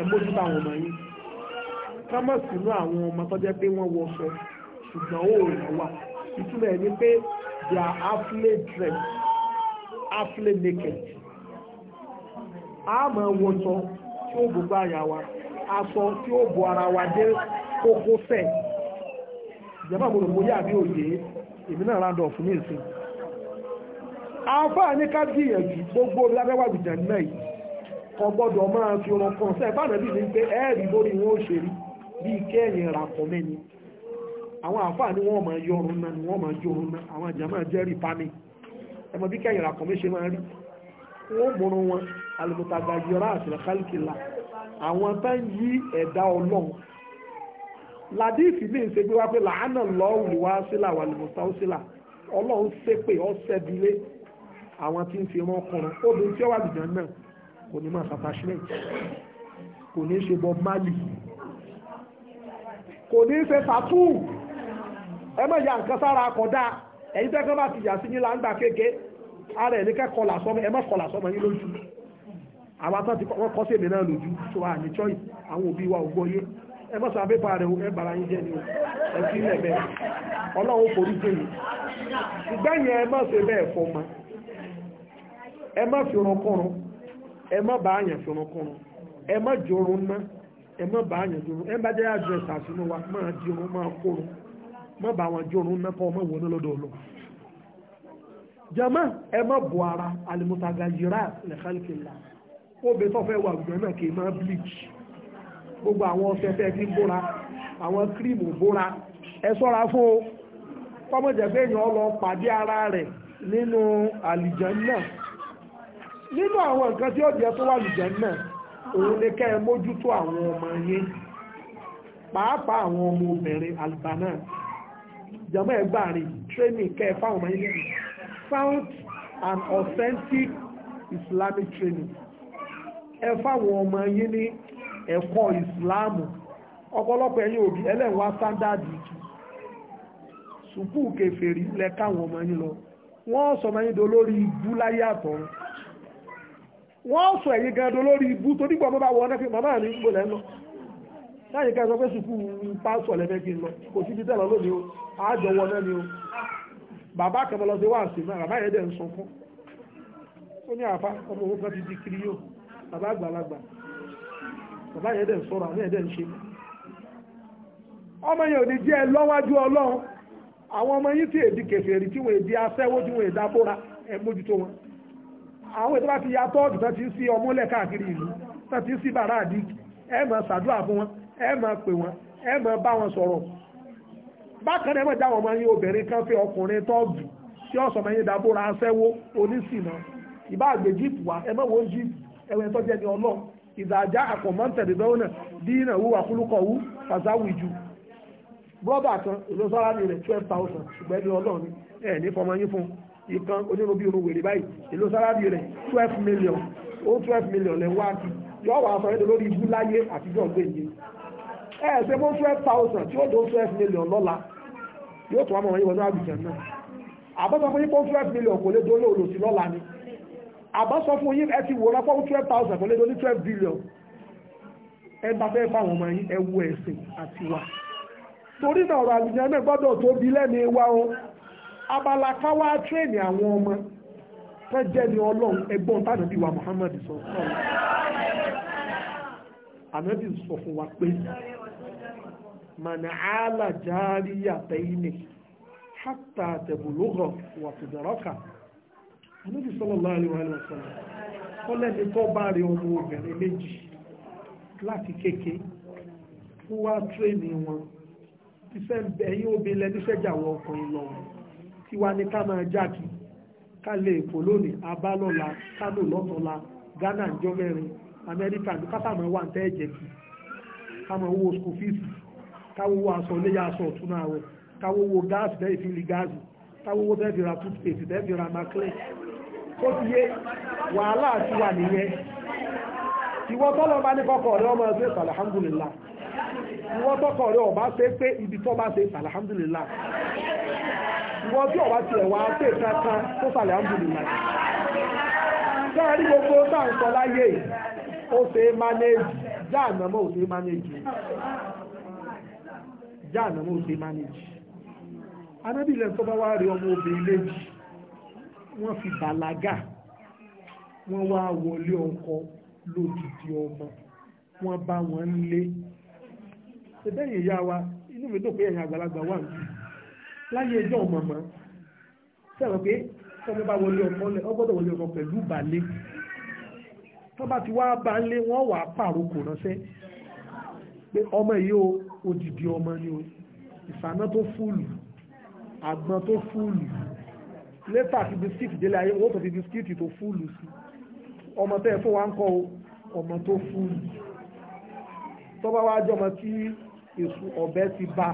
ẹ mójútó àwọn ọmọ yín ká mọ̀ sínú àwọn ọmọ tó jẹ́ pé wọ́n wọṣọ ṣùgbọ́n òòrùn wà ìtumọ̀ ẹ̀ ni pé they are halfway dressed halfway naked a máa wọṣọ tí ó bò bá àyà wa aṣọ tí ó bò ara wa dé kókósẹ̀ ìjọba mo rò bóyá àbí òye èmi náà rádọ̀ fún mi ìsìn àǹfààní ká gbìyànjú gbogbo lábẹ́wàgbìjà náà yìí kan gbọ́dọ̀ máa fi ọmọ kan sẹ́ẹ̀ fáànà bí ní pé ẹ́ẹ̀rí lórí wọn ó ṣe rí bí kẹ́ẹ̀yìn ràpọ̀ mẹ́ni àwọn àfáà ni wọ́n máa yọrùn náà ni wọ́n máa jọrùn náà àwọn àjàmá jẹ́rì pami ẹmọ bí kẹ́ẹ̀yìn ràpọ̀ mẹ́ṣe máa rí wọ́n mọ̀rọ̀ wọn alùpùtàgbà yọrá àṣìlẹ̀ kálíkìlà àwọn tá ń yí ẹ̀dá ọlọ́run làdíìsì mi ń ṣe gbé wá pé làánà lọ́ọ̀rùn wá sílà wà lùmùtà ó sílà ọlọ́run ṣépè ọ́ sẹ́bilé àwọn tí ń fi wọn kọ̀rọ̀ obìnrin kò ní máa sàtàṣílẹ̀ kò ní ṣe Bob Marley kò ní ṣe tàtú ẹ mọ̀ ya nǹkan sára akọ̀dá ẹ̀yìn tẹ́kọ́ bá ti yà sí nílá ń gbà kéèké ara ẹ̀ ní kẹ́kọ̀ọ́ làsọ́mọ ẹ mọ̀ kọ̀ làsọ́mọ yín lójú àwọn atọ́ ti kọ́ kọ́ sí èmi náà lójú tó wà ní choice àwọn òbí wa ò gbọ́ yé ẹ mọ́ sàbẹ́ pa rẹ̀ ẹ bàrá yín jẹ́ ni ẹ sí ilẹ̀ bẹ́ẹ̀ ọlọ́run forí jẹ́ yìí ṣùgbẹ́yìn ẹ mọ́ ṣe bẹ́ẹ̀ fọ́ ma ẹ mọ́ fi rọkọrun ẹ má bá àyàn fìrùnkùrùn ẹ má jorun ná ẹ má bá àyàn jorun ẹ bá jẹ́ àdírẹ́sì àsínú wa máa dirun máa kórun má bá wọn jorun ná kọ́ ọmọ ìwọ náà lọ́dọ̀ jama ẹ má bọ̀ ara alimutaga yira lẹ́kàlìkìlá obìnrin tó fẹ́ wà àwùjọ náà kì í máa bleach gbogbo àwọn ọṣẹ tẹ́ ti bóra àwọn kírìmù bóra ẹ sọ́ra fún o kọ́mọ̀jẹ̀ pé èèyàn lọ pàdé ara rẹ̀ nínú àlìjẹ́ náà nínú àwọn nǹkan tí ó jẹ́ tó wà lùjẹ́ náà òun ni kẹ́ ẹ mójútó àwọn ọmọ yín pàápàá àwọn ọmọ obìnrin albana jọmọ ẹgbà rìn training kẹ́ ẹ fáwọn ọmọ yín lẹ́yìn found an authentic Islamic training ẹ fáwọn ọmọ yín ní ẹ̀kọ́ ìsìláàmù ọ̀pọ̀lọpọ̀ ẹ̀yin òbí ẹlẹ́wọ̀n sándàdì sùkúù kẹfẹ́rí lẹ́ka àwọn ọmọ yín lọ wọ́n sọmọ yín dolórí ibú láyé àtọ̀run wọ́n sọ ẹ̀yìn gan-an lórí ibú tó nígbà ọmọ bá wọ ọ́nà fi màmá mi ń gbò lẹ́nu láyé ká sọ pé sùkú pásọ lẹ́fẹ́ kí n lọ kò síbi tẹ́lọ lónìí o àjọ wọ náà ni o bàbá kan lọ sí wáàsí náà bàbá yẹn dẹ̀ ń sunkún ó ní àfa ọmọ òun kan ti di kiri yóò bàbá àgbàlagbà bàbá yẹn dẹ̀ ń sọ̀rọ̀ àwọn yẹn dẹ̀ ń ṣe ọmọ yẹn ò ní jẹ́ lọ́wájú ọlọ́run àwọn ọmọ yìí ti èdè kẹfẹ́rì tí wọ́n èdè asẹ́wó tí wọ́n èdè abóra ẹ̀ mójútó wọn àwọn ètò bá ti ya tọ́ọ̀dù tó ti ń sí ọmúlẹ̀ káàkiri ìlú tó ti ń sí bàrá àdìkì ẹ máa ṣàdúrà fún wọn ẹ máa pè wọn ẹ máa bá wọn sọ̀rọ̀ bákan náà ẹ̀mọ́ jáwọn ọmọ yín obìnrin kan fẹ́ ọkùnrin tọ́ọ̀dù tí ọ̀sán mẹ́yìn dábòrò aṣẹ́wó oníṣìnà ìbá àgbè jíìpù wa ẹ mọ̀ wọ́n jíìpù ẹ̀wẹ̀ tó jẹ́ ní ọlọ́ọ̀ ìdájá àkọ̀mọ́ntẹ̀dẹ̀dọ́nà dínà wú àkúlùkọ̀wú fàzáwìjú brọ́dà kan ìlú sọ́rá ní rẹ̀ 12,000 ṣùgbẹ́ ní ọlọ́run ẹ̀ ní fọmọ yín ìkan onírúbí irun wèrè báyìí èlò sálárì rẹ̀ twelve million ó twelve million lẹ́wọ́ àti yọ wà sọ yẹn lórí ibú láyé àtijọ́ gbèǹde ẹ ẹ ṣe mú twelve thousand tí ó do twelve million lọ́la yóò tún wá mọ̀ wọ́n àbùjẹ̀ náà àbọ̀sọ fún yín pé twelve million kò lè dó lóòlò sí lọ́la ni àbọ̀sọ fún yín ẹ ti wòrán fún twelve thousand kò lè do ní twelve billion ẹ bá fẹ́ fáwọn ọmọ yín ẹ wo ẹ̀sìn àti wa torí náà ọ̀rọ̀ àbùjẹ̀ náà gbọ́dọ̀ tóbi lẹ́nu wa o. abala káwá tírèènì àwọn ọmọ tó jẹ́ ní ọlọ́run ẹgbọ́n tánàbí wa Muhammad sọ sọ́ọ̀lá ànábì sọ fún wa pé mànà àálà járí yàtẹ̀ ìní hátà tẹ̀bùlógọ̀ wà tìdọ̀rọ̀kà ànábì sọ́lọ́lá àríwá ẹ̀rọ sọ́lá kọ́lẹ́ni tó bá rí ọmọ obìnrin méjì láti kéke fún wa tírèènì wọn iṣẹ́ ẹ̀yìn obìnrin lẹ́níṣẹ́jà wọ ọkùnrin lọ́wọ́ tiwa ni ká máa jákì ká lè èkó lónìí abálọ́la kánò lọ́tọ̀la Ghana jọ mẹ́rin Amẹ́ríkà ní ká sàmọ́ wà ń tẹ́ ẹ̀jẹ̀ kì ká máa owó school fees káwówó aṣọ léyà aṣọ ọ̀tún náà wẹ̀ káwówó gáàsì bẹ́ẹ̀ fi ń li gáàsì káwówó bẹ́ẹ̀ fi ra toothpaste bẹ́ẹ̀ fi ra maclean ó ti yé wàhálà ti wà nìyẹn ìwọ tọ́lọ bá ní kọ́kọ́ rẹ ọmọ ẹgbẹ́ sàlàhàndùlélà ìwọ tọ́kọ̀ rẹ ọba ṣe pé ibi tọ́ bá ṣe sàlàhàndùlélà wọ́n bí ọ̀wá tiẹ̀ wá pè kankan tó sàlẹ̀ àǹbùlù náà. sáà rí gbogbo tá à ń sọ láyé ó ṣe é mánéèjì jáàmù ó ṣe é mánéèjì jáàmù ó ṣe é mánéèjì. anábìlẹ̀ tó bá wá rí ọmọ obìnrin méjì wọ́n fi bàlágà wọ́n wá wọlé ọkọ lójijì ọmọ wọ́n bá wọn lé. ṣe bẹ́ẹ̀ yẹn yá wa inú mi dùn pé ẹ̀yin àgbàlagbà wà níbí láyé ẹjọ́ mọ̀mọ́ sẹ́wọ̀n pé tọ́mọ bá wọlé ọkọ lẹ ọgbọ́dọ̀ wọlé ọkọ pẹ̀lú balẹ̀ tọ́ bá ti wá bá ń lé wọ́n wàá pàrókò ránṣẹ́ pé ọmọ yìí o odidi ọmọ ni o ìfàná tó fúlù àgbọn tó fúlù lẹ́tà àti bisikíìtì délé ayé wọ́n tó fi bisikíìtì tó fúlù sí ọmọ tẹ́ ẹ fún wa ń kọ́ o ọmọ tó fúlù tọ́ bá wá jọ ọmọ tí èso ọ̀bẹ ti bá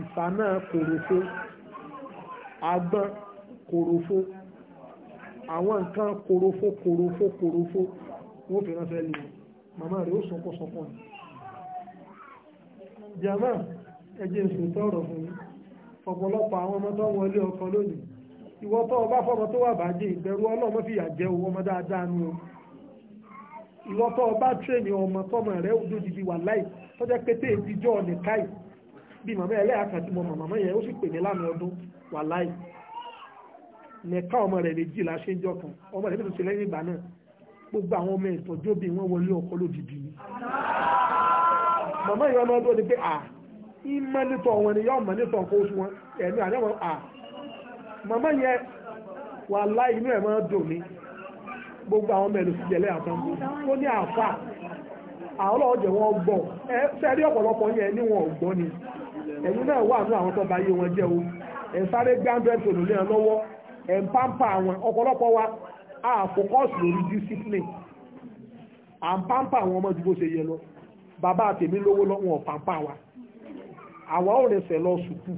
ìfànà kòròfo agbọ́n kòròfo àwọn nǹkan kòròfo kòròfo kòròfo wọ́n fi ránṣẹ́ lè màmá rẹ̀ ó sọpọ̀ sọpọ̀ ní jama ẹjẹ́ ìsòtọ́ ọ̀rọ̀ fún yín ọ̀pọ̀lọpọ̀ àwọn ọmọ tó wọlé ọkọ lónìí ìwọ tó o bá fọmọ tó wà bàjẹ́ ìbẹ̀rù ọlọ́mọ fìyà jẹ owó ọmọ dáadáa nù ìwọ tó o bá tírèèni ọmọ tọmọ rẹ ojú didi wà láì tọ́jẹ́ pété ìdíjọ́ nìkáì bí màmá ẹlẹ́yà kan tí mo mọ̀ màmá yẹn ó sì pè mí lánàá ọdún wà láì nìka ọmọ rẹ̀ lè jìlá ṣe ń jọ kan ọmọ rẹ̀ tó ṣe lẹ́yìn ìgbà náà gbogbo àwọn ọmọ ìtọ́jú bí wọ́n wọlé ọkọ lójijì ni màmá yẹn ọmọ ọdún ni pé à ìmọ̀ nítọ̀ wọn ni yọ ọmọ nítọ̀ kó fún wọn ẹ̀mí àná wọn à màmá yẹn wà láì inú ẹ̀ máa dùn mí gbogbo àwọn ọmọ ẹ̀lò sì jẹ̀lẹ́ àtàn ó ní àfà àwọn ọlọ́ọ̀jẹ̀ wọn gbọ́ ẹ sẹ́ẹ̀rí ọ̀pọ̀lọpọ̀ yẹn ní wọn gbọ́ ni ẹ̀yin náà wà ní àwọn tó bá yé wọn jẹ́ o ẹ̀ ń sáré gbé hundred to lórí ẹ̀ ń pampa àwọn ọ̀pọ̀lọpọ̀ wa á focus lórí discipline à ń pampa àwọn ọmọ ju bó ṣe yẹ lọ bàbá àtẹ̀mí lówó lọ́wọ́ pampa wa àwa ò rẹsẹ̀ lọ sùkú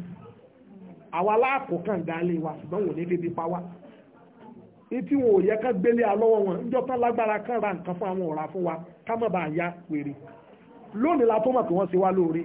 àwa láàkó kàn dálé wa ṣùgbọ́n wò ní bíbí pa wa etí wọn ò yẹ ká gbélé alọ́wọ́ wọn níjọ́ tán lágbára kán ra nǹkan fún àwọn ọ̀rá fún wa ká má bàa ya wèrè lónìí la tó mọ̀ pé wọ́n ṣe wá lóore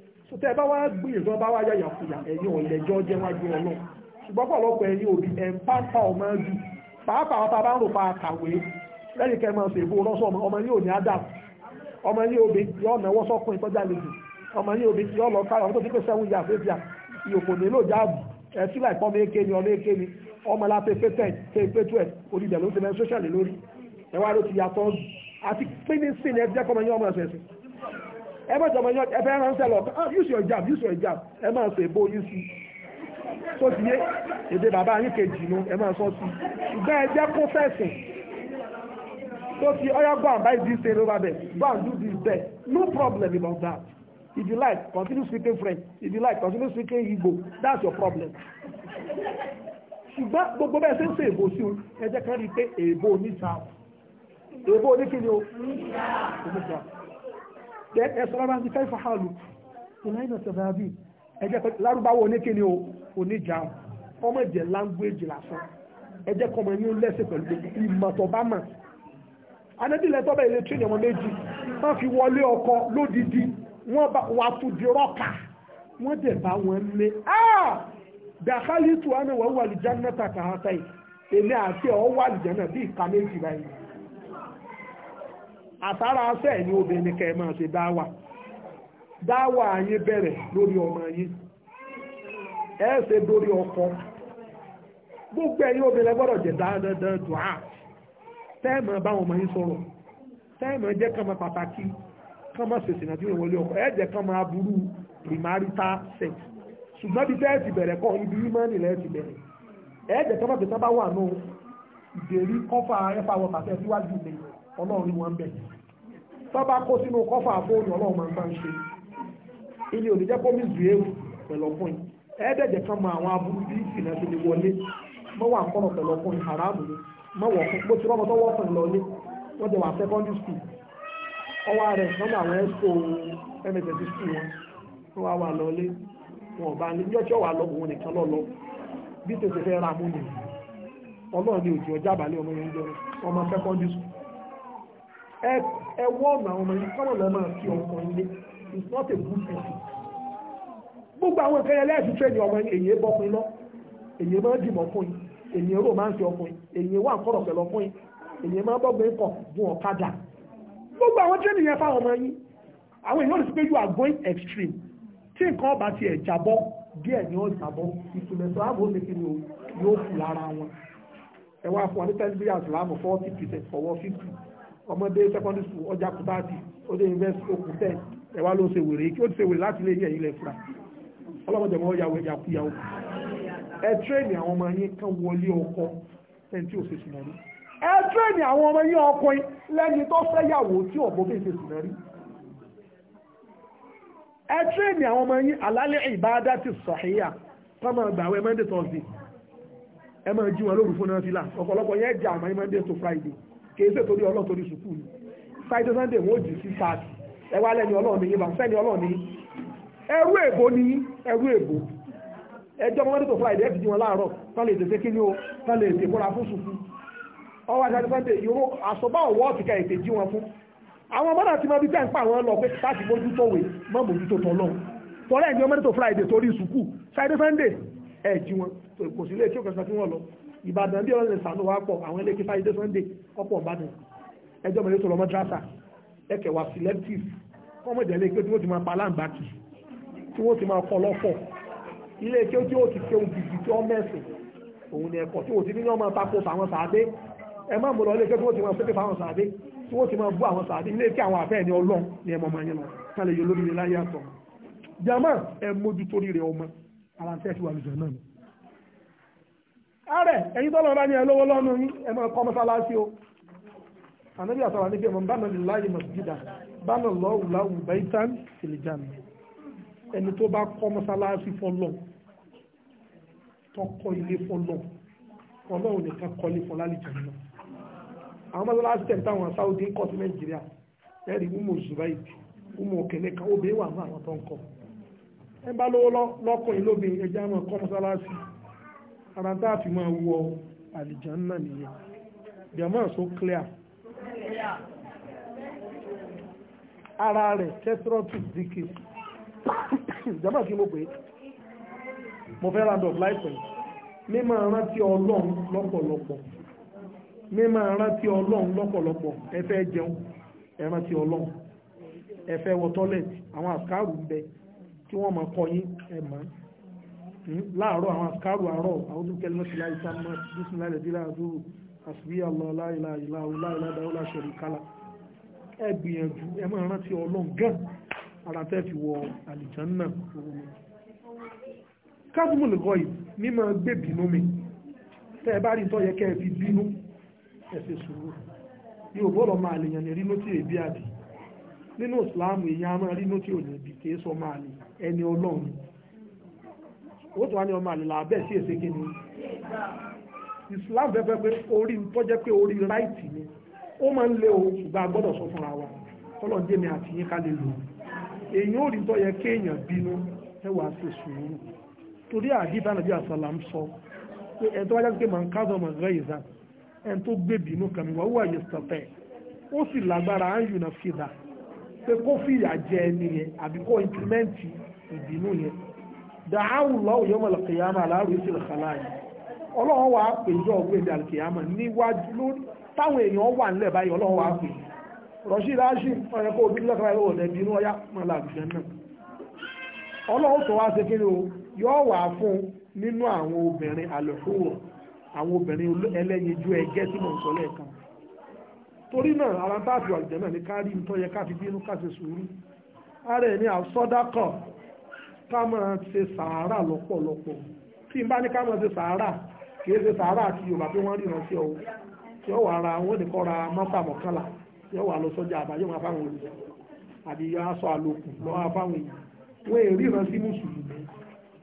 tó tẹ́ ẹ bá wá gbé ìjọba bá wá yàyà fìyà ẹ̀yìn ọ̀lẹ́jọ́ jẹ́ wájú ọlọ́ ṣùgbọ́n pọ̀lọpọ̀ ẹ̀yìn òbí ẹ̀ ń pàǹpà ọmọ jù pàápàá ọta bá ń rò pa àkàwé lẹ́yìn kẹ́ máa ṣèbó rọ́ṣọ́ ọmọ yìí ò ní adam ọmọ yìí òbí yọ náwó sọ́kùn lè ọmọ yìí òbí yọ káyọ̀ pé yà fẹ́ ẹ mọ̀ sọmọ yọ ẹfẹ́ ẹran sẹ́lọ̀ ah, use your jab use your jab ẹ máa sọ èbó yín sí tó ti yé èdè bàbá yín kejì nu ẹ máa sọ sí ṣùgbọ́n ẹ jẹ́ kó fẹ̀sìn tó ti ọyọ go and buy this thing over there go and do this there no problem about that if you like continue speaking French if you like continue speaking Igbo that's your problem ṣùgbọ́n gbogbo bẹ́ẹ̀ ṣe ń ṣe èbó sí o ẹ jẹ́ ká rí i pé èbó ní sáà èbó ní kí ni o then ẹ sọ́ra bá ń di fẹ́ fàhálù ìlànà sàbàbí ẹ jẹ́ pẹ́ lárúbáwọ̀ oníkíni o oníjàun ọmọ ìjẹ́ language lásán ẹ jẹ́ kọ́mọ ní lẹ́sẹ̀ pẹ̀lú ìmọ̀ tó bá mọ̀ anábìlẹ̀ tọ́bẹ̀ ilé tún ìyẹ̀wọ̀n méjì wọ́n fi wọlé ọkọ lódìdí wọ́n wà tún di rọ́kà wọ́n dẹ̀ bá wọn lé ah! dàkálí tù ánà wọ́n wà lìjánà tàkàhátà yìí èmi àti ọ̀ wà lìjánà bí ìka méjì báyìí àtàrà sẹ́ẹ̀ ni obìnrin kẹ́ máa ṣe dáwà dáwà ayé bẹ̀rẹ̀ lórí ọmọ yín ẹ ṣe lórí ọkọ gbogbo ẹ̀yin obìnrin gbọ́dọ̀ jẹ́ dáadáa dùá tẹ́ẹ̀mọ̀ báwọn ọmọ yín sọ̀rọ̀ tẹ́ẹ̀mọ̀ jẹ́ kàn máa pàtàkì kàn máa ṣèṣì náà tí wọ́n wọlé ọkọ ẹ jẹ́ kàn máa burú ìmárítà sex ṣùgbọ́n bí tẹ́ẹ̀ ti bẹ̀rẹ̀ kọ́ ibi ìmọ̀ọ́nì lẹ́ẹ̀ ti bẹ̀rẹ̀ ẹ jẹ́ kàn bá wà náà ìdèrí kọ́fà ẹ̀fà wọ̀ pàṣẹ síwájú ilé yìí ọlọ́run rí wọn bẹ̀ sábà kó sínú kọ́fà fóònù ọlọ́run máa ń bá ń ṣe ilé òní jẹ́ kómi zù éwù pẹ̀lú ọkùnrin ẹ̀ẹ́dẹ̀jẹ̀ kan mọ àwọn aburú bí ìsìnà ti lè wọlé mọ́wọ́ àkọ́nà pẹ̀lú ọkùnrin haramu ni mọ́wọ́ fún bó ti rọ́mọ tó wọ́pọ̀ lọlé wọ́n jẹ́ wà secondary school ọwọ́ rẹ̀ school wọn tó wá wà lọlé wọn ò bá ní ní ọjọ́ wà lọ òun nìkan lọ lọ bí tètè fẹ́ ra mú nìyí ọlọ́run ni òjì ọjà àbálẹ̀ ọmọ yẹn jẹ́ ọmọ secondary school ẹ wọ́ọ̀nù àwọn ọmọ yìí kọ́nà lọ́mọ àti ọkọ̀ ilé it's not a good thing. gbogbo àwọn ìkẹyẹ lẹ́ẹ̀sì tẹ́ni ọmọ èyí bọ́kùn lọ èyí máa ń dìbò fún yìí èyí rò máa ń ṣe ọkùn èyí wà kọ́rọ̀ pẹ̀lú ọkùn èyí máa ń bọ́gbẹ́ kọ̀ gun ọ̀kadà gbogbo àwọn tẹ́ni yẹn fáwọn ọmọ yìí àwọn èèyàn ti pé you are going extreme tí nǹkan ọba ti ẹ̀ jábọ́ díẹ̀ ni ó jábọ́ ìtùmẹ̀tọ́ ààbò ní kí ni yóò kù lára wọn ẹ wá fún wa ní tẹ́lifíyà ìsìlámù forty percent fọwọ́ fifty ọmọdé secondary school ọjà kùtàdì ọdẹ university okùn tẹ ẹwà ló ń ṣe wèrè kí ó ti ṣe wèrè láti ilé yẹn ilẹ̀ fura ọlọ́mọdé ọmọ ọyàwó ẹ̀yà kúyàwó ẹ tírẹ́nì àwọn ọmọ yín kan wọlé ọkọ ẹni tí ò ṣe sùn lórí ẹ tírẹ́nì àwọn ọmọ yín ọkọ lẹ́ni tó fẹ́yàwó tí ọ̀bọ bẹ́ẹ̀ ṣe sùn lórí ẹ tírẹ́nì àwọn ọmọ yín àlálẹ́ ìbáadá ti sọ̀híyà kọ́mọ gbàwẹ́ monday thursday ẹ máa jí wọn lóru fún fìlà ọ̀pọ̀lọpọ̀ yẹn jẹ́ àmọ́ monday to friday kèése torí ọlọ́run torí sùkúù ni friday sunday wọn ò jì sí sáàtì ẹ wá lẹ́ni ọlọ́run ní yíba fẹ́ni ọlọ́run ní ẹrú èbó ní ẹrú èbó ẹjọ́ mọ́tò tó friday ẹ̀ ti di wọn láàárọ̀ tán lè tètè kíni o tán lè tètè múra fún sùkúù ọwọ́ àti sunday yòó àsọ̀bá ọ̀wọ́ ọ̀tìkà ètè jí wọn fún àwọn ọmọdé àti mọbi tẹ́ ń pa àwọn lọ pé láti mójútó wè mọ́ mójútó tọ́ lọ́wọ́ tọ́lá ẹ̀jẹ̀ mọ́tò friday torí sùkúù friday sunday ẹ̀ jí wọn kò sí ilé tí ó kẹsàn-án tí wọ́n lọ ìbàdàn bí ọ̀rẹ́ sànú wa pọ̀ àwọn ilé kífà ìdé sunday ọ̀pọ̀ ìbàdàn ẹjọ́ mẹ́rin tó lọ mọ́dúrásà ẹ̀kẹ́ wa selective kọ́mọ̀dé ilé ike tí wọ́n ti máa pa aláǹgbàkì tí wọ́n ti máa kọ́ lọ́pọ̀ ilé ike tí ó ti kéwù gidi tí wọ́n mẹ́sìn òun ni ẹ̀kọ́ tí wọ́n ti ní ọmọ tako fáwọn sàádé ẹ má mọ̀ lọ ilé tí wọ́n ti máa pété fáwọn sàádé tí wọ́n ti máa bú àwọn sàádé ilé ike àwọn àfẹ́ ẹni ọlọ́run ni ẹ mọ̀ máa yẹn lọ kálẹ̀ yóò lórí ilé láyé àtọ̀ jama ẹ mójútórí rẹ̀ ọmọ àwọn àti wà lùjọ náà ààrẹ ẹ̀yin tọ́lọ̀ bá ní ẹlówó lọ́nu yín ẹ máa kọ́ mọ́sálásí o ànábì àtàwà níbi ẹ̀mọ́ bá náà láàyè mọ̀sídà bá náà lọ́wù láwù baitan fìlìjàn ẹni tó bá kọ́ mọ́sálásí fọlọ́ tọkọ ilé fọlọ́ ọlọ́run nìkan kọ́lé fọlá lè jẹun náà àwọn mọ́sálásí tẹ̀ táwọn sáwọ́dí ń kọ́ sí nàìjíríà ẹ̀rí umu zubaidi umu òkèlè kan obìnrin wà fún àwọn tó ń kọ́ ẹ bá lówó ara tá a fi máa wọ àlìjánná nìyẹn jàmáà so clear ara rẹ̀ kẹ́tírọ́tù díkì jàmáà kí mo pè é mo fẹ́ round up láìpẹ́ mímọ́ rántí ọlọ́run lọ́pọ̀lọpọ̀ mímọ́ rántí ọlọ́run lọ́pọ̀lọpọ̀ ẹ fẹ́ jẹun ẹ rántí ọlọ́run ẹ fẹ́ wọ tọ́lẹ̀tì àwọn àkárù ń bẹ tí wọ́n máa kọ yín ẹ máa láàárọ̀ àwọn àkàrò àárọ̀ àwọn tó kẹ́lẹ́ mọ́tìlá ìsàmà bísímìlá ìdílé àdúró àsìbí àlọ́ láìlà ìlà òlà ìlà dáwọ́lá ṣẹ̀rí kálá ẹ gbìyànjú ẹ máa rántí ọlọ́run gan ara tẹ́ fi wọ àlìjánná kábùmù lùkọ́ yìí mímọ gbé bínú mi tẹ́ ẹ bá rí tọ́yẹ kẹ́ ẹ fi bínú ẹ ṣe sùúrù yóò bọ́lọ̀ máa lè yàn ní lótì èbí àdì nínú ìsìláàmù èèyàn á máa rí lótì òní kì í sọ máa lè ẹni ọlọ́run ó tún wá ní ọmọ àlèlà abẹ́ sí èsè kíni Islam fẹ́fẹ́ pé orí tó jẹ́ pé orí ráìtì ni ó máa ń lé o ṣùgbọ́n a gbọ́dọ̀ sọ fúnra wa Ọlọ́run jẹ́ mi àti yín ká lè lò èèyàn ò rí tó yẹ kéèyàn bínú ẹ wàá ṣe sùúrù torí àdìbà nàbí àṣàlà ń sọ pé ẹ tó wájú pé màá ń káàdọ̀ màá rẹ̀ ìzà ẹ tó gbé bínú kàmí wà wúwà yẹn sọ̀tẹ̀ ó sì lágbára á ń yùnà fìdá pé kó fìyà jẹ ẹni yẹn àbí kó implimẹ́ǹtì ìbínú yẹn dàáwù lọ́wọ́ yọmọ lọ́kìyàmà aláàrú sí ìlàkàláyì ọlọ́run wà á pè jọ ògbé ìdàlùkìyàmà níwájú lórí táwọn èèyàn wà nílẹ̀ báyìí ọlọ́run wà á pè rọ̀ṣí ráṣí ọ̀rẹ́kọ́ òbí lọ́kàláyì ó lẹ́bi inú ọyá mọ́lá àbùjẹ́ náà ọlọ́run tó wá ṣe kí ni o yọ wà á fún nínú àwọn obìnrin àlùfóò àwọn obìnrin ẹlẹ́yinjú ẹgẹ́ tí mò ń sọ lẹ́ẹ̀kan torí náà ká máa ṣe sàárà lọ́pọ̀lọpọ̀ tí n bá ní ká máa ṣe sàárà kì í ṣe sàárà àti Yorùbá pé wọ́n ríran sí ọwọ́ tí ó wà ra wọ́n nìkan ra mọ́tà mọ́kànlá tí ó wà lọ sọ́jà àbáyé wọn fáwọn olùsọ àbí aṣọ àlòkù lọ́wọ́ fáwọn èèyàn wọ́n èè ríran sí mùsùlùmí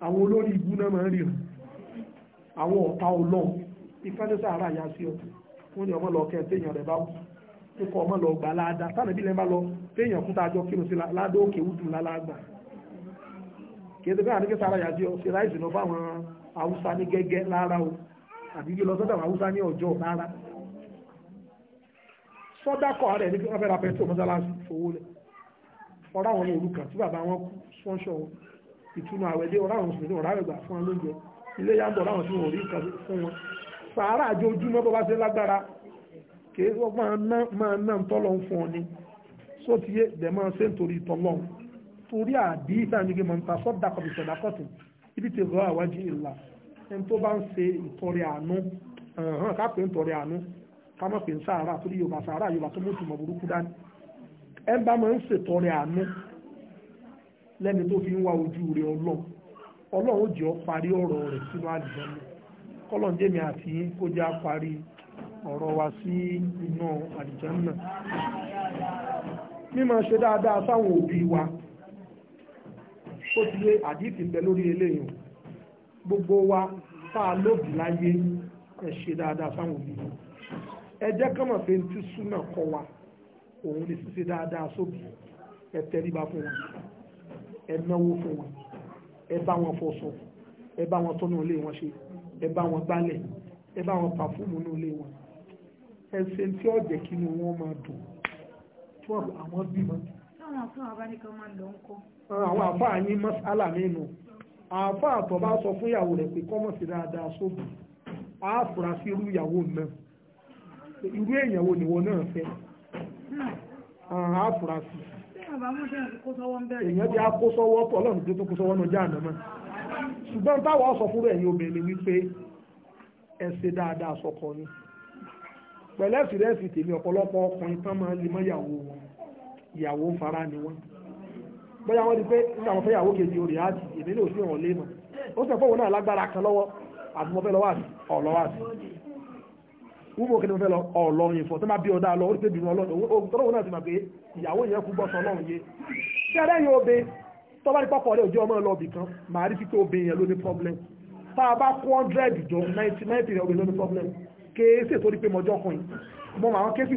àwọn olórí ibú náà máa ń ríran àwọn ọ̀tá ọlọ́run ìfẹ́lẹ́ sàárà yá sí ọ wọ́n ní ọmọ lọ kẹ́ téèyàn rẹ̀ bá wù kíkọ ọmọ lọ gbà láàdá sánàbí lẹ́ bá lọ téèyàn kúta àjọ kírun sí ládó òkè wùdù lálágbà kì í ṣe bẹ́ẹ̀ àdékẹ́ sára yàtí ọ ṣe láìsí lọ fáwọn haúsá ní gẹ́gẹ́ lára o àbí kí lọ sọ́dọ̀ àwọn haúsá ní ọjọ́ lára sọ́dákọ̀ rẹ̀ ní wọ́n fẹ́ ra pẹ̀tò mọ́sálásí fowó lẹ̀ ọ̀rá wọn ní olùkà tí bàbá wọn kú sọ́ńṣọ́ ìtúnu àwẹ̀dé ọ̀rá wọn sùn ní ọ̀rá rẹ̀ gbà fún wọn lóúnjẹ ilé yàgbọ̀ ọ̀rá wọn tí wọn ò rí nǹkan fún wọn sàárà àjọ ojúmọ́ bọ́ bá ṣe lágbára kì í máa ná ń tọ́lọ́ fún ọ ni sótìyé dẹ̀ máa ṣe ń torí tọ́lọ́hún torí àdìsá ní kí mọ̀ nípa sọ́dà kọ̀bí sọ̀dà kọ̀tù ibi tí ìgbọ́ àwájú ìlà ẹni tó bá ń ṣe ìtọrẹ àánú hàn ká pè ń tọrẹ àánú ká mọ̀ pé ń sàárà torí yorùbá sàárà yorùbá tó mọ̀tò mọ̀ burúkú dání ẹ bá máa ń ṣètọrẹ àánú lẹ́ni tó fi ń wá ojú rẹ̀ ọlọ́run ọlọ́run ó jẹ́ ọ parí ọ̀rọ̀ rẹ̀ sínú àdìsọ́nù kọ́lọ̀ ṣe dáadáa sáwọn òbí wa ó ti lé àdìsí ń bẹ lórí eléyìí gbogbo wa tá a lòdì láyé ẹ ṣe dáadáa sáwọn òbí ẹ jẹ́ kọ́mọ̀ pé ń tí súnà kọ wa òun lè ṣiṣẹ́ dáadáa sóbì ẹ tẹríba fún wọn ẹ náwó fún wọn ẹ bá wọn fọṣọ ẹ bá wọn tọ́nà ilé wọn ṣe ẹ bá wọn gbálẹ̀ ẹ bá wọn pàfúùmù ní ilé wọn ẹ ṣe tí ọ̀jẹ̀ kí ni wọ́n máa dùn tí wọ́n àwọn bímọ táwọn àfáà bá ní kan máa lọ ń kọ́. àwọn àfáà ní mọ́sálà nínú àfáà tó bá sọ fún ìyàwó rẹ̀ pé kọ́mọ̀ sí dáadáa sóbì á fura sí irú ìyàwó náà irú èèyàn wo nìwọ náà fẹ́ hmm. á fura sí. èèyàn ti á kó sọ́wọ́ pọ̀ ọlọ́run tó kó sọ́wọ́ náà já àná mọ́ ṣùgbọ́n táwọn sọ fún ẹ̀yin obìnrin wípé ẹ ṣe dáadáa sọkọ ni pẹ̀lẹ́sì rẹ̀ sì tèmi ọ̀pọ̀lọpọ̀ ọkùnrin tán máa ń lè mọ́yàwó wọn ìyàwó fara ni wọ́n bóyá wọ́n di pé nígbà wọn fẹ́ ìyàwó kejì orí àti èmi ní òsì ìrànlẹ́ mọ̀ ó sọ fóun náà lágbára kan lọ́wọ́ àti mo fẹ́ lọ́wọ́ àti ọ̀lọ́wọ́ àti wúwo kí ni mo fẹ́ lọ ọ̀lọ́run ìfọ̀ tó máa bí ọ̀dá lọ ó rí pé bìnrin ọlọ́run òun náà ti máa pé ìyàwó yẹn kú gbọ́sọ̀ ọlọ́run yé kí ẹ̀rẹ́ yóò be tó bá ní pọ́pọ̀ rẹ̀ òjò ọmọ ọlọ́ọ̀bì kan màá rí sí pé obìnrin yẹn ló ní problem tá a bá kó hundred jọ ninety ninety rẹ̀ obìnrin ló ní problem kéésì torí pé mọjọ́ kan yìí mo máa wọn kéésì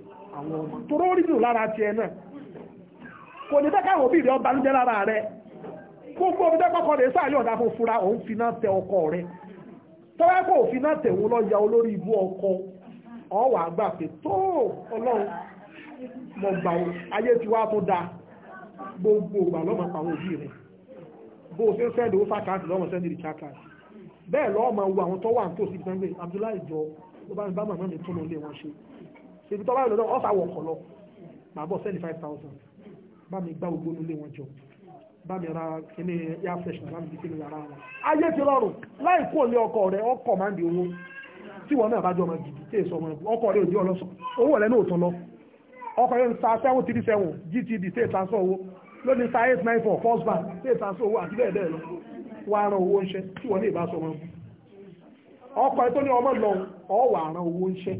àwọn ọmọ tó rórí dùn lára tiẹ̀ náà kò ní bẹ́ẹ̀ káwọn òbí rẹ̀ ọba lójẹ́ lára rẹ̀ gbogbo omi dẹ́kọ̀kọ́ rẹ̀ sáà yọ̀ǹda fún fura òun fi náà tẹ ọkọ rẹ̀ tọ́wọ́ pé òfin náà tẹ̀wọ́ lọ ya olórí ibú ọkọ ọwọ́ àgbà pé tó ọlọ́run mọ̀ gbà ó ayé ti wá tó da gbogbo ògbà lọ́mọ àwọn òbí rẹ̀ bó o ṣe ń sẹ́ndì ó sákàtì lọ́mọ sẹ́ndì rí sákàtì bẹ́ẹ̀ lọ́mọ wo àwọn tọ́wọ́ à ń tòsí ìtàn ṣèbí tọ́lá ìlú náà ọ̀sà wọ̀ ọ̀kọ̀ lọ màá bọ̀ sẹ́ni five thousand bá mi gbá gbogbo nílé wọn jọ bá mi ra kíní air fresh bá mi di kíní yàrá wọn. ayé ti rọrùn láì ọkọ rẹ ọkọ di owó tí wọn náà bá jọ ọmọ gidi tí èso ọmọ ọkọ rẹ ò ọlọsọ owó rẹ náà tó ọkọ rẹ ń gtd tí èso owó lónìí sa eight nine four first bank tí èso owó àti bẹ́ẹ̀ bẹ́ẹ̀ owó tí wọn náà ọkọ rẹ ọmọ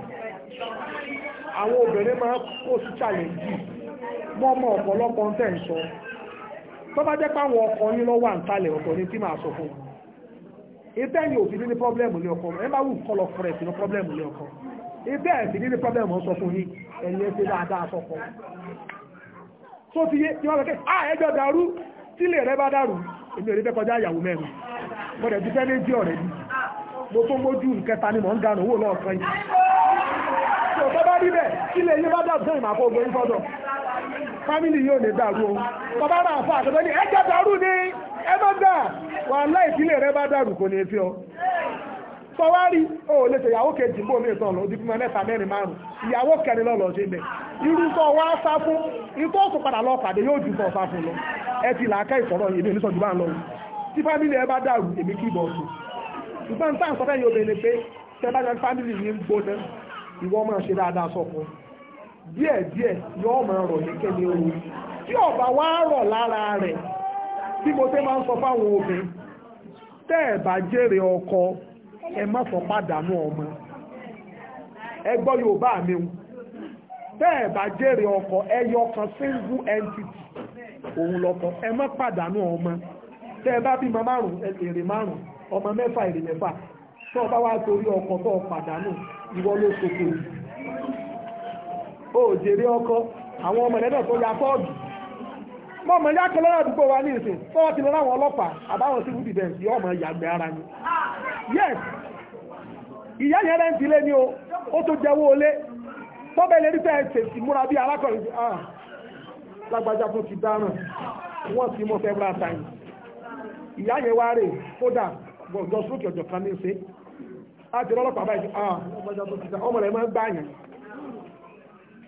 àwọn obìnrin máa kó sí challenge wọ́n mọ ọ̀pọ̀lọpọ̀ ń tẹ̀ ń sọ tó bá jẹ́ páwọn ọkọ yín lọ́wọ́ àǹtalẹ̀ ọ̀tọ̀ ni tí máa sọ fún un ibẹ́ ni òfin ní pọ́blẹ́mù ní ọkọ̀ ẹ bá wù kọlọ̀ fúrẹ̀ sí ní pọ́blẹ́mù ní ọkọ̀ ibẹ́ ẹ̀sì ní pọ́blẹ́mù sọ fún yí ẹ̀yẹ ṣe dáadáa sọ́kọ̀ tó ti yé tí wọ́n fẹ́ ah, kẹ́ tílé rẹ bá dàrú èmi ò ní fẹ́ kọjá ìyàwó mẹ́rin mo dẹ̀ ti fẹ́ méjì ọ̀rẹ́ bí mo n mójú nkẹta ni mò ń dànù owó náà kan yìí tó bá bá níbẹ̀ tílé yín bá dàrú sẹ́yìn màá kó ogun yín fọ́dọ̀ fámìlì yóò ní dàrú o bàbá rà fún àtọ́jọ́ ní dàrú ni ẹ má dà wàhálà ìtílé rẹ bá dàrú kò ní fi ọ tọ́ wá rí o lè tẹ̀ ìyàwó kejì bó mi ìtàn lọ dìbò mẹ́ta mẹ́rin márùn ìyàwó kẹrin lọ́lọ́ ṣe bẹ̀ irú tọ́ wá sá fún ikọ́ tó padà lọ pàdé yóò jù tọ́ sá fún lọ ẹ ti làákẹ́ ìsọ̀rọ̀ yìí ní sọ̀jú bá ń lọ tí fámìlì ẹ bá dàrú èmi kí bọ̀ ọ̀tún ṣùgbọ́n tá à ń sọ fẹ́yìn obìnrin pé tẹ́ bá jẹ fámìlì yìí ń gbóná ìwọ máa ṣe dáadáa sọkùn díẹ̀ díẹ̀ yóò máa rọ̀ ní kéde ooru tí ọba wá rọ̀ lára rẹ̀ bí mo ṣe máa ń sọ fáwọn obìnrin tẹ́ ẹ̀ bá jèrè ọkọ ẹ má sọ pàdánù ọmọ ẹ gbọ́ Yorùbá mi o bẹ́ẹ̀ bá jèrè ọkọ ẹ yọ kan single entity òun lọ́kọ ẹ má pàdánù ọmọ tẹ́ ẹ bá bímọ márùn èrè márùn ọmọ mẹ́fà èrè mẹ́fà tó o bá wá torí ọkọ tó o pàdánù ìwọ ló ṣòfò o jèrè ọkọ àwọn ọmọ ẹ̀dẹ́dọ̀ tó ya fọ́ọ̀gì mọ́ mọ̀ ní akẹ́lẹ́ àdúgbò wa ní ìsìn tọ́wọ́ ti lọ láwọn ọlọ́pàá àbáwọn civil defense yọ́ ọmọ ìyàgbẹ́ ara ni yes ìyá yẹn rẹ̀ ń tilé ni o ó tó jẹ́wọ́ olé tọ́bẹ̀ lè rí fẹ́ ṣèṣì múra bí alákọ̀ọ́rin ah lágbájá fún ti dáràn wọ́n ti mọ́ several times ìyá yẹn wá rè kódà gbọ̀ngàn sókè ọ̀jọ̀ kan ní ṣe láti rọ́lọ́pàá báyìí ah lágbájá fún ti dáràn ọmọ rẹ̀ máa ń gbà yẹn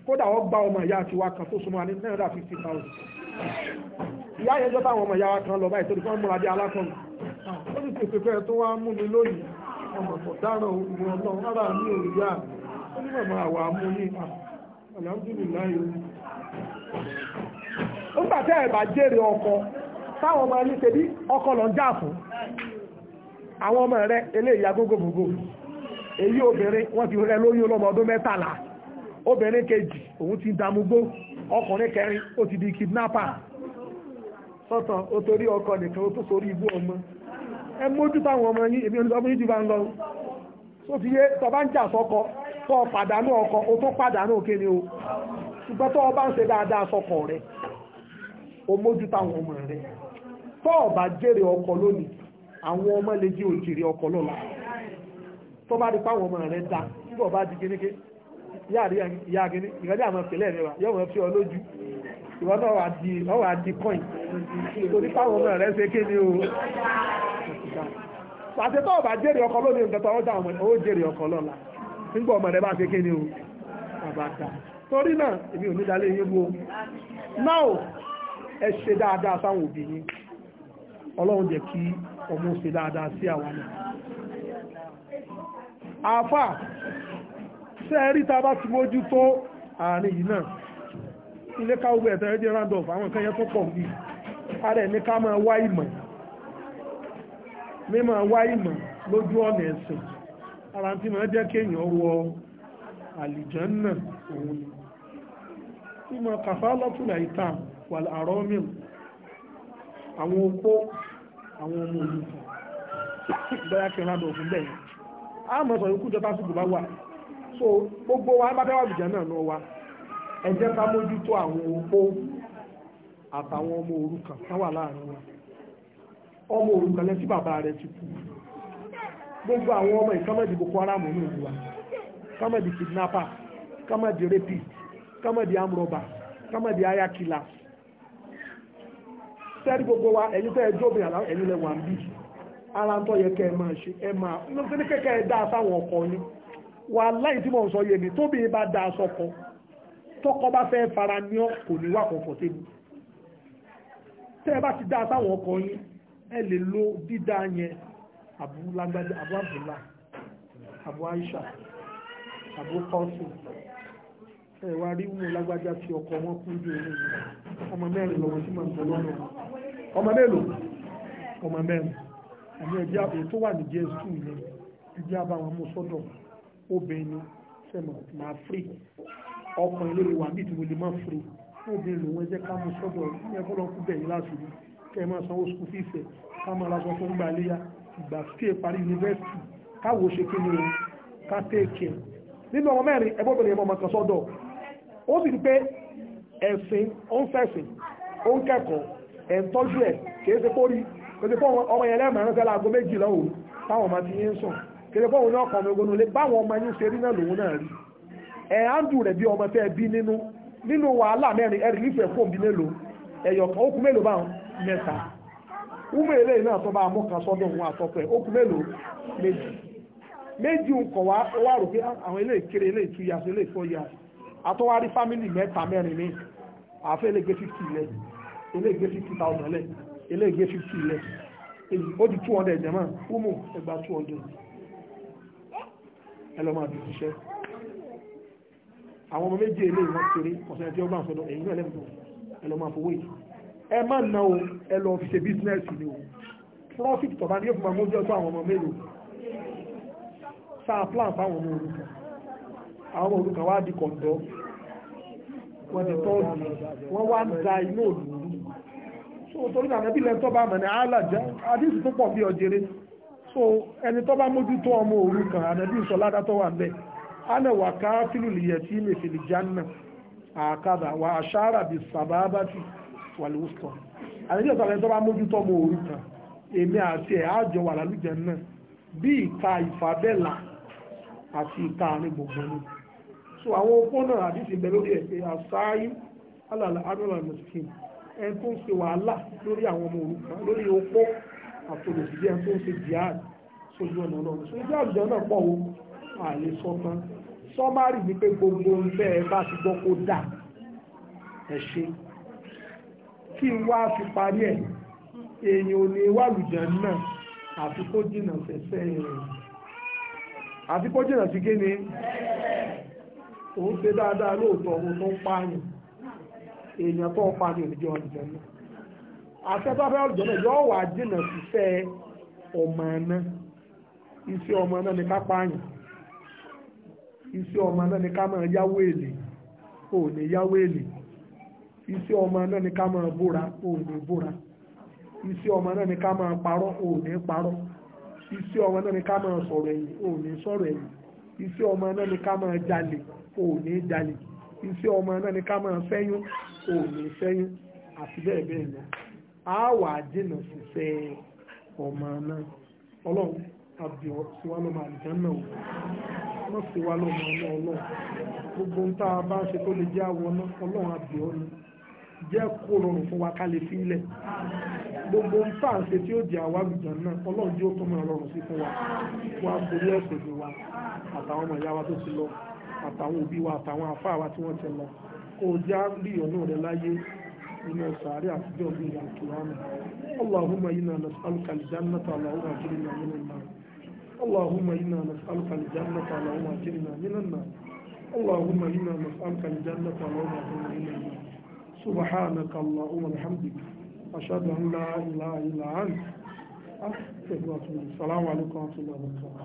kódà wọ́n gba ọmọ ìyá àti wa kan tó súnmọ́ ní nine hundred and fifty thousand ìyá yẹn jọ́ta àwọn ọmọ ìyá wa kan lọ báyìí torí kí wọ́n múra bí alákan ó sì pèsè pé tó wá mú mi lónìí ọmọ ọ̀daràn òwúrọ̀ ọlọ́run ara mi ò yá ó ní màmá àwọ̀ amú ní ah, alhamdulilayi ó ń gbàtẹ́ ẹ̀ bá jèrè ọkọ táwọn ọmọ ẹni tẹ̀lé ọkọ lọ ń jà fún àwọn ọmọ rẹ eléyìí agógógógó èyí obìnrin wọ́n ti rẹ lóyún ọlọ́mọ ọdún mẹ́tàlá obìnrin kejì òun ti dàmúgbó ọkùnrin kẹrin ó ti di kidnapper sọsọ ó torí ọkọ nìkan ó tó sórí ibú ọmọ ẹ mójú táwọn ọmọ èmi ń lọ ti o pàdánù ọkọ o tó pàdánù òkè ni o ṣùgbọ́n tó o ń ṣe dáadáa sọ́kọ rẹ o mójú táwọn ọmọ rẹ tó o jèrè ọkọ lónìí àwọn ọmọ lè di yáàrí ìyá gíní ìrẹ́lẹ́ àwọn ìpínlẹ̀ rẹ̀ wà yóò wọ́n fi ọ lójú ìwọ náà wà di ọ wà di coin torí ọmọ ṣe kéde o pàṣẹ tó bá ọkọ lónìí nǹkan tó ọjà ọmọ ó ọkọ lọ́la nígbà ọmọ bá ṣe kéde o àbàtà torí náà èmi ò o náà ẹ ṣe dáadáa sáwọn òbí yín ọlọ́run jẹ́ kí ọmọ ṣe ṣe bá ti mójú tó àárín yìí náà ilé ká gbogbo ẹ̀tẹ̀rẹ́ randolph àwọn nǹkan tó pọ̀ bí ààrẹ ní ká máa wá ìmọ̀ mímọ̀ wá ìmọ̀ lójú ọ̀nà ẹ̀sìn ara tí máa jẹ́ kéèyàn wọ àlìjánná òun ni kàfà wà àrọ́ mìíràn àwọn opó àwọn ọmọ olùkọ́ kí randolph á mọ̀ ikú sí gbogbo wà so gbogbo wa bá dáwà bìjà náà náà ẹ jẹ́ ká mójútó àwọn opó àtàwọn ọmọ òrukàn táwà láàrin wa ọmọ lẹ́sí bàbá rẹ̀ ti kú gbogbo àwọn ọmọ ìkámẹ́dì boko haram ní ìlú wa kámẹ́dì kidnapper kámẹ́dì kámẹ́dì kámẹ́dì ayakila sẹ́ẹ̀dì gbogbo wa ẹ̀yin tẹ́ ẹ àlá ẹ̀yin lẹ́wọ̀n ara ń tọ́ yẹ kẹ́ ẹ máa ṣe ẹ wà láì tí mò ń sọ yé mi tóbi bá da aṣọ kan tọkọ bá fẹ́ fara ní ọ kò ní wà kọ̀ǹfọ̀tébù tẹ́ bá ti dá sáwọn ọkọ yín ẹ lè lo dídá yẹn àbúlágbádá abu àbúlá abu àìṣà àbú kọ́sù ẹ wá rí mú lágbájá tí ọkọ wọn kú ju orí mi ọmọ mẹ́rin lọ́wọ́ sí màá tọ́ lọ́nà ọmọ mélòó ọmọ mẹ́rin àmì ẹ̀jẹ̀ àbò tó wà ní jésù yẹn ẹ̀jẹ̀ àbáwọn mú sọ́dọ̀ wọn obìnrin sẹ́mọ̀ máa firi ọkùnrin lórí wà bí ìdìbò lè má firi obìnrin lòun ẹjẹ́ ká mú sọ́dọ̀ ní ẹ̀kọ́ lọ́kù bẹ̀yìn láti rí kẹ́ ẹ máa sanwó sukùl fífẹ́ ká máa lásọ fún gbà léyà ìgbà tí ẹ parí yunifásitì káwo ṣe kí ni o ká tẹ́ẹ̀kẹ́ nínú ọmọ mẹ́rin ẹgbọ́bìnrin ẹmọ ọmọ kan sọ́dọ̀ ó sì pé ẹ̀sìn ó ń fẹ̀sìn ó ń kẹ́kọ̀ọ́ ẹ̀ ń tọ́jú ẹ̀ kì í ṣe kórìí kò sí fún ọmọ yẹn lẹ́ẹ̀mọ̀ ẹ̀rọ kèrè fóun náà kọ̀ ọmọ ogun lè báwọn ọmọ yín ṣe rí náà lòun náà rí ẹ̀ áńdù rẹ̀ bí ọmọ tẹ́ bí nínú nínú wàhálà mẹ́rin ẹ̀rì lífẹ̀ fóun bí mélòó ẹ̀yọ̀ kan ókú mélòó báwọn mẹ́ta wúmọ èlé náà tó bá mú kan sọ́dọ̀ òun àtọ́kọ̀ ẹ̀ ókú mélòó méjì méjì ń kọ̀ wá wá rò pé ah, àwọn ilé ìkéré ilé ìtúyà sí ilé ìfọ́yà àtọ́wárí fámìlì mẹ́ta mẹ́rin ní àfẹ́ ilé gbé fifty lẹ̀ ilé gbé fifty thousand lẹ̀ ilé gbé fifty lẹ̀ ó di two hundred jẹ́mọ́ wúmọ ẹgbàá two hundred ẹ lọ máa bìí ṣiṣẹ́ àwọn ọmọ méjì eléyìí wọ́n kéré ọ̀sán ẹ̀tí ọgbà àfọ́dọ̀ ẹ̀yìn náà lẹ́mùtò ẹ lọ máa fowó yìí ẹ má na o ẹ lọ fi ṣe bísínẹ́sì ni o profit tọ̀ba ní òfin mamójú ọ̀tọ̀ àwọn ọmọ mélòó sáà plan fáwọn ọmọ olùkọ́ àwọn ọmọ olùkọ́ wá di kọ̀ǹdọ́ wọ́n ti tọ́ọ̀dù wọ́n wá ń da inú òdùnú so torí àmọ́ bí lẹ́tọ́ bá mọ̀ ní àlàjá àdéhùn tó pọ̀ bí ọjẹ́rẹ́ so ẹni tó bá mójútó ọmọ òrukàn ànábì sọ ládàtọ̀ wà bẹ́ẹ̀ ana wà ká fílùlìyẹ tí mi fìlì jánà àkàdà wà àṣàrà bí sàbábàtì wà lóòsùtọ̀ ànábì sọ ẹni tó bá mójútó ọmọ òrukàn èmi àti ẹ̀ àjọ wà lálùjẹ náà bí ìka ìfàbẹ́là àti ìka àárín gbogbo ni so àwọn opó náà àdìsí bẹ lórí ẹ̀ pé àṣáyí alàlà adúlọ̀ mùsùlùmí ẹni tó ń ṣe wàhálà lórí àwọn ọmọ òrukàn lórí opó àtòlòsíjẹ́ tó ń ṣe jihad sójú ọ̀nà ọlọ́run sójú àlùjọ náà pọ̀ o àlè sọ tán sọ́márì ni pé gbogbo ń bẹ́ ẹ bá ti gbọ́ kó dà ẹ ṣe kí n wá fi parí ẹ̀ èèyàn ò ní wà lùjẹ́ náà àfi kó jìnnà fẹsẹ̀ rẹ̀ àfi kó jìnnà sí kéne òun ṣe dáadáa lóòótọ́ òun tó ń pààyàn èèyàn tó ń pààyàn òdìjọ́ ọ̀dìjọ́ náà àtẹ́tọ́fẹ́ ọ̀jọ́nà yóò wà jìnà síṣẹ́ ọmọ ẹ̀nà iṣẹ́ ọmọ ẹ̀nà ní kápáyàn iṣẹ́ ọmọ ẹ̀nà ní ká máa yáwó èlé ò ní yáwó èlé iṣẹ́ ọmọ ẹ̀nà ní ká máa búra ò ní búra iṣẹ́ ọmọ ẹ̀nà ní ká máa parọ́ ò ní parọ́ iṣẹ́ ọmọ ẹ̀nà ní ká máa sọ̀rọ̀ ẹ̀yìn ò ní sọ̀rọ̀ ẹ̀yìn iṣẹ́ ọmọ ẹ̀nà ní ká máa jalè ò ní jalè iṣẹ́ ọmọ ẹ̀nà ní ká máa fẹ́yún ò ní fẹ́yún àti bẹ́ẹ̀ bẹ́ẹ̀ lọ á wà jìnnà sísẹ ọmọ náà ọlọ́run àbí síwá lọ́mọ àlùjá náà wò wọ́n síwá lọ́mọ náà ọlọ́run gbogbo ń tá a bá ń ṣe tó lè jẹ́ àwọ̀ náà ọlọ́run àbí ọ ni jẹ́ kó rọrùn fún wa ká lè fi ilẹ̀ gbogbo ń tà ṣe tí ó di àwa àlùjá náà ọlọ́run jẹ́ ó tó máa rọrùn sí fún wa wá borí ẹ̀sẹ̀ mi wa àtàwọn ọmọ ìyá wa tó ti lọ àtàwọn òbí wa àtàwọn àfáà wa tí wọ́n ti lọ kó o já rí ìyọ̀nù rẹ láyé inú sàárè àtijọ́ bíi àkìlámù allahumma inna nas'aluka aljannata allahumma ajirna minan nar اللهم إنا نسألك الجنة اللهم أجرنا من النار اللهم إنا نسألك الجنة اللهم أجرنا من النار سبحانك اللهم بحمدك أشهد أن لا إله إلا أنت أستغفرك السلام عليكم ورحمة الله وبركاته